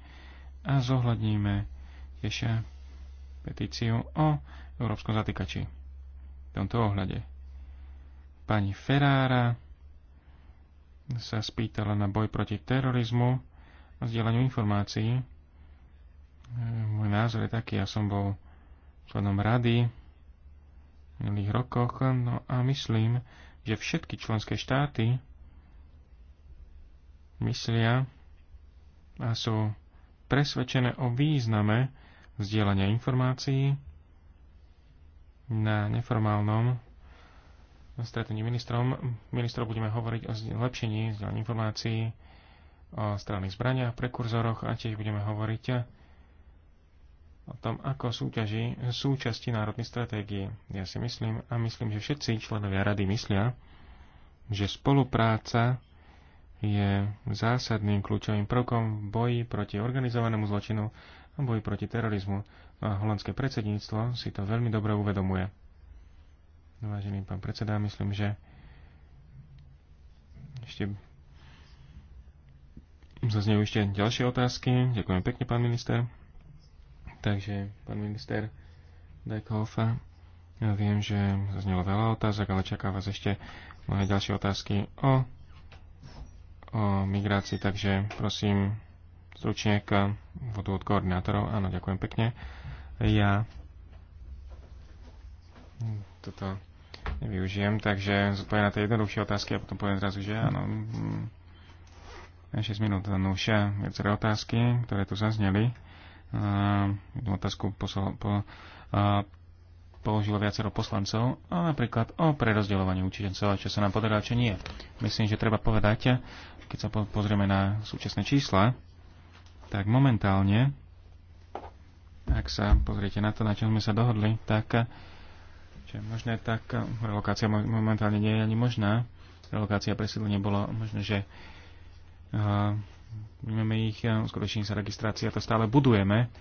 a zohľadníme tiež petíciu o európskom zatýkači. V tomto ohľade. Pani Ferrara sa spýtala na boj proti terorizmu a zdieľaniu informácií. E, môj názor je taký, ja som bol členom rady v minulých rokoch, no a myslím, že všetky členské štáty myslia a sú presvedčené o význame vzdielania informácií na neformálnom stretnutí ministrom. Ministrov budeme hovoriť o zlepšení vzdielania informácií o strelných zbraniach, prekurzoroch a tiež budeme hovoriť o tom, ako súťaží súčasti národnej stratégie. Ja si myslím a myslím, že všetci členovia rady myslia, že spolupráca je zásadným kľúčovým prvkom v boji proti organizovanému zločinu a boji proti terorizmu. A holandské predsedníctvo si to veľmi dobre uvedomuje. Vážený pán predseda, myslím, že ešte Zaznejú ešte ďalšie otázky. Ďakujem pekne, pán minister. Takže, pán minister Dajkohofa, ja viem, že zaznelo veľa otázok, ale čaká vás ešte moje ďalšie otázky o, o migrácii, takže prosím stručne k vodu od koordinátorov. Áno, ďakujem pekne. Ja toto nevyužijem, takže zodpoviem na tie jednoduchšie otázky a potom poviem zrazu, že áno, mm, 6 minút už viaceré otázky, ktoré tu zazneli. Jednu otázku posol, po, uh, položilo viacero poslancov, a napríklad o prerozdeľovaní učiteľcov, čo sa nám podarilo, čo nie. Myslím, že treba povedať, keď sa pozrieme na súčasné čísla, tak momentálne, ak sa pozriete na to, na čo sme sa dohodli, tak čo je možné, tak relokácia momentálne nie je ani možná. Relokácia presídlenie bolo možno, že Vymeme ich, e, skutočne sa registrácia, to stále budujeme.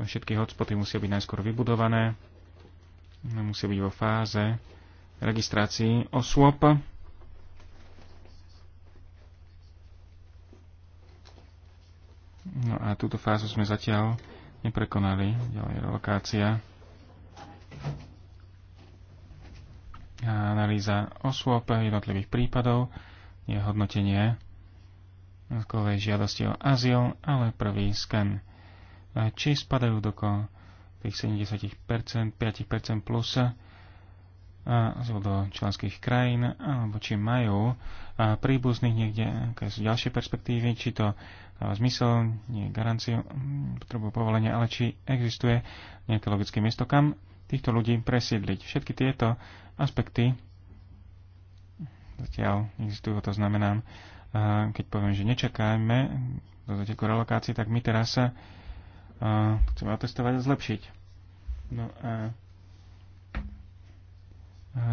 Všetky hotspoty musia byť najskôr vybudované, musia byť vo fáze registrácií osôb. No a túto fázu sme zatiaľ neprekonali. Ďalej relokácia. A analýza osôb jednotlivých prípadov je hodnotenie celkovej žiadosti o azyl, ale prvý skan. Či spadajú do tých 70%, 5% plus azyl do členských krajín, alebo či majú príbuzných niekde, aké sú ďalšie perspektívy, či to zmysel, nie garanciu, potrebujú povolenie, ale či existuje nejaké logické miesto, kam týchto ľudí presiedliť. Všetky tieto aspekty zatiaľ existujú, to znamená, keď poviem, že nečakajme do zateku relokácie, tak my teraz sa chceme otestovať a zlepšiť. No a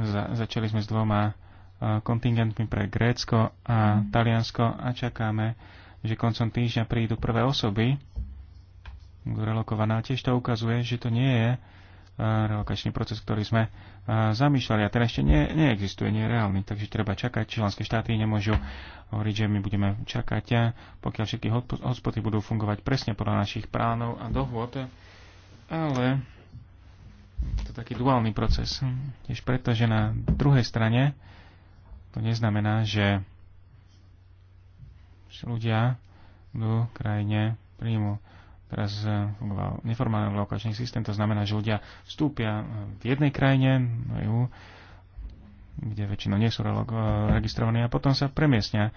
za, začali sme s dvoma kontingentmi pre Grécko a mhm. Taliansko a čakáme, že koncom týždňa prídu prvé osoby relokované. A tiež to ukazuje, že to nie je relokačný proces, ktorý sme zamýšľali a ten ešte nie, neexistuje, nie je reálny, takže treba čakať. Členské štáty nemôžu hovoriť, že my budeme čakať, pokiaľ všetky hospody budú fungovať presne podľa našich plánov a dohôd, ale to je taký duálny proces. Tiež preto, že na druhej strane to neznamená, že ľudia budú krajine príjmu teraz eh, fungoval neformálny lokačný systém, to znamená, že ľudia vstúpia eh, v jednej krajine, no ju, e kde väčšinou nie sú eh, registrovaní a potom sa premiesnia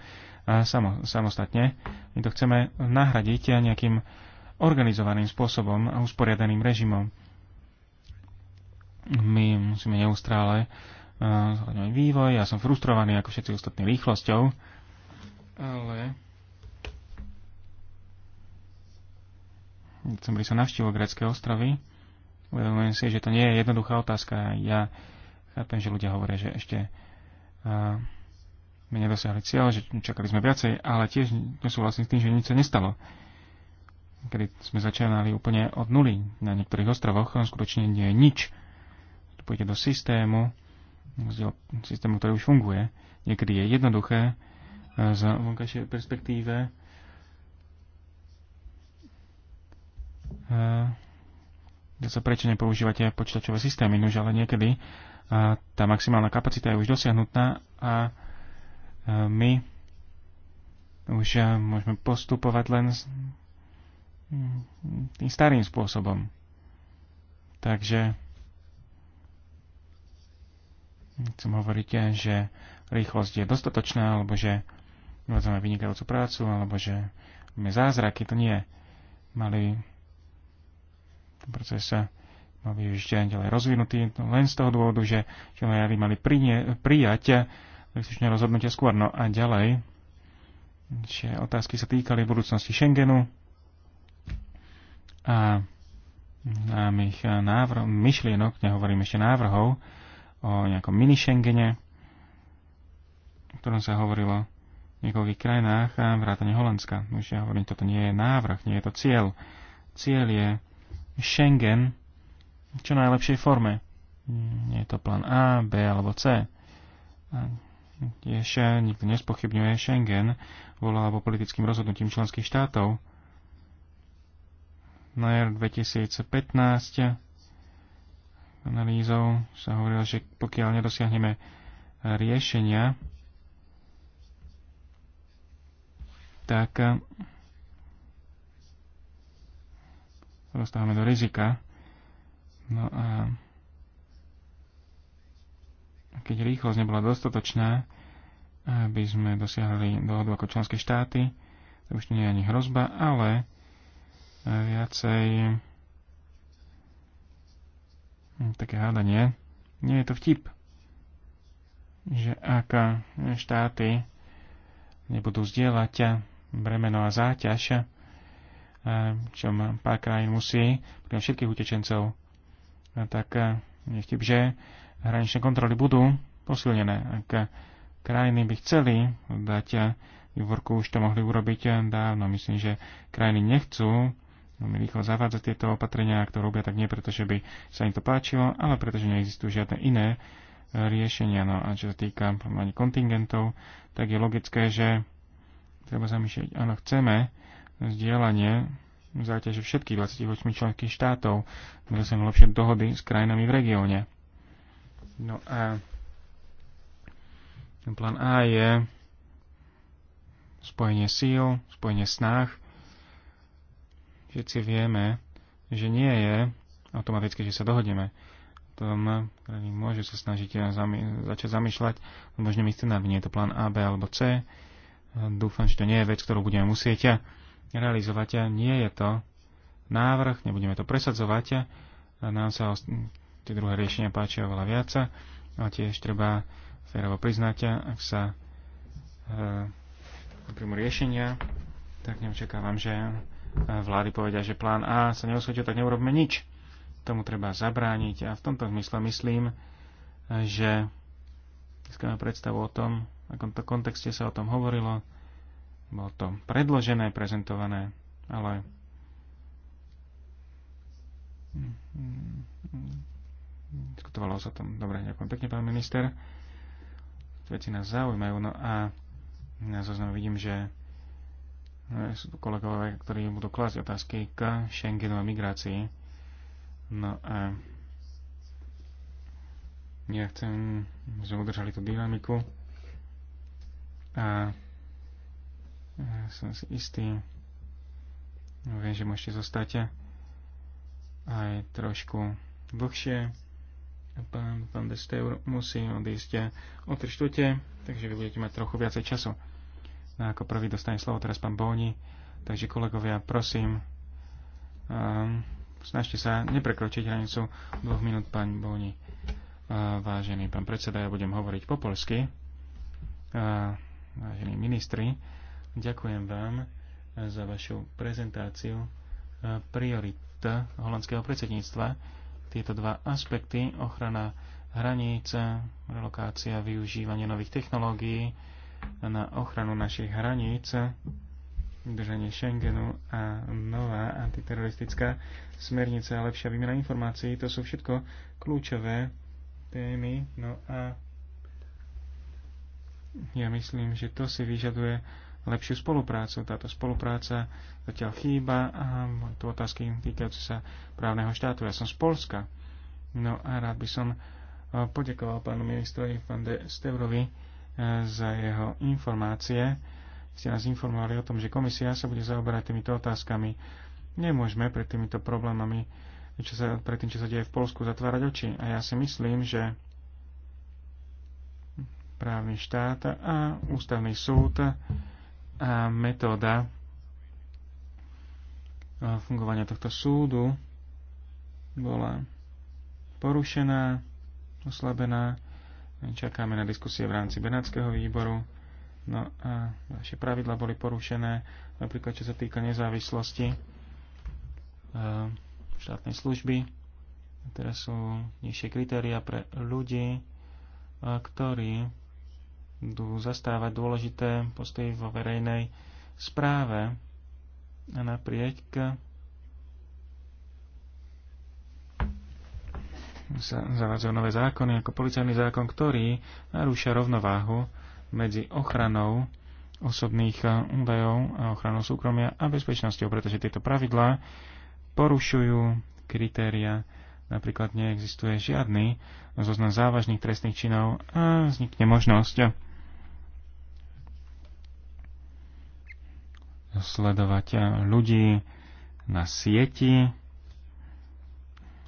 samo, samostatne. My to chceme nahradiť nejakým organizovaným spôsobom a usporiadaným režimom. My musíme neustále zhľadňovať vývoj, ja som frustrovaný ako všetci ostatní rýchlosťou, ale chcem, by som navštívil grecké ostrovy, uvedomujem si, že to nie je jednoduchá otázka. Ja chápem, že ľudia hovoria, že ešte uh, my nedosiahli cieľ, že čakali sme viacej, ale tiež to sú vlastne s tým, že nič sa nestalo. Kedy sme začínali úplne od nuly na niektorých ostrovoch, on skutočne nie je nič. Tu pôjde do systému, systému, ktorý už funguje. Niekedy je jednoduché z vonkajšej perspektíve Eh, sa prečo nepoužívate počítačové systémy, nuž ale niekedy a eh, tá maximálna kapacita je už dosiahnutá a eh, my už môžeme postupovať len s hm, tým starým spôsobom. Takže chcem hovoriť, že rýchlosť je dostatočná, alebo že uvádzame vynikajúcu prácu, alebo že máme zázraky, to nie. Mali ten proces mal byť ešte ďalej rozvinutý no len z toho dôvodu, že členovia rady mali prinie, prijať príslušné rozhodnutia skôr. No a ďalej, že otázky sa týkali budúcnosti Schengenu a známych návrh, myšlienok, nehovorím ešte návrhov, o nejakom mini-Schengene, o ktorom sa hovorilo v niekoľkých krajinách a vrátane Holandska. Už ja hovorím, toto nie je návrh, nie je to cieľ. Cieľ je Schengen v čo najlepšej forme. Nie je to plán A, B alebo C. Ešte eh, nikto nespochybňuje Schengen, volá alebo politickým rozhodnutím členských štátov. Na jar 2015 analýzou sa hovorilo, že pokiaľ nedosiahneme eh, riešenia, tak eh, dostávame do rizika. No a keď rýchlosť nebola dostatočná, aby sme dosiahli dohodu ako členské štáty, to už nie je ani hrozba, ale viacej také hádanie. Nie je to vtip, že ak štáty nebudú zdieľať bremeno a záťaž, E, čom pár krajín musí, pre všetkých utečencov, e, tak e, je že hraničné kontroly budú posilnené. Ak krajiny by chceli dať vývorku, už to mohli urobiť dávno. Myslím, že krajiny nechcú veľmi no, rýchlo zavádzať tieto opatrenia, ak to robia, tak nie preto, že by sa im to páčilo, ale preto, že neexistujú žiadne iné riešenia. No a čo sa týka kontingentov, tak je logické, že treba zamýšľať, áno, chceme zdieľanie záťaže všetkých 28 členských štátov, zase lepšie dohody s krajinami v regióne. No a plán A je spojenie síl, spojenie snách. Všetci vieme, že nie je automaticky, že sa dohodneme. Tom môže sa snažiť zami- začať zamýšľať možnými scenármi. Nie je to plán A, B alebo C. Dúfam, že to nie je vec, ktorú budeme musieť realizovať. Nie je to návrh, nebudeme to presadzovať. Nám sa tie druhé riešenia páčia oveľa viac. A tiež treba férovo priznať, ak sa e, príjmu riešenia, tak neočakávam, že e, vlády povedia, že plán A sa neosvedčil, tak neurobme nič. Tomu treba zabrániť a v tomto zmysle myslím, že získame predstavu o tom, v akomto kontexte sa o tom hovorilo, bolo to predložené, prezentované, ale diskutovalo sa tam. Dobre, ďakujem pekne, pán minister. Veci nás zaujímajú. No a na zoznam vidím, že sú tu kolegovia, ktorí budú klásť otázky k Schengenu a migrácii. No a ja chcem, že udržali tú dynamiku a ja som si istý. No, viem, že môžete zostať aj trošku dlhšie. Pán, pán Steur musí odísť o 3 takže vy budete mať trochu viacej času. No ako prvý dostane slovo teraz pán Bóni, takže kolegovia, prosím, um, snažte sa neprekročiť hranicu dvoch minút, pán Bóni. Uh, vážený pán predseda, ja budem hovoriť po polsky. Uh, vážení ministri, Ďakujem vám eh, za vašu prezentáciu eh, priorit eh, holandského predsedníctva. Tieto dva aspekty, ochrana hraníc, relokácia, využívanie nových technológií na ochranu našich hraníc, držanie Schengenu a nová antiteroristická smernica a lepšia výmena informácií, to sú všetko kľúčové témy. No a ja myslím, že to si vyžaduje lepšiu spoluprácu. Táto spolupráca zatiaľ chýba a tu otázky týkajúce sa právneho štátu. Ja som z Polska. No a rád by som e, poďakoval pánu ministrovi pán de Stevrovi e, za jeho informácie. Ste nás informovali o tom, že komisia sa bude zaoberať týmito otázkami. Nemôžeme pred týmito problémami, čo sa, pred tým, čo sa deje v Polsku, zatvárať oči. A ja si myslím, že právny štát a ústavný súd a metóda fungovania tohto súdu bola porušená, oslabená. Čakáme na diskusie v rámci Benátskeho výboru. No a ďalšie pravidla boli porušené, napríklad čo sa týka nezávislosti štátnej služby. Teraz sú nižšie kritéria pre ľudí, ktorí budú zastávať dôležité posty vo verejnej správe a napriek sa zavádzajú nové zákony ako policajný zákon, ktorý narúša rovnováhu medzi ochranou osobných údajov a ochranou súkromia a bezpečnosťou, pretože tieto pravidlá porušujú kritéria. Napríklad neexistuje žiadny zoznam závažných trestných činov a vznikne možnosť sledovať ľudí na sieti.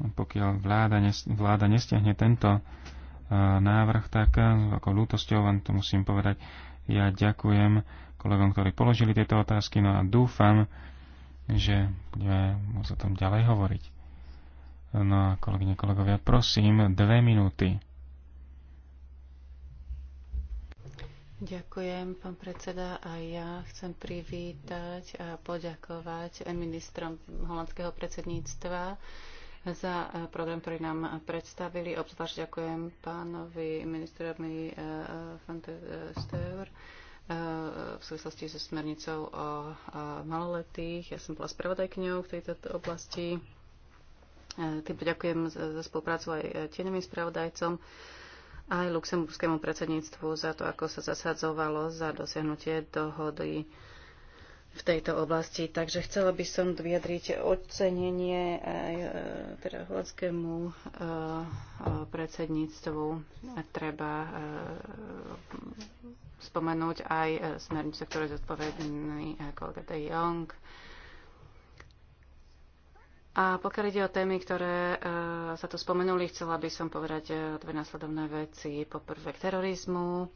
Pokiaľ vláda, vláda nestiahne tento e, návrh, tak ako e, lútosťou vám to musím povedať, ja ďakujem kolegom, ktorí položili tieto otázky, no a dúfam, že budeme môcť o tom ďalej hovoriť. No a kolegyne, kolegovia, prosím, dve minúty. Ďakujem, pán predseda. A ja chcem privítať a poďakovať ministrom holandského predsedníctva za program, ktorý nám predstavili. Obzvlášť ďakujem pánovi ministrovi eh, van der Steur eh, v súvislosti so smernicou o eh, maloletých. Ja som bola spravodajkňou v tejto oblasti. Tým poďakujem za spoluprácu aj tieňovým spravodajcom aj luxemburskému predsedníctvu za to, ako sa zasadzovalo za dosiahnutie dohody v tejto oblasti. Takže chcela by som vyjadriť ocenenie aj e, teda holandskému e, predsedníctvu. Treba e, spomenúť aj smernice, ktoré je zodpovedný kolega De Jong, a pokiaľ ide o témy, ktoré e, sa tu spomenuli, chcela by som povedať e, dve následovné veci. Poprvé k terorizmu.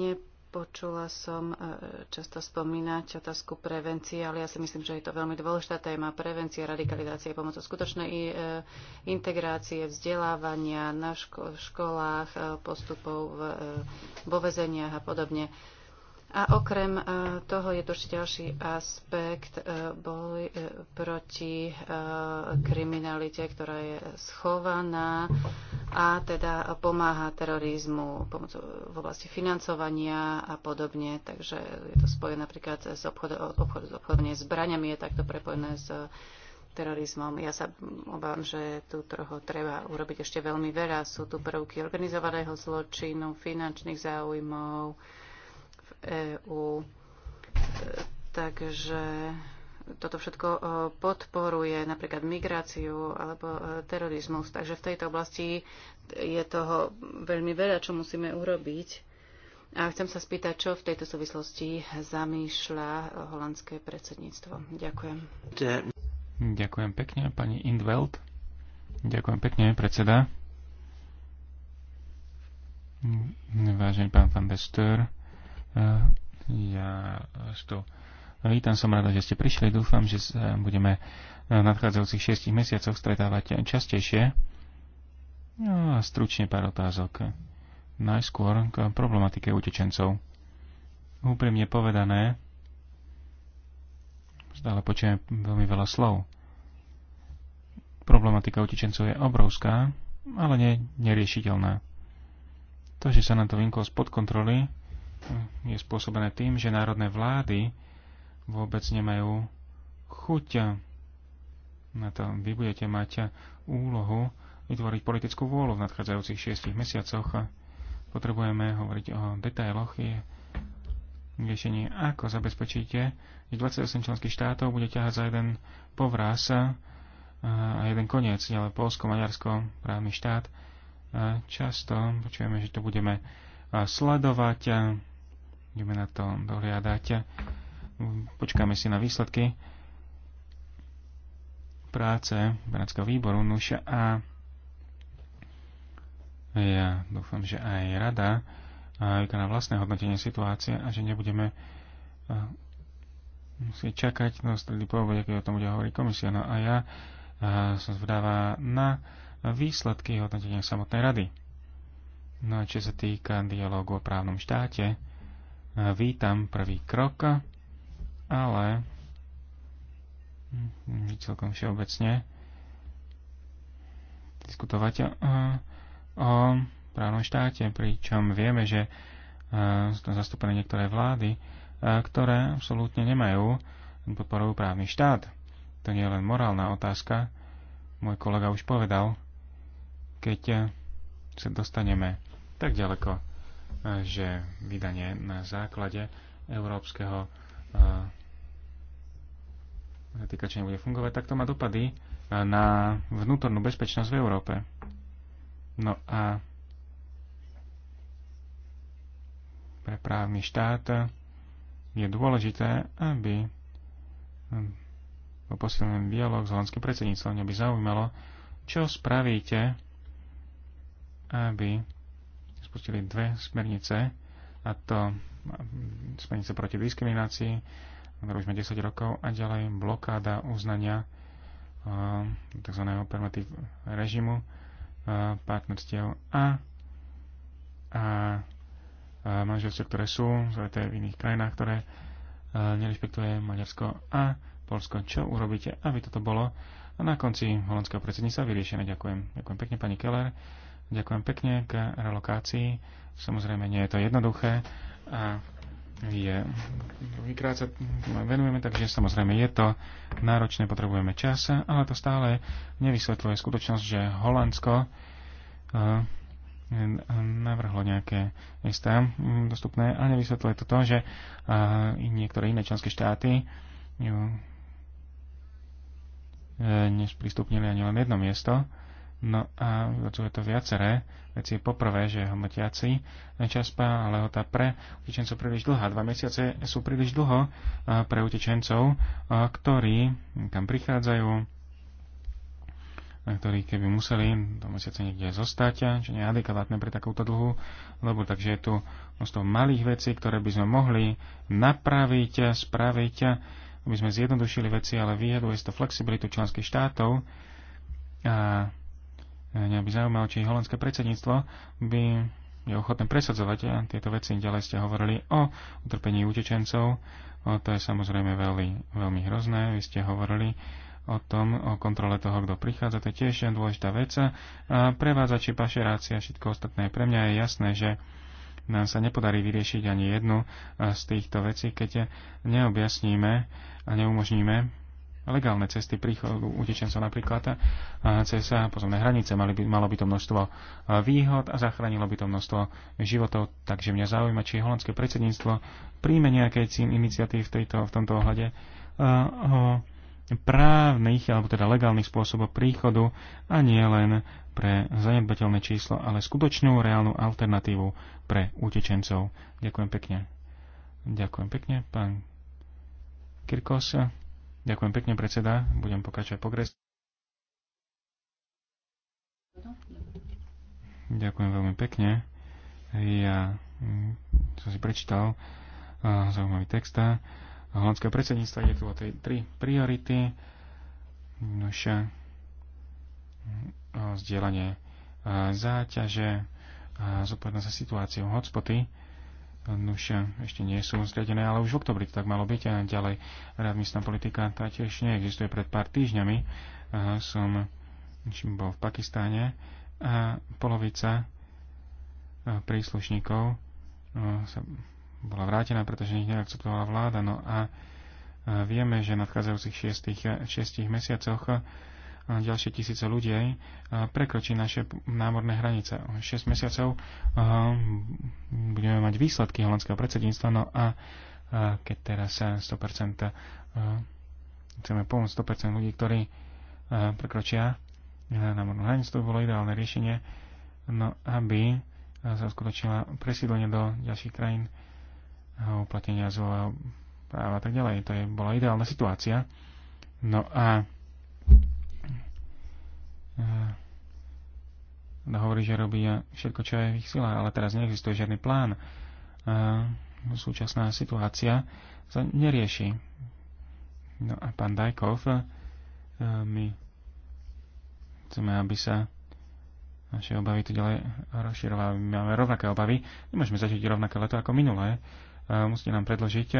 Nepočula som e, často spomínať otázku prevencie, ale ja si myslím, že je to veľmi dôležitá téma. Prevencie, radikalizácie pomocou skutočnej e, integrácie, vzdelávania na ško- školách, e, postupov v, e, vo vezeniach a podobne. E, a okrem e, toho je tu ešte ďalší aspekt e, boj e, proti kriminalite, ktorá je schovaná a teda pomáha terorizmu v oblasti financovania a podobne. Takže je to spojené napríklad s obchod, obchod, obchodovanie je takto prepojené s terorizmom. Ja sa obávam, že tu trochu treba urobiť ešte veľmi veľa. Sú tu prvky organizovaného zločinu, finančných záujmov, EÚ. E, takže toto všetko e, podporuje napríklad migráciu alebo e, terorizmus. Takže v tejto oblasti je toho veľmi veľa, čo musíme urobiť. A chcem sa spýtať, čo v tejto súvislosti zamýšľa holandské predsedníctvo. Ďakujem. Ďakujem pekne, pani Indveld. Ďakujem pekne, predseda. Vážený pán van der ja tu vítam, som rada, že ste prišli. Dúfam, že sa budeme v nadchádzajúcich šiestich mesiacoch stretávať častejšie. No a stručne pár otázok. Najskôr k problematike utečencov. Úprimne povedané, stále počujem veľmi veľa slov. Problematika utečencov je obrovská, ale nie neriešiteľná. To, že sa nám to vynklo spod kontroly, je spôsobené tým, že národné vlády vôbec nemajú chuť na to. Vy budete mať úlohu vytvoriť politickú vôľu v nadchádzajúcich šiestich mesiacoch. Potrebujeme hovoriť o detailoch je riešení, ako zabezpečíte, že 28 členských štátov bude ťahať za jeden povraz a jeden koniec, ale Polsko, Maďarsko, právny štát. Často počujeme, že to budeme sledovať, Ideme na to dohliadať. Počkáme si na výsledky práce Bratského výboru. Nuž a ja dúfam, že aj rada vykoná vlastné hodnotenie situácie a že nebudeme musieť čakať na no, pôvod, keď o tom bude hovoriť komisia. No a ja a som zvedáva na výsledky hodnotenia samotnej rady. No a čo sa týka dialógu o právnom štáte, vítam prvý krok, ale celkom všeobecne diskutovať eh, o právnom štáte, pričom vieme, že eh, sú tam zastúpené niektoré vlády, eh, ktoré absolútne nemajú podporujú právny štát. To nie je len morálna otázka. Môj kolega už povedal, keď sa dostaneme tak ďaleko, že vydanie na základe európskeho e, zatýkača nebude fungovať, tak to má dopady e, na vnútornú bezpečnosť v Európe. No a pre právny štát je dôležité, aby e, bol dialog s holandským predsedníctvom. aby by zaujímalo, čo spravíte, aby spustili dve smernice, a to smernice proti diskriminácii, ktorú sme 10 rokov, a ďalej blokáda uznania tzv. permatív režimu partnerstiev a, a manželstiev, ktoré sú zreté v iných krajinách, ktoré nerešpektuje Maďarsko a Polsko. Čo urobíte, aby toto bolo? A na konci holandského predsedníctva vyriešené. Ďakujem. Ďakujem pekne, pani Keller. Ďakujem pekne k relokácii. Samozrejme, nie je to jednoduché a je, druhýkrát sa venujeme, takže samozrejme je to náročné, potrebujeme čas, ale to stále nevysvetľuje skutočnosť, že Holandsko eh, navrhlo nejaké miesta dostupné a nevysvetľuje to to, že eh, niektoré iné členské štáty eh, nesprístupnili ani len jedno miesto. No a je to viaceré veci. Poprvé, že ho hmotiaci e, čas ale tá pre utečencov príliš dlhá. Dva mesiace sú príliš dlho e, pre utečencov, e, ktorí kam prichádzajú, ktorí keby museli do mesiace niekde zostať, čo nie je adekvátne pre takúto dlhú, lebo takže je tu množstvo malých vecí, ktoré by sme mohli napraviť, spraviť, aby sme zjednodušili veci, ale vyjaduje to flexibilitu členských štátov a E, mňa by zaujímalo, či holandské predsedníctvo by je ochotné presadzovať a e, tieto veci. Ďalej ste hovorili o utrpení utečencov. O, to je samozrejme veľmi, veľmi hrozné. Vy ste hovorili o tom, o kontrole toho, kto prichádza. To je tiež dôležitá vec. A prevádzači, pašeráci a všetko ostatné. Pre mňa je jasné, že nám sa nepodarí vyriešiť ani jednu e, z týchto vecí, keď neobjasníme a neumožníme legálne cesty príchodu utečencov napríklad eh, cez eh, pozemné hranice. Mali by, malo by to množstvo eh, výhod a zachránilo by to množstvo životov. Takže mňa zaujíma, či holandské predsedníctvo príjme nejaké iniciatív v, tejto, v tomto ohľade o právnych alebo teda legálnych spôsobov príchodu a nie len pre zanedbateľné číslo, ale skutočnú reálnu alternatívu pre utečencov. Ďakujem pekne. Ďakujem pekne, pán Kirkos. Ďakujem pekne, predseda. Budem pokračovať pogres. Ďakujem veľmi pekne. Ja mm, som si prečítal uh, zaujímavý text. Holandské predsedníctvo je tu o tej tri priority. Mm, uh, zdieľanie záťaže, zodpovednosť za situáciu hotspoty už ešte nie sú zriadené, ale už v oktobri to tak malo byť a ďalej readmisná politika tá tiež neexistuje. Pred pár týždňami Aha, som bol v Pakistáne a polovica príslušníkov sa bola vrátená, pretože ich neakceptovala vláda. No a vieme, že v nadchádzajúcich šiestich, šiestich mesiacoch ďalšie tisíce ľudí prekročí naše námorné hranice. O 6 mesiacov budeme mať výsledky holandského predsedníctva, no a keď teraz 100% chceme pomôcť 100% ľudí, ktorí prekročia námornú hranicu, to bolo ideálne riešenie, no aby sa uskutočnila presídlenie do ďalších krajín a uplatenia zvoleného práva a tak ďalej. To je, bola ideálna situácia. No a hovorí, že robí všetko, čo je v ich silách, ale teraz neexistuje žiadny plán. Súčasná situácia sa nerieši. No a pán Dajkov, e, my chceme, aby sa naše obavy tu ďalej rozširovali. Máme rovnaké obavy. Nemôžeme zažiť rovnaké leto ako minulé. E, musíte nám predložiť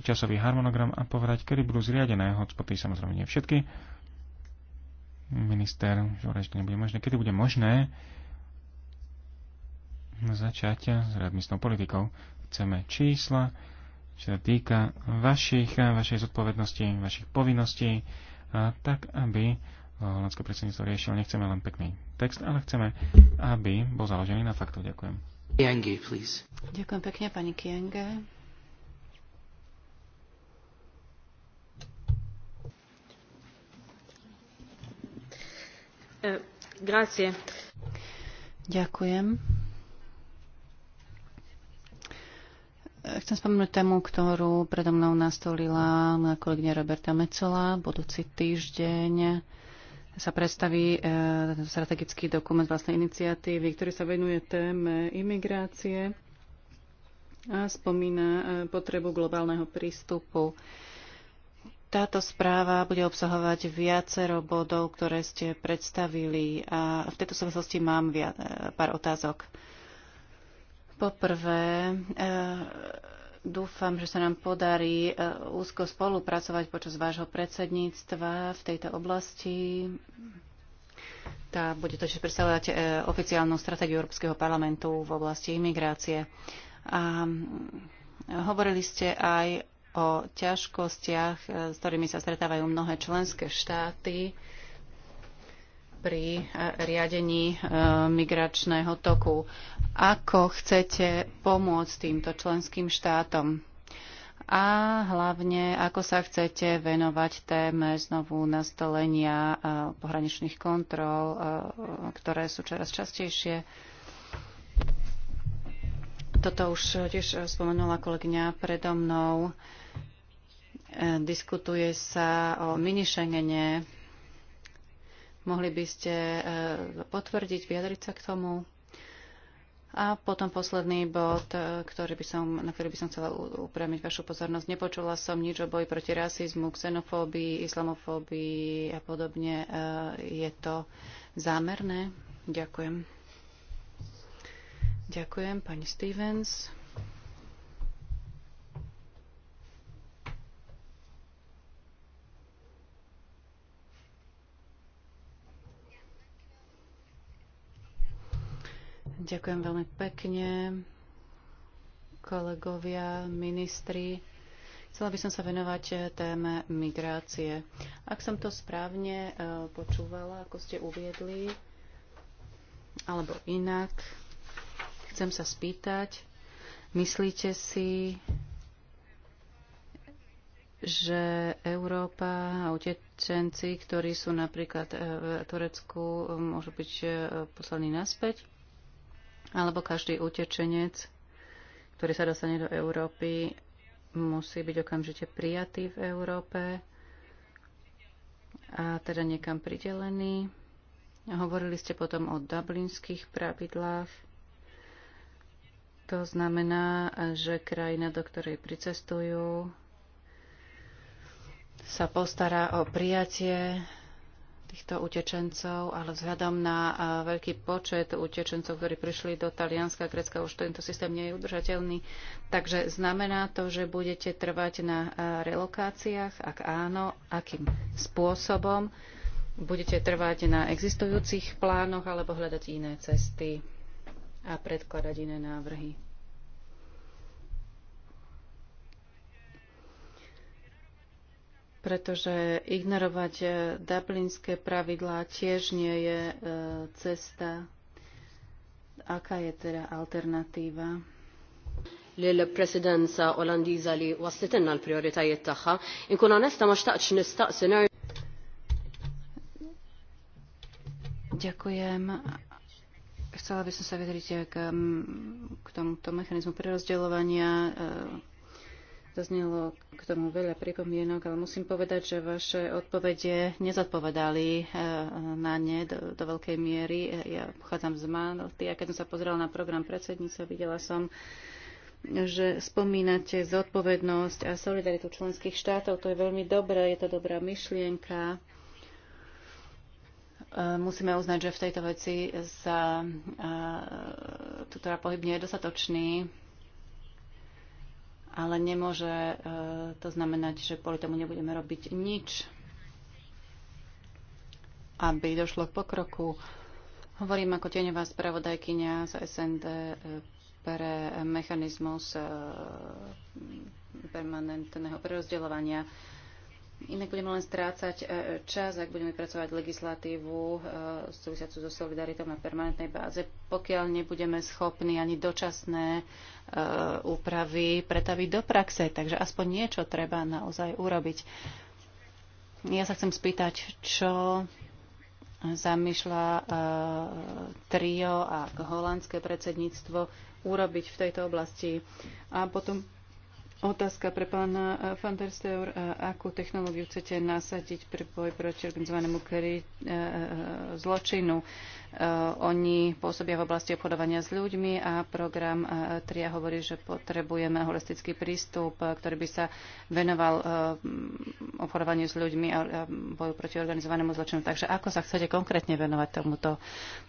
časový harmonogram a povedať, kedy budú zriadené hotspoty, samozrejme nie všetky minister hovorí, že to nebude možné. Kedy bude možné začať s radmistnou politikou? Chceme čísla, čo sa týka vašich, vašej zodpovednosti, vašich povinností, tak aby holandské predsedníctvo riešil. Nechceme len pekný text, ale chceme, aby bol založený na faktoch. Ďakujem. Kienge, please. Ďakujem pekne, pani Kienge. Eh, eh, chcem spomenúť tému, ktorú predo mnou nastolila moja kolegyňa Roberta Mecola. Budúci týždeň sa predstaví eh, strategický dokument vlastnej iniciatívy, ktorý sa venuje téme imigrácie a spomína potrebu globálneho prístupu táto správa bude obsahovať viacero bodov, ktoré ste predstavili a v tejto súvislosti mám viac, e, pár otázok. Poprvé, e, dúfam, že sa nám podarí e, úzko spolupracovať počas vášho predsedníctva v tejto oblasti. Tá bude totiž predstavovať oficiálnu stratégiu Európskeho parlamentu v oblasti imigrácie. A hovorili ste aj o ťažkostiach, e, s ktorými sa stretávajú mnohé členské štáty pri e, riadení e, migračného toku. Ako chcete pomôcť týmto členským štátom? A hlavne, ako sa chcete venovať téme znovu nastolenia pohraničných kontrol, ktoré sú čoraz častejšie? Toto už tiež spomenula kolegyňa predo mnou. Uh, E, diskutuje sa o minišengene. Mohli by ste e, potvrdiť, vyjadriť sa k tomu? A potom posledný bod, e, ktorý by som, na ktorý by som chcela upriamiť vašu pozornosť. Nepočula som nič o boji proti rasizmu, xenofóbii, islamofóbii a podobne. Je to zámerné? Ďakujem. Ďakujem, pani Stevens. Ďakujem veľmi pekne, kolegovia, ministri. Chcela by som sa venovať eh, téme migrácie. Ak som to správne eh, počúvala, ako ste uviedli, alebo inak, chcem sa spýtať, myslíte si, že Európa a utečenci, ktorí sú napríklad eh, v Turecku, môžu byť poslaní naspäť? alebo každý utečenec, ktorý sa dostane do Európy, musí byť okamžite prijatý v Európe a teda niekam pridelený. Hovorili ste potom o dublinských pravidlách. To znamená, že krajina, do ktorej pricestujú, sa postará o prijatie týchto utečencov, ale vzhľadom na eh, veľký počet utečencov, ktorí prišli do Talianska a Grecka, už tento systém nie je udržateľný. Takže znamená to, že budete trvať na eh, relokáciách? Ak áno, akým spôsobom? Budete trvať na existujúcich plánoch alebo hľadať iné cesty a predkladať iné návrhy? pretože ignorovať e, dublinské pravidlá tiež nie je e, cesta. Aká je teda alternatíva? lill-presidenza olandiża li wassitilna l-prijoritajiet tagħha. Inkun onesta ma xtaqtx nistaqsi Ďakujem. Chcela by som sa vyjadriť e, k, k tomuto mechanizmu prerozdeľovania e, Zaznelo k tomu veľa pripomienok, ale musím povedať, že vaše odpovede nezodpovedali eh, na ne do, do veľkej miery. Ja pochádzam z Malty a keď som sa pozrela na program predsednice, videla som, že spomínate zodpovednosť a solidaritu členských štátov. To je veľmi dobré, je to dobrá myšlienka. Eh, musíme uznať, že v tejto veci sa eh, tu teda pohyb nie je dostatočný ale nemôže e, to znamenať, že kvôli tomu nebudeme robiť nič, aby došlo k pokroku. Hovorím ako tieňová spravodajkynia z SND e, pre mechanizmus e, permanentného prerozdeľovania Inak budeme len strácať e, čas, ak budeme pracovať legislatívu e, súvisiacu so solidaritou na permanentnej báze, pokiaľ nebudeme schopní ani dočasné e, úpravy pretaviť do praxe. Takže aspoň niečo treba naozaj urobiť. Ja sa chcem spýtať, čo zamýšľa trio a holandské predsedníctvo urobiť v tejto oblasti. A potom Otázka pre pána eh, van der Steur. Eh, akú technológiu chcete nasadiť pri boj proti organizovanému eh, zločinu? Oni pôsobia v oblasti obchodovania s ľuďmi a program TRIA hovorí, že potrebujeme holistický prístup, ktorý by sa venoval obchodovaniu s ľuďmi a boju proti organizovanému zločinu. Takže ako sa chcete konkrétne venovať tomuto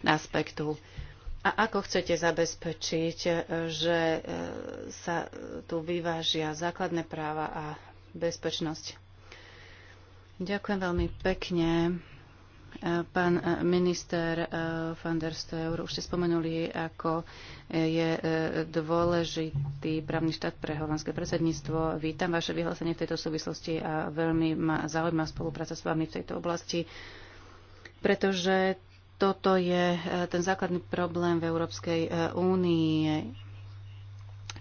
aspektu? A ako chcete zabezpečiť, e, že e, sa tu vyvážia základné práva a bezpečnosť? Ďakujem veľmi pekne. E, pán minister van der Steur, už ste spomenuli, ako je dôležitý právny štát pre holandské predsedníctvo. Vítam vaše vyhlásenie v tejto súvislosti a veľmi ma zaujíma spolupráca s vami v tejto oblasti, pretože toto je e, ten základný problém v Európskej e, únii.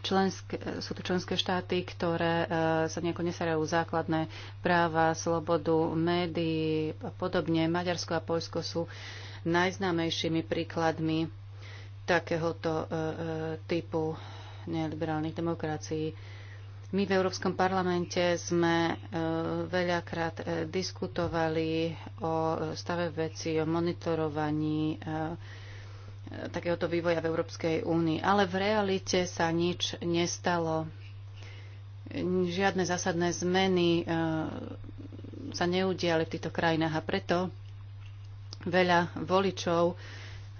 Členské, e, sú to členské štáty, ktoré sa nejako nesarajú základné práva, slobodu médií a podobne. Maďarsko a Poľsko sú najznámejšími príkladmi takéhoto typu neoliberálnych demokracií. My v Európskom parlamente sme e, veľakrát e, diskutovali o stave veci, o monitorovaní e, takéhoto vývoja v Európskej únii. Ale v realite sa nič nestalo. Žiadne zásadné zmeny sa neudiali v týchto krajinách a preto veľa voličov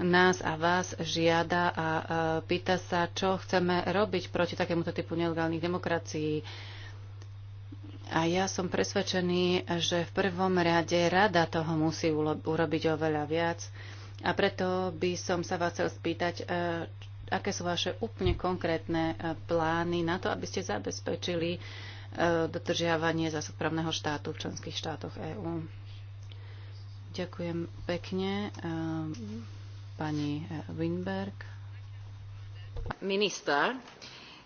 nás a vás žiada a e, pýta sa, čo chceme robiť proti takémuto typu nelegálnych demokracií. A ja som presvedčený, že v prvom rade rada toho musí urobiť oveľa viac. A preto by som sa vás chcel spýtať, e, aké sú vaše úplne konkrétne e, plány na to, aby ste zabezpečili dodržiavanie zásad právneho štátu v členských štátoch EÚ. Ďakujem pekne pani e, Winberg. Minister,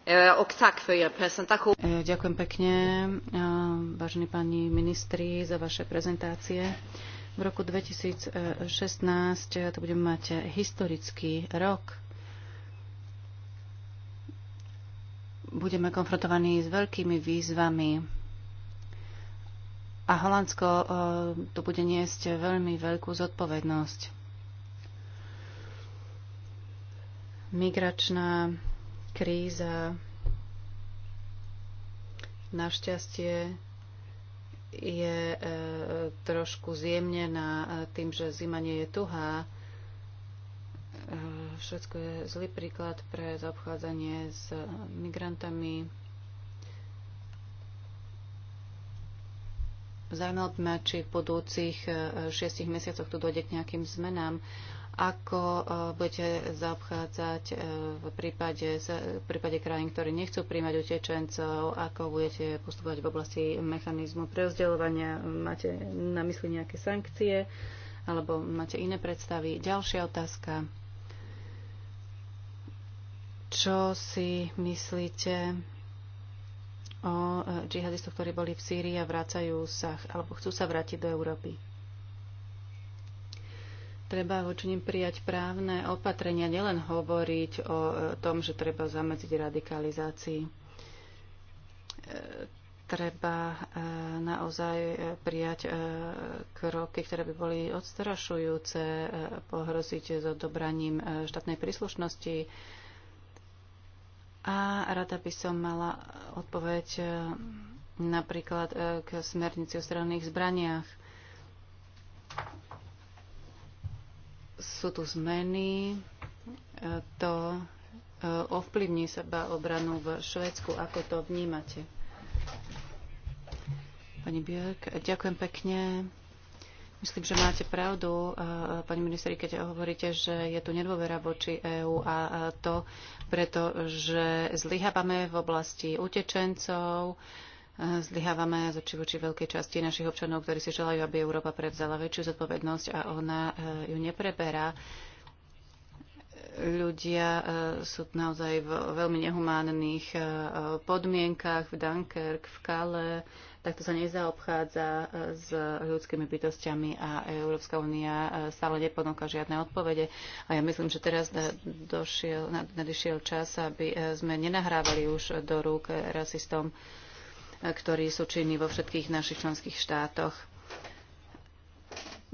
e, e, Ďakujem pekne, vážení páni ministri, za vaše prezentácie. V roku 2016 to budeme mať historický rok. Budeme konfrontovaní s veľkými výzvami a Holandsko tu bude niesť veľmi veľkú zodpovednosť. Migračná kríza našťastie je e, trošku zjemnená e, tým, že zima nie je tuhá. E, všetko je zlý príklad pre zaobchádzanie s migrantami. Zaujímavé či v budúcich šiestich mesiacoch tu dojde k nejakým zmenám ako e, budete zaobchádzať e, v prípade, v prípade krajín, ktorí nechcú príjmať utečencov, ako budete postupovať v oblasti mechanizmu preozdeľovania, máte na mysli nejaké sankcie, alebo máte iné predstavy. Ďalšia otázka. Čo si myslíte o e, džihadistoch, ktorí boli v Sýrii a vracajú sa, alebo chcú sa vrátiť do Európy? Treba voči nim prijať právne opatrenia, nielen hovoriť o e, tom, že treba zamedziť radikalizácii. E, treba e, naozaj prijať kroky, ktoré by boli odstrašujúce, pohroziť s odobraním štátnej príslušnosti. A rada by som mala odpoveď napríklad k smernici o stranných zbraniach sú tu zmeny, e, to e, ovplyvní seba obranu v Švedsku. Ako to vnímate? Pani Björk, ďakujem pekne. Myslím, že máte pravdu, e, pani ministri, keď hovoríte, že je tu nedôvera voči EÚ a to preto, že zlyhávame v oblasti utečencov, zlyhávame z oči voči veľkej časti našich občanov, ktorí si želajú, aby Európa prevzala väčšiu zodpovednosť a ona eh, ju nepreberá. Ľudia eh, sú naozaj v veľmi nehumánnych eh, podmienkach v Dunkirk, v Kale. Takto sa nezaobchádza s ľudskými bytostiami a Európska únia stále neponúka žiadne odpovede. A ja myslím, že teraz došiel, nadišiel čas, aby sme nenahrávali už do rúk rasistom ktorí sú činní vo všetkých našich členských štátoch.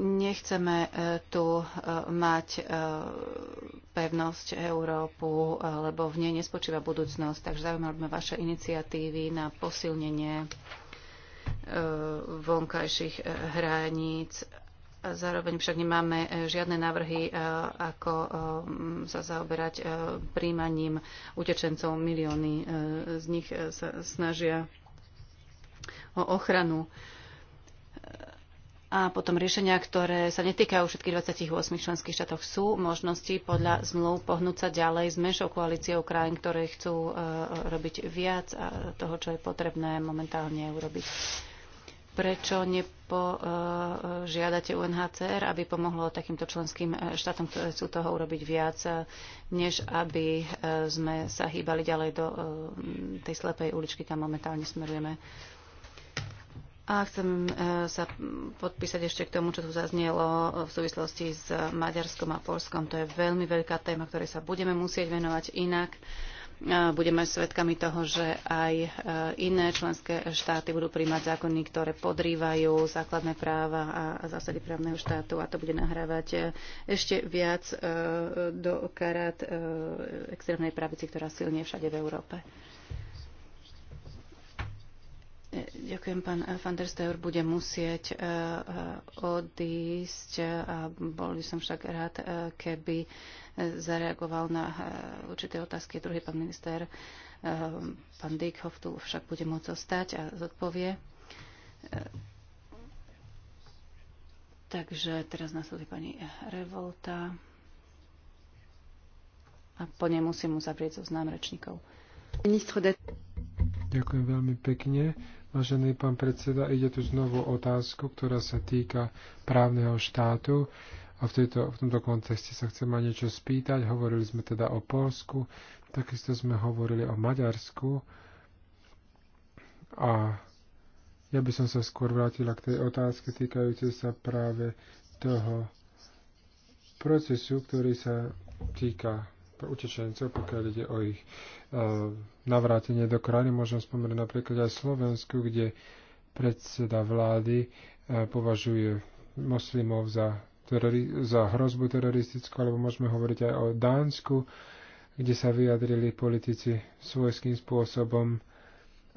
Nechceme e, tu e, mať e, pevnosť Európu, lebo v nej nespočíva budúcnosť. Takže zaujímavé vaše iniciatívy na posilnenie vonkajších hraníc Zároveň však nemáme žiadne návrhy, ako sa zaoberať príjmaním utečencov. Milióny z nich sa snažia o ochranu a potom riešenia, ktoré sa netýkajú všetkých 28 členských štátoch, sú možnosti podľa zmluv pohnúť sa ďalej s menšou koalíciou krajín, ktoré chcú e, robiť viac a toho, čo je potrebné momentálne urobiť. Prečo nepožiadate UNHCR, aby pomohlo takýmto členským e, štátom, ktoré chcú toho urobiť viac, e, než aby sme sa hýbali ďalej do tej slepej uličky, kam momentálne smerujeme? A chcem e, sa podpísať ešte k tomu, čo tu zaznelo v súvislosti s Maďarskom a Polskom. To je veľmi veľká téma, ktorej sa budeme musieť venovať inak. E, budeme svedkami toho, že aj e, iné členské štáty budú príjmať zákony, ktoré podrývajú základné práva a zásady právneho štátu a to bude nahrávať ešte viac do karát extrémnej pravici, ktorá silne všade v Európe. Ďakujem, pán eh, van der Steur bude musieť eh, eh, odísť a bol by som však rád, keby zareagoval na určité otázky druhý pán minister. Pán Dykhoff tu však bude môcť zostať a zodpovie. Takže teraz nasleduje pani Revolta a po nej musím uzavrieť zoznam rečníkov. Ďakujem veľmi pekne Vážený pán predseda, ide tu znovu otázku, ktorá sa týka právneho štátu. A v, tejto, v tomto kontexte sa chcem ma niečo spýtať. Hovorili sme teda o Polsku, takisto sme hovorili o Maďarsku. A ja by som sa skôr vrátila k tej otázke týkajúcej sa práve toho procesu, ktorý sa týka utečencov, pokiaľ ide o ich eh, navrátenie do krajiny. Môžem spomenúť napríklad aj Slovensku, kde predseda vlády eh, považuje moslimov za, terori- za hrozbu teroristickú, alebo môžeme hovoriť aj o Dánsku, kde sa vyjadrili politici svojským spôsobom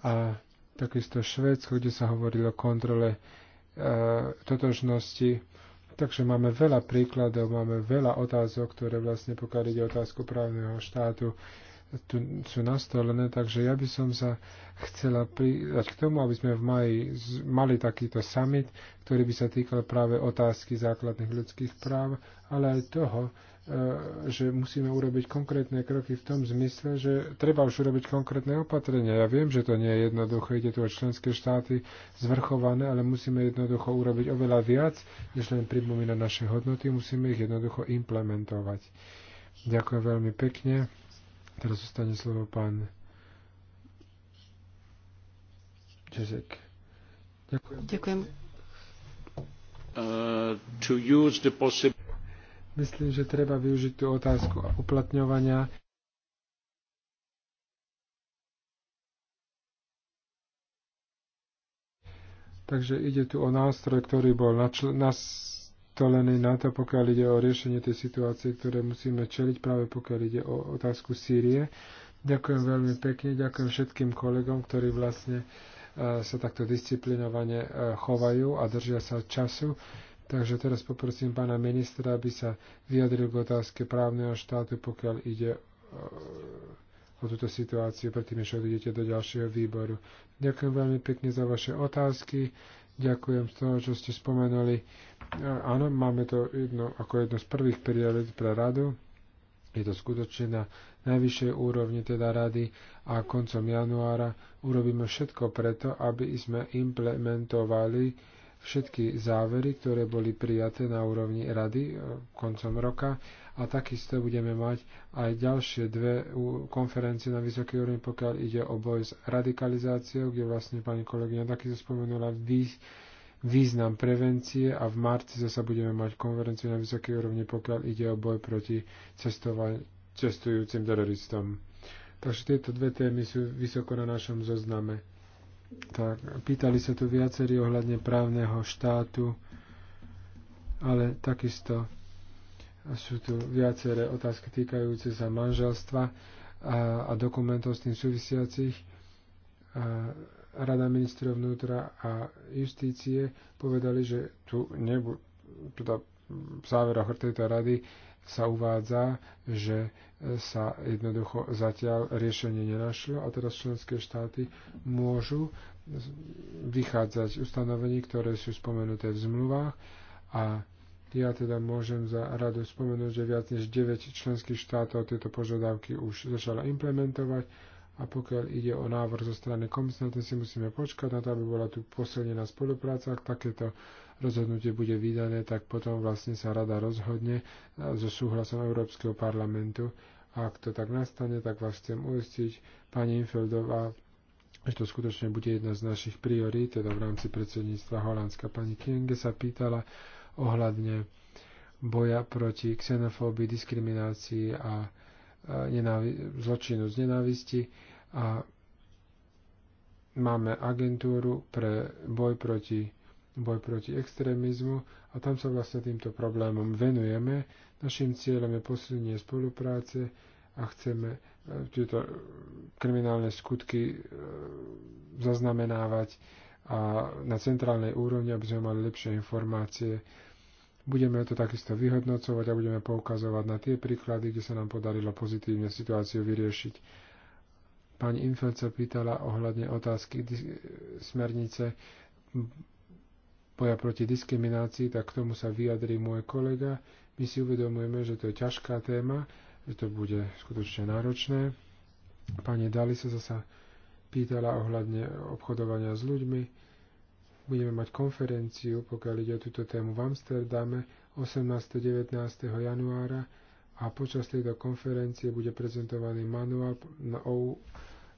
a takisto Švédsko, kde sa hovorilo o kontrole uh, totožnosti Takže máme veľa príkladov, máme veľa otázok, ktoré vlastne pokiaľ ide otázku právneho štátu, tu sú nastolené, takže ja by som sa chcela pridať k tomu, aby sme v maji mali takýto summit, ktorý by sa týkal práve otázky základných ľudských práv, ale aj toho, E, že musíme urobiť konkrétne kroky v tom zmysle, že treba už urobiť konkrétne opatrenia. Ja viem, že to nie je jednoduché, ide tu o členské štáty zvrchované, ale musíme jednoducho urobiť oveľa viac, než len pripomínať naše hodnoty, musíme ich jednoducho implementovať. Ďakujem veľmi pekne. Teraz zostane slovo pán Čezek. Ďakujem. Ďakujem. Uh, to use the possibility Myslím, že treba využiť tú otázku uplatňovania. Takže ide tu o nástroj, ktorý bol nastolený na to, pokiaľ ide o riešenie tej situácie, ktoré musíme čeliť, práve pokiaľ ide o otázku Sýrie. Ďakujem veľmi pekne, ďakujem všetkým kolegom, ktorí vlastne eh, sa takto disciplinovane eh, chovajú a držia sa času. Takže teraz poprosím pána ministra, aby sa vyjadril k otázke právneho štátu, pokiaľ ide e, o túto situáciu, predtým, než odídete do ďalšieho výboru. Ďakujem veľmi pekne za vaše otázky. Ďakujem z toho, čo ste spomenuli. E, áno, máme to jedno, ako jedno z prvých priorit pre radu. Je to skutočne na najvyššej úrovni teda rady a koncom januára urobíme všetko preto, aby sme implementovali všetky závery, ktoré boli prijaté na úrovni rady e, koncom roka a takisto budeme mať aj ďalšie dve konferencie na vysokej úrovni, pokiaľ ide o boj s radikalizáciou, kde vlastne pani kolegyňa takisto spomenula význam prevencie a v marci zase budeme mať konferenciu na vysokej úrovni, pokiaľ ide o boj proti cestujúcim teroristom. Takže tieto dve témy sú vysoko na našom zozname tak pýtali sa tu viacerí ohľadne právneho štátu, ale takisto sú tu viaceré otázky týkajúce sa manželstva a, a dokumentov s tým súvisiacich. A Rada ministrov vnútra a justície povedali, že tu nebu, teda v záveroch tejto rady sa uvádza, že sa jednoducho zatiaľ riešenie nenašlo a teraz členské štáty môžu vychádzať z ustanovení, ktoré sú spomenuté v zmluvách a ja teda môžem za radu spomenúť, že viac než 9 členských štátov tieto požiadavky už začala implementovať a pokiaľ ide o návrh zo strany komisie, si musíme počkať na to, aby bola tu posilnená spolupráca, ak takéto rozhodnutie bude vydané, tak potom vlastne sa rada rozhodne e, so súhlasom Európskeho parlamentu. A ak to tak nastane, tak vás chcem uistiť, pani Infeldová, že to skutočne bude jedna z našich priorít, teda v rámci predsedníctva Holandska. Pani Kienge sa pýtala ohľadne boja proti xenofóbii, diskriminácii a e, zločinu z nenávisti a máme agentúru pre boj proti boj proti extrémizmu a tam sa vlastne týmto problémom venujeme. Našim cieľom je posilnenie spolupráce a chceme e, tieto kriminálne skutky e, zaznamenávať a na centrálnej úrovni, aby sme mali lepšie informácie. Budeme to takisto vyhodnocovať a budeme poukazovať na tie príklady, kde sa nám podarilo pozitívne situáciu vyriešiť. Pani Infeld sa pýtala ohľadne otázky smernice boja proti diskriminácii, tak k tomu sa vyjadrí môj kolega. My si uvedomujeme, že to je ťažká téma, že to bude skutočne náročné. Pani Dali sa zasa pýtala ohľadne obchodovania s ľuďmi. Budeme mať konferenciu, pokiaľ ide o túto tému v Amsterdame 18. 19. januára a počas tejto konferencie bude prezentovaný manuál o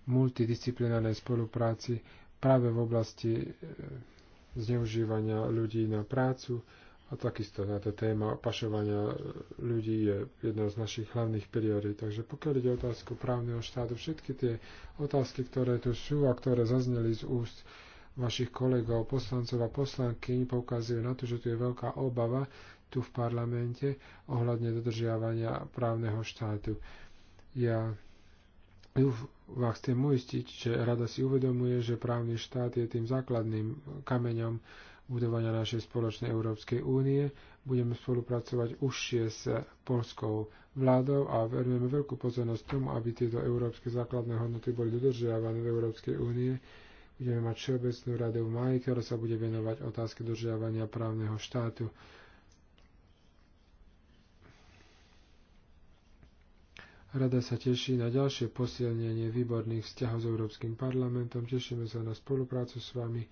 multidisciplinárnej spolupráci práve v oblasti e, zneužívania ľudí na prácu a takisto na to téma pašovania ľudí je jedna z našich hlavných priorít. Takže pokiaľ ide o otázku právneho štátu, všetky tie otázky, ktoré tu sú a ktoré zazneli z úst vašich kolegov, poslancov a poslanky, poukazujú na to, že tu je veľká obava tu v parlamente ohľadne dodržiavania právneho štátu. Ja vás chcem uistiť, že rada si uvedomuje, že právny štát je tým základným kameňom budovania našej spoločnej Európskej únie. Budeme spolupracovať užšie s polskou vládou a verujeme veľkú pozornosť tomu, aby tieto európske základné hodnoty boli dodržiavané v Európskej únie. Budeme mať Všeobecnú radu v maji, ktorá sa bude venovať otázke dodržiavania právneho štátu. Rada sa teší na ďalšie posilnenie výborných vzťahov s Európskym parlamentom. Tešíme sa na spoluprácu s vami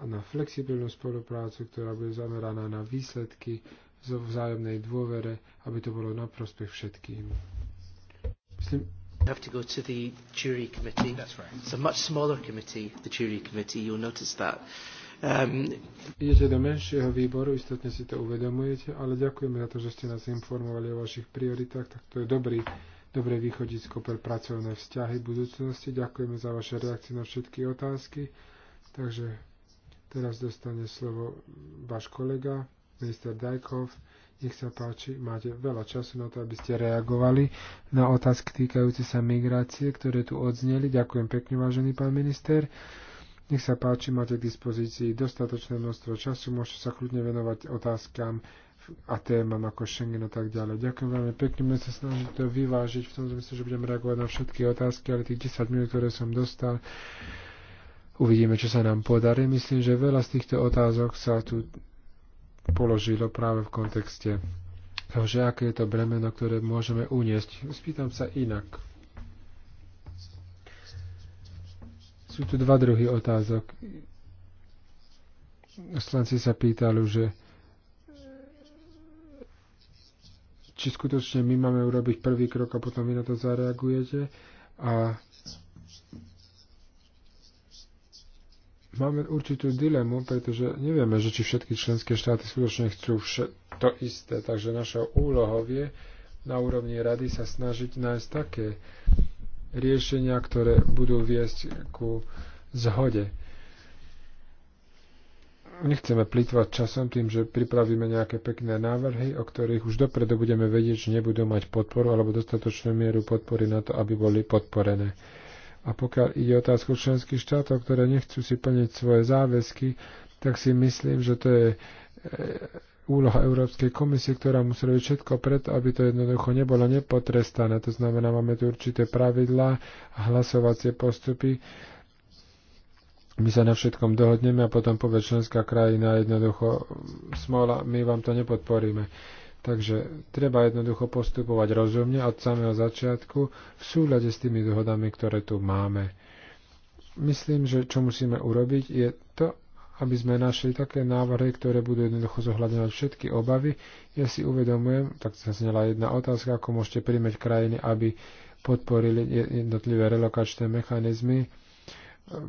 a na flexibilnú spoluprácu, ktorá bude zameraná na výsledky zo vzájomnej dôvere, aby to bolo na prospech všetkým. Myslím, have to go to the jury committee. That's right. It's a much smaller committee, the jury committee. You'll notice that. Idete teda do menšieho výboru, istotne si to uvedomujete, ale ďakujeme za to, že ste nás informovali o vašich prioritách, tak to je dobrý, dobré východisko pre pracovné vzťahy v budúcnosti. Ďakujeme za vaše reakcie na všetky otázky. Takže teraz dostane slovo váš kolega, minister Dajkov. Nech sa páči, máte veľa času na to, aby ste reagovali na otázky týkajúce sa migrácie, ktoré tu odzneli. Ďakujem pekne, vážený pán minister. Nech sa páči, máte k dispozícii dostatočné množstvo času, môžete sa kľudne venovať otázkam a témam ako Schengen a tak ďalej. Ďakujem veľmi pekne, budem sa snažiť to vyvážiť v tom zmysle, že budem reagovať na všetky otázky, ale tých 10 minút, ktoré som dostal, uvidíme, čo sa nám podarí. Myslím, že veľa z týchto otázok sa tu položilo práve v kontexte toho, že aké je to bremeno, ktoré môžeme uniesť. Spýtam sa inak Sú tu dva druhy otázok. Oslanci sa pýtali, že či skutočne my máme urobiť prvý krok a potom vy na to zareagujete. A máme určitú dilemu, pretože nevieme, že či všetky členské štáty skutočne chcú to isté. Takže našou úlohou je na úrovni rady sa snažiť nájsť také riešenia, ktoré budú viesť ku zhode. Nechceme plýtvať časom tým, že pripravíme nejaké pekné návrhy, o ktorých už dopredu budeme vedieť, že nebudú mať podporu alebo dostatočnú mieru podpory na to, aby boli podporené. A pokiaľ ide otázku členských štátov, ktoré nechcú si plniť svoje záväzky, tak si myslím, že to je e, úloha Európskej komisie, ktorá musí robiť všetko preto, aby to jednoducho nebolo nepotrestané. To znamená, máme tu určité pravidlá a hlasovacie postupy. My sa na všetkom dohodneme a potom povie členská krajina jednoducho smola, my vám to nepodporíme. Takže treba jednoducho postupovať rozumne od samého začiatku v súľade s tými dohodami, ktoré tu máme. Myslím, že čo musíme urobiť je to, aby sme našli také návrhy, ktoré budú jednoducho zohľadňovať všetky obavy. Ja si uvedomujem, tak sa znela jedna otázka, ako môžete príjmeť krajiny, aby podporili jednotlivé relokačné mechanizmy.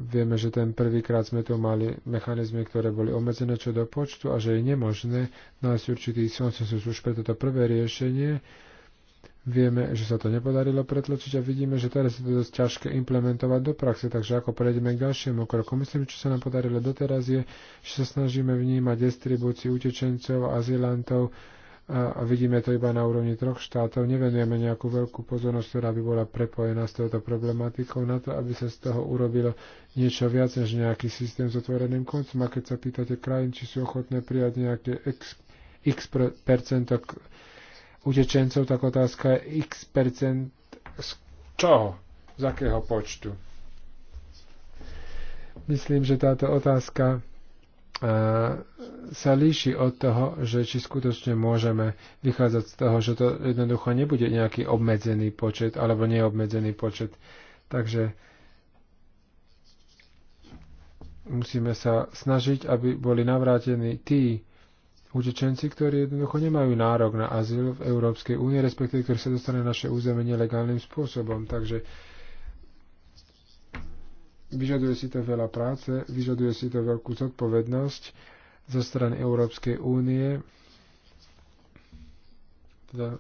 Vieme, že ten prvýkrát sme tu mali mechanizmy, ktoré boli obmedzené čo do počtu a že je nemožné nájsť určitý konsensus už pre toto prvé riešenie. Vieme, že sa to nepodarilo pretlačiť a vidíme, že teraz je to dosť ťažké implementovať do praxe, takže ako prejdeme k ďalšiemu kroku. Myslím, čo sa nám podarilo doteraz je, že sa snažíme vnímať distribúciu utečencov, azylantov a vidíme to iba na úrovni troch štátov. Nevenujeme nejakú veľkú pozornosť, ktorá by bola prepojená s touto problematikou na to, aby sa z toho urobilo niečo viac než nejaký systém s otvoreným koncom. A keď sa pýtate krajín, či sú ochotné prijať nejaké x, x percentok utečencov, tak otázka je x percent z čoho, z akého počtu. Myslím, že táto otázka e, sa líši od toho, že či skutočne môžeme vychádzať z toho, že to jednoducho nebude nejaký obmedzený počet alebo neobmedzený počet. Takže musíme sa snažiť, aby boli navrátení tí, utečenci, ktorí jednoducho nemajú nárok na azyl v Európskej únie, respektíve ktorí sa dostanú na naše územie nelegálnym spôsobom. Takže vyžaduje si to veľa práce, vyžaduje si to veľkú zodpovednosť zo strany Európskej únie, teda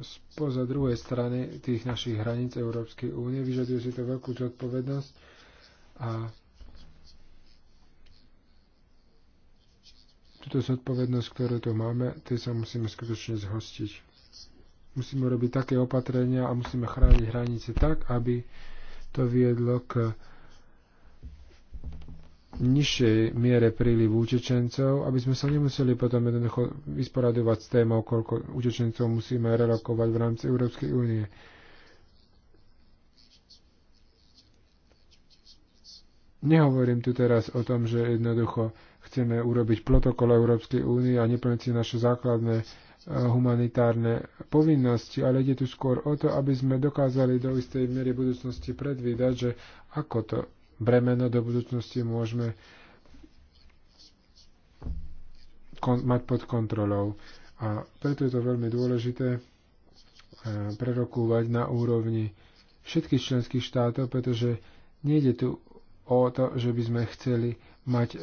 spoza druhej strany tých našich hraníc Európskej únie, vyžaduje si to veľkú zodpovednosť a túto zodpovednosť, ktorú tu máme, tej sa musíme skutočne zhostiť. Musíme robiť také opatrenia a musíme chrániť hranice tak, aby to viedlo k nižšej miere prílivu utečencov, aby sme sa nemuseli potom jednoducho vysporadovať s témou, koľko utečencov musíme relokovať v rámci Európskej únie. Nehovorím tu teraz o tom, že jednoducho chceme urobiť protokol Európskej únie a neplniť si naše základné e, humanitárne povinnosti, ale ide tu skôr o to, aby sme dokázali do istej miery budúcnosti predvídať, že ako to bremeno do budúcnosti môžeme mať pod kontrolou. A preto je to veľmi dôležité e, prerokúvať na úrovni všetkých členských štátov, pretože nejde tu o to, že by sme chceli mať e,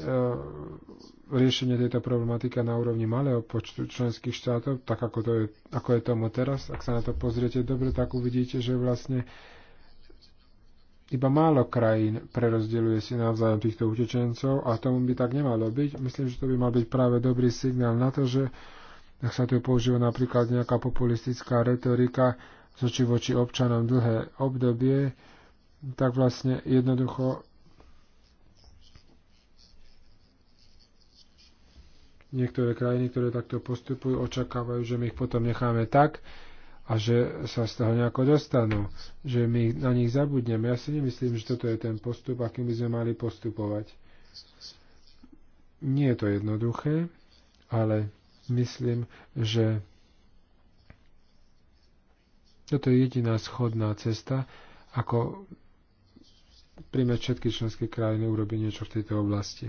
riešenie tejto problematiky na úrovni malého počtu členských štátov, tak ako, to je, ako je tomu teraz. Ak sa na to pozriete dobre, tak uvidíte, že vlastne iba málo krajín prerozdeľuje si navzájom týchto utečencov a tomu by tak nemalo byť. Myslím, že to by mal byť práve dobrý signál na to, že ak sa tu používa napríklad nejaká populistická retorika zoči voči občanom dlhé obdobie, tak vlastne jednoducho Niektoré krajiny, ktoré takto postupujú, očakávajú, že my ich potom necháme tak a že sa z toho nejako dostanú, že my na nich zabudneme. Ja si nemyslím, že toto je ten postup, akým by sme mali postupovať. Nie je to jednoduché, ale myslím, že toto je jediná schodná cesta, ako príjme všetky členské krajiny urobiť niečo v tejto oblasti.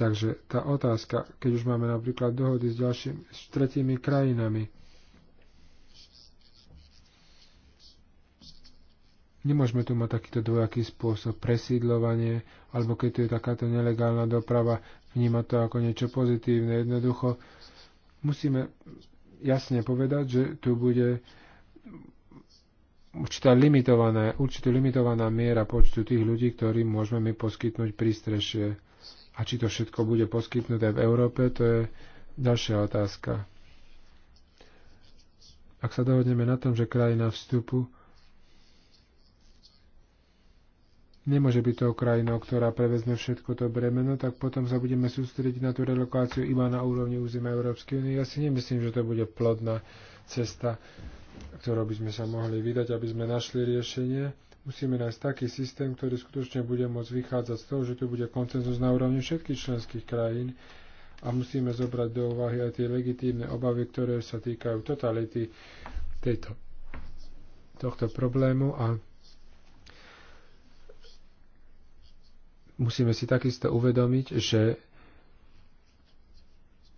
Takže tá otázka, keď už máme napríklad dohody s ďalšími, s tretími krajinami, Nemôžeme tu mať takýto dvojaký spôsob presídlovanie, alebo keď tu je takáto nelegálna doprava, vnímať to ako niečo pozitívne. Jednoducho musíme jasne povedať, že tu bude určitá limitovaná, určitá limitovaná miera počtu tých ľudí, ktorým môžeme my poskytnúť prístrešie. A či to všetko bude poskytnuté v Európe, to je ďalšia otázka. Ak sa dohodneme na tom, že krajina vstupu nemôže byť tou krajinou, ktorá prevezme všetko to bremeno, tak potom sa budeme sústrediť na tú relokáciu iba na úrovni územia Európskej únie. Ja si nemyslím, že to bude plodná cesta, ktorou by sme sa mohli vydať, aby sme našli riešenie. Musíme nájsť taký systém, ktorý skutočne bude môcť vychádzať z toho, že tu bude koncenzus na úrovni všetkých členských krajín a musíme zobrať do úvahy aj tie legitímne obavy, ktoré sa týkajú totality tejto, tohto problému a musíme si takisto uvedomiť, že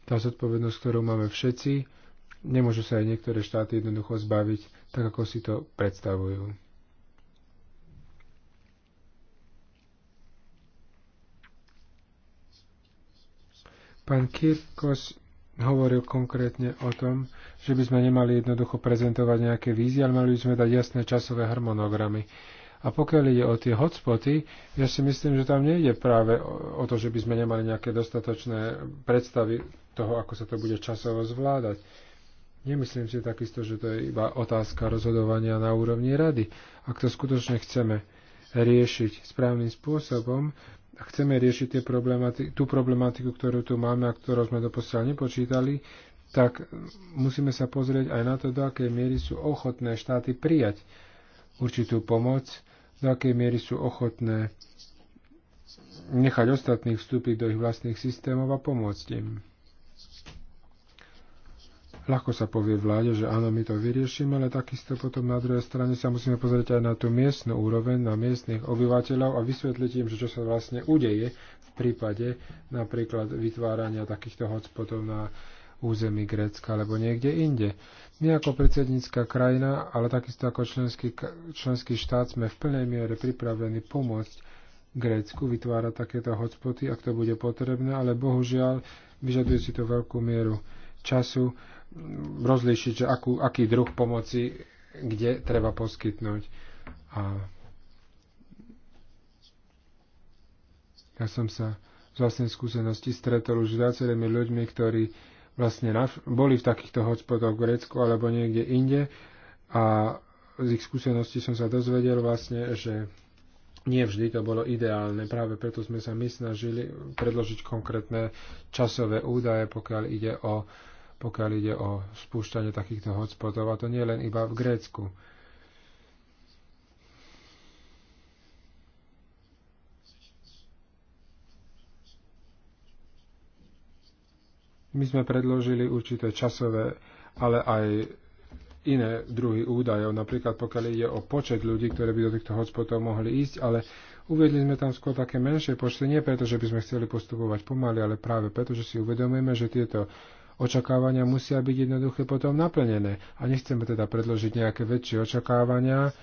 tá zodpovednosť, ktorú máme všetci, nemôžu sa aj niektoré štáty jednoducho zbaviť, tak ako si to predstavujú. Pán Kirkos hovoril konkrétne o tom, že by sme nemali jednoducho prezentovať nejaké vízie, ale mali by sme dať jasné časové harmonogramy. A pokiaľ ide o tie hotspoty, ja si myslím, že tam nejde práve o to, že by sme nemali nejaké dostatočné predstavy toho, ako sa to bude časovo zvládať. Nemyslím si takisto, že to je iba otázka rozhodovania na úrovni rady. Ak to skutočne chceme riešiť správnym spôsobom, chceme riešiť tie problematik- tú problematiku, ktorú tu máme a ktorú sme doposiaľ nepočítali, tak musíme sa pozrieť aj na to, do akej miery sú ochotné štáty prijať určitú pomoc, do akej miery sú ochotné nechať ostatných vstúpiť do ich vlastných systémov a pomôcť im ľahko sa povie vláde, že áno, my to vyriešime, ale takisto potom na druhej strane sa musíme pozrieť aj na tú miestnu úroveň, na miestnych obyvateľov a vysvetliť im, že čo sa vlastne udeje v prípade napríklad vytvárania takýchto hotspotov na území Grécka alebo niekde inde. My ako predsednícka krajina, ale takisto ako členský, členský štát sme v plnej miere pripravení pomôcť Grécku vytvárať takéto hotspoty, ak to bude potrebné, ale bohužiaľ vyžaduje si to veľkú mieru času rozlíšiť, že akú, aký druh pomoci kde treba poskytnúť. A ja som sa z vlastnej skúsenosti stretol už s viacerými ľuďmi, ktorí vlastne boli v takýchto hotspotoch v Grécku alebo niekde inde a z ich skúseností som sa dozvedel vlastne, že nie vždy to bolo ideálne, práve preto sme sa my snažili predložiť konkrétne časové údaje, pokiaľ ide o uh, pokiaľ ide o spúšťanie takýchto hotspotov, a to nie len iba v Grécku. My sme predložili určité časové, ale aj iné druhy údajov, napríklad pokiaľ ide o počet ľudí, ktorí by do týchto hotspotov mohli ísť, ale uvedli sme tam skôr také menšie počty, nie preto, že by sme chceli postupovať pomaly, ale práve preto, že si uvedomujeme, že tieto očakávania musia byť jednoduché potom naplnené. A nechceme teda predložiť nejaké väčšie očakávania,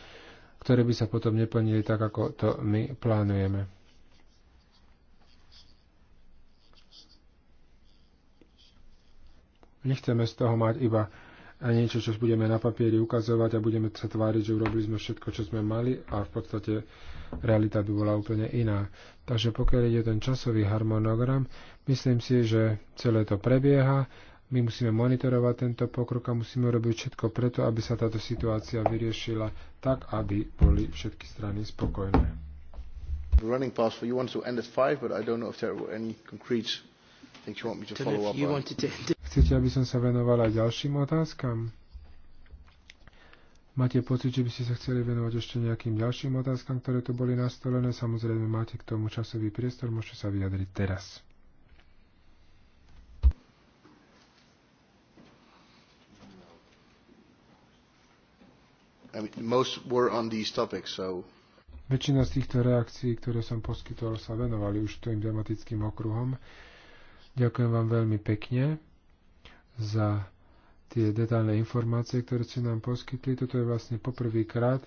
ktoré by sa potom neplnili tak, ako to my plánujeme. Nechceme z toho mať iba niečo, čo budeme na papieri ukazovať a budeme sa tváriť, že urobili sme všetko, čo sme mali a v podstate realita by bola úplne iná. Takže pokiaľ ide ten časový harmonogram, myslím si, že celé to prebieha my musíme monitorovať tento pokrok a musíme robiť všetko preto, aby sa táto situácia vyriešila tak, aby boli všetky strany spokojné. Running past, you want to end at five, but I don't know if there were any concrete things you want me to follow up on. Chcete, aby som sa venovala ďalším otázkam? Máte pocit, že by ste sa chceli venovať ešte nejakým ďalším otázkam, ktoré tu boli nastolené? Samozrejme, máte k tomu časový priestor, môžete sa vyjadriť teraz. I mean, most were on these topics, so... Väčšina z týchto reakcií, ktoré som poskytol, sa venovali už tým tematickým okruhom. Ďakujem vám veľmi pekne za tie detálne informácie, ktoré ste nám poskytli. Toto je vlastne poprvýkrát,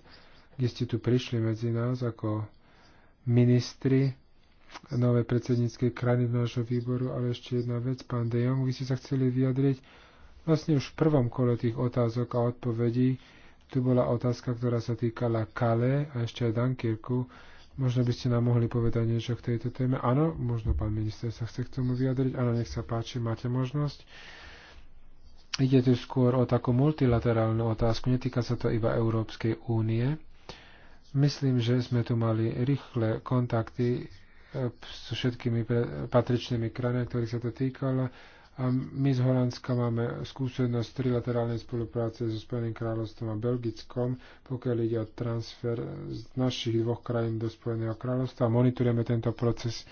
kde ste tu prišli medzi nás ako ministri nové predsedníckej krajiny nášho výboru, ale ešte jedna vec, pán De Jong, vy ste sa chceli vyjadriť vlastne už v prvom kole tých otázok a odpovedí tu bola otázka, ktorá sa týkala Kale a ešte aj Dunkirku. Možno by ste nám mohli povedať niečo k tejto téme. Áno, možno pán minister sa chce k tomu vyjadriť. Áno, nech sa páči, máte možnosť. Ide tu skôr o takú multilaterálnu otázku, netýka sa to iba Európskej únie. Myslím, že sme tu mali rýchle kontakty eh, so všetkými patričnými krajinami, ktorých sa to týkalo a my z Holandska máme skúsenosť trilaterálnej spolupráce so Spojeným kráľovstvom a Belgickom, pokiaľ ide o transfer z našich dvoch krajín do Spojeného kráľovstva. Monitorujeme tento proces.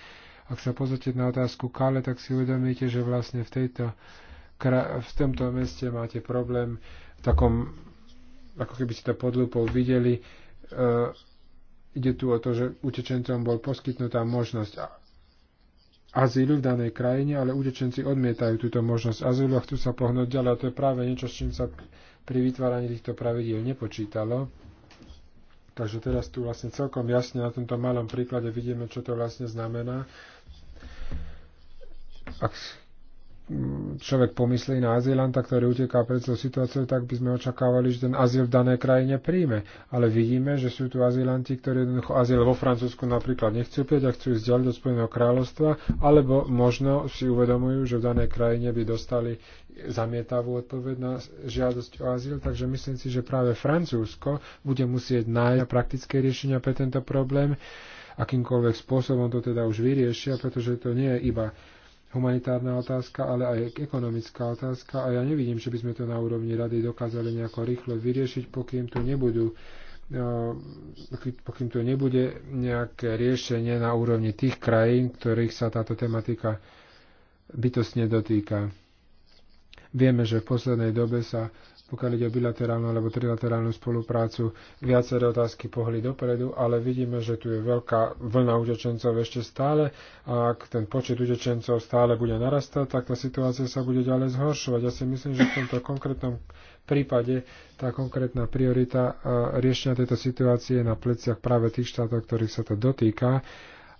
Ak sa pozrite na otázku Kale, tak si uvedomíte, že vlastne v, tejto, v tomto meste máte problém v takom, ako keby ste to pod lupou videli, e, ide tu o to, že utečencom bol poskytnutá možnosť azylu v danej krajine, ale utečenci odmietajú túto možnosť azylu a chcú sa pohnúť ďalej. A to je práve niečo, s čím sa pri vytváraní týchto pravidiel nepočítalo. Takže teraz tu vlastne celkom jasne na tomto malom príklade vidíme, čo to vlastne znamená. Ak človek pomyslí na azylanta, ktorý uteká pred tou situáciou, tak by sme očakávali, že ten azyl v danej krajine príjme. Ale vidíme, že sú tu azylanti, ktorí jednoducho azyl vo Francúzsku napríklad nechcú pieť a chcú ísť ďalej do Spojeného kráľovstva, alebo možno si uvedomujú, že v danej krajine by dostali zamietavú odpoveď na žiadosť o azyl, takže myslím si, že práve Francúzsko bude musieť nájsť praktické riešenia pre tento problém, akýmkoľvek spôsobom to teda už vyriešia, pretože to nie je iba humanitárna otázka, ale aj ekonomická otázka a ja nevidím, že by sme to na úrovni rady dokázali nejako rýchlo vyriešiť, pokým tu nebudú eh, pokým tu nebude nejaké riešenie na úrovni tých krajín, ktorých sa táto tematika bytostne dotýka. Vieme, že v poslednej dobe sa pokiaľ ide o bilaterálnu alebo trilaterálnu spoluprácu, viaceré otázky pohli dopredu, ale vidíme, že tu je veľká vlna utečencov ešte stále a ak ten počet utečencov stále bude narastať, tak tá situácia sa bude ďalej zhoršovať. Ja si myslím, že v tomto konkrétnom prípade tá konkrétna priorita e, riešenia tejto situácie je na pleciach práve tých štátov, ktorých sa to dotýka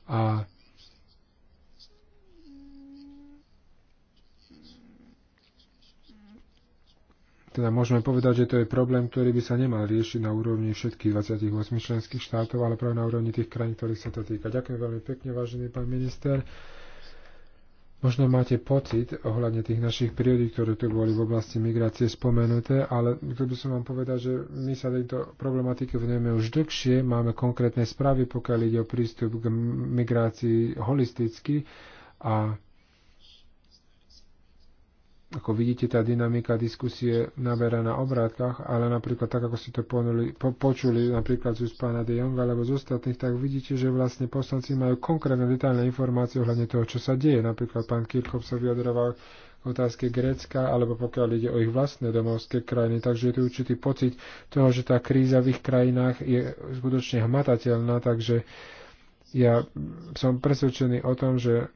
a teda môžeme povedať, že to je problém, ktorý by sa nemal riešiť na úrovni všetkých 28 členských štátov, ale práve na úrovni tých krajín, ktorých sa to týka. Ďakujem veľmi pekne, vážený pán minister. Možno máte pocit ohľadne tých našich priorít, ktoré tu boli v oblasti migrácie spomenuté, ale chcel by som vám povedať, že my sa tejto problematike venujeme už dlhšie, máme konkrétne správy, pokiaľ ide o prístup k migrácii holisticky a ako vidíte, tá dynamika diskusie naberá na obrátkach, ale napríklad tak, ako ste to ponuli, po, počuli napríklad z pána De Jonga alebo z ostatných, tak vidíte, že vlastne poslanci majú konkrétne detálne informácie ohľadne toho, čo sa deje. Napríklad pán Kirchhoff sa vyjadroval k otázke Grécka, alebo pokiaľ ide o ich vlastné domovské krajiny. Takže je tu určitý pocit toho, že tá kríza v ich krajinách je skutočne hmatateľná, takže ja som presvedčený o tom, že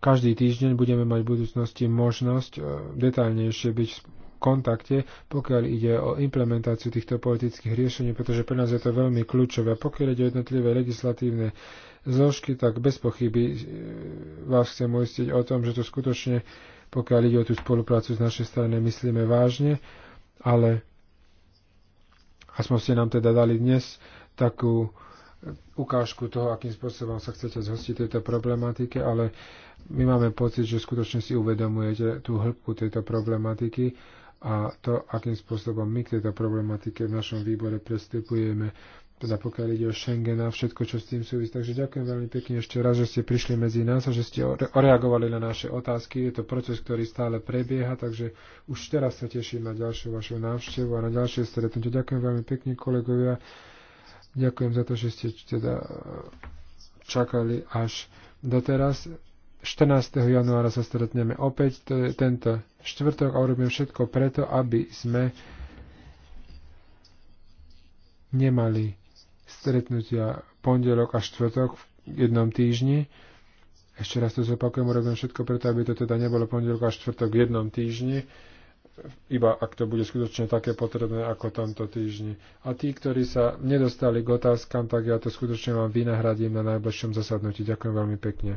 každý týždeň budeme mať v budúcnosti možnosť e, detaľnejšie byť v kontakte, pokiaľ ide o implementáciu týchto politických riešení, pretože pre nás je to veľmi kľúčové. Pokiaľ ide o jednotlivé legislatívne zložky, tak bez pochyby e, vás chcem uistiť o tom, že to skutočne, pokiaľ ide o tú spoluprácu z našej strany, myslíme vážne, ale aspoň ste nám teda dali dnes takú ukážku toho, akým spôsobom sa chcete zhostiť tejto problematike, ale my máme pocit, že skutočne si uvedomujete tú hĺbku tejto problematiky a to, akým spôsobom my k tejto problematike v našom výbore prestupujeme teda pokiaľ ide o Schengen a všetko, čo s tým súvisí. Takže ďakujem veľmi pekne ešte raz, že ste prišli medzi nás a že ste reagovali na naše otázky. Je to proces, ktorý stále prebieha, takže už teraz sa teším na ďalšiu vašu návštevu a na ďalšie stretnutie. Ďakujem veľmi pekne, kolegovia. Ďakujem za to, že ste teda e, čakali až doteraz. 14. januára sa stretneme opäť, to je tento štvrtok a urobím všetko preto, aby sme nemali stretnutia pondelok a štvrtok v jednom týždni. Ešte raz to zopakujem, urobím všetko preto, aby to teda nebolo pondelok a štvrtok v jednom týždni iba ak to bude skutočne také potrebné ako tamto týždni. A tí, ktorí sa nedostali k otázkam, tak ja to skutočne vám vynahradím na najbližšom zasadnutí. Ďakujem veľmi pekne.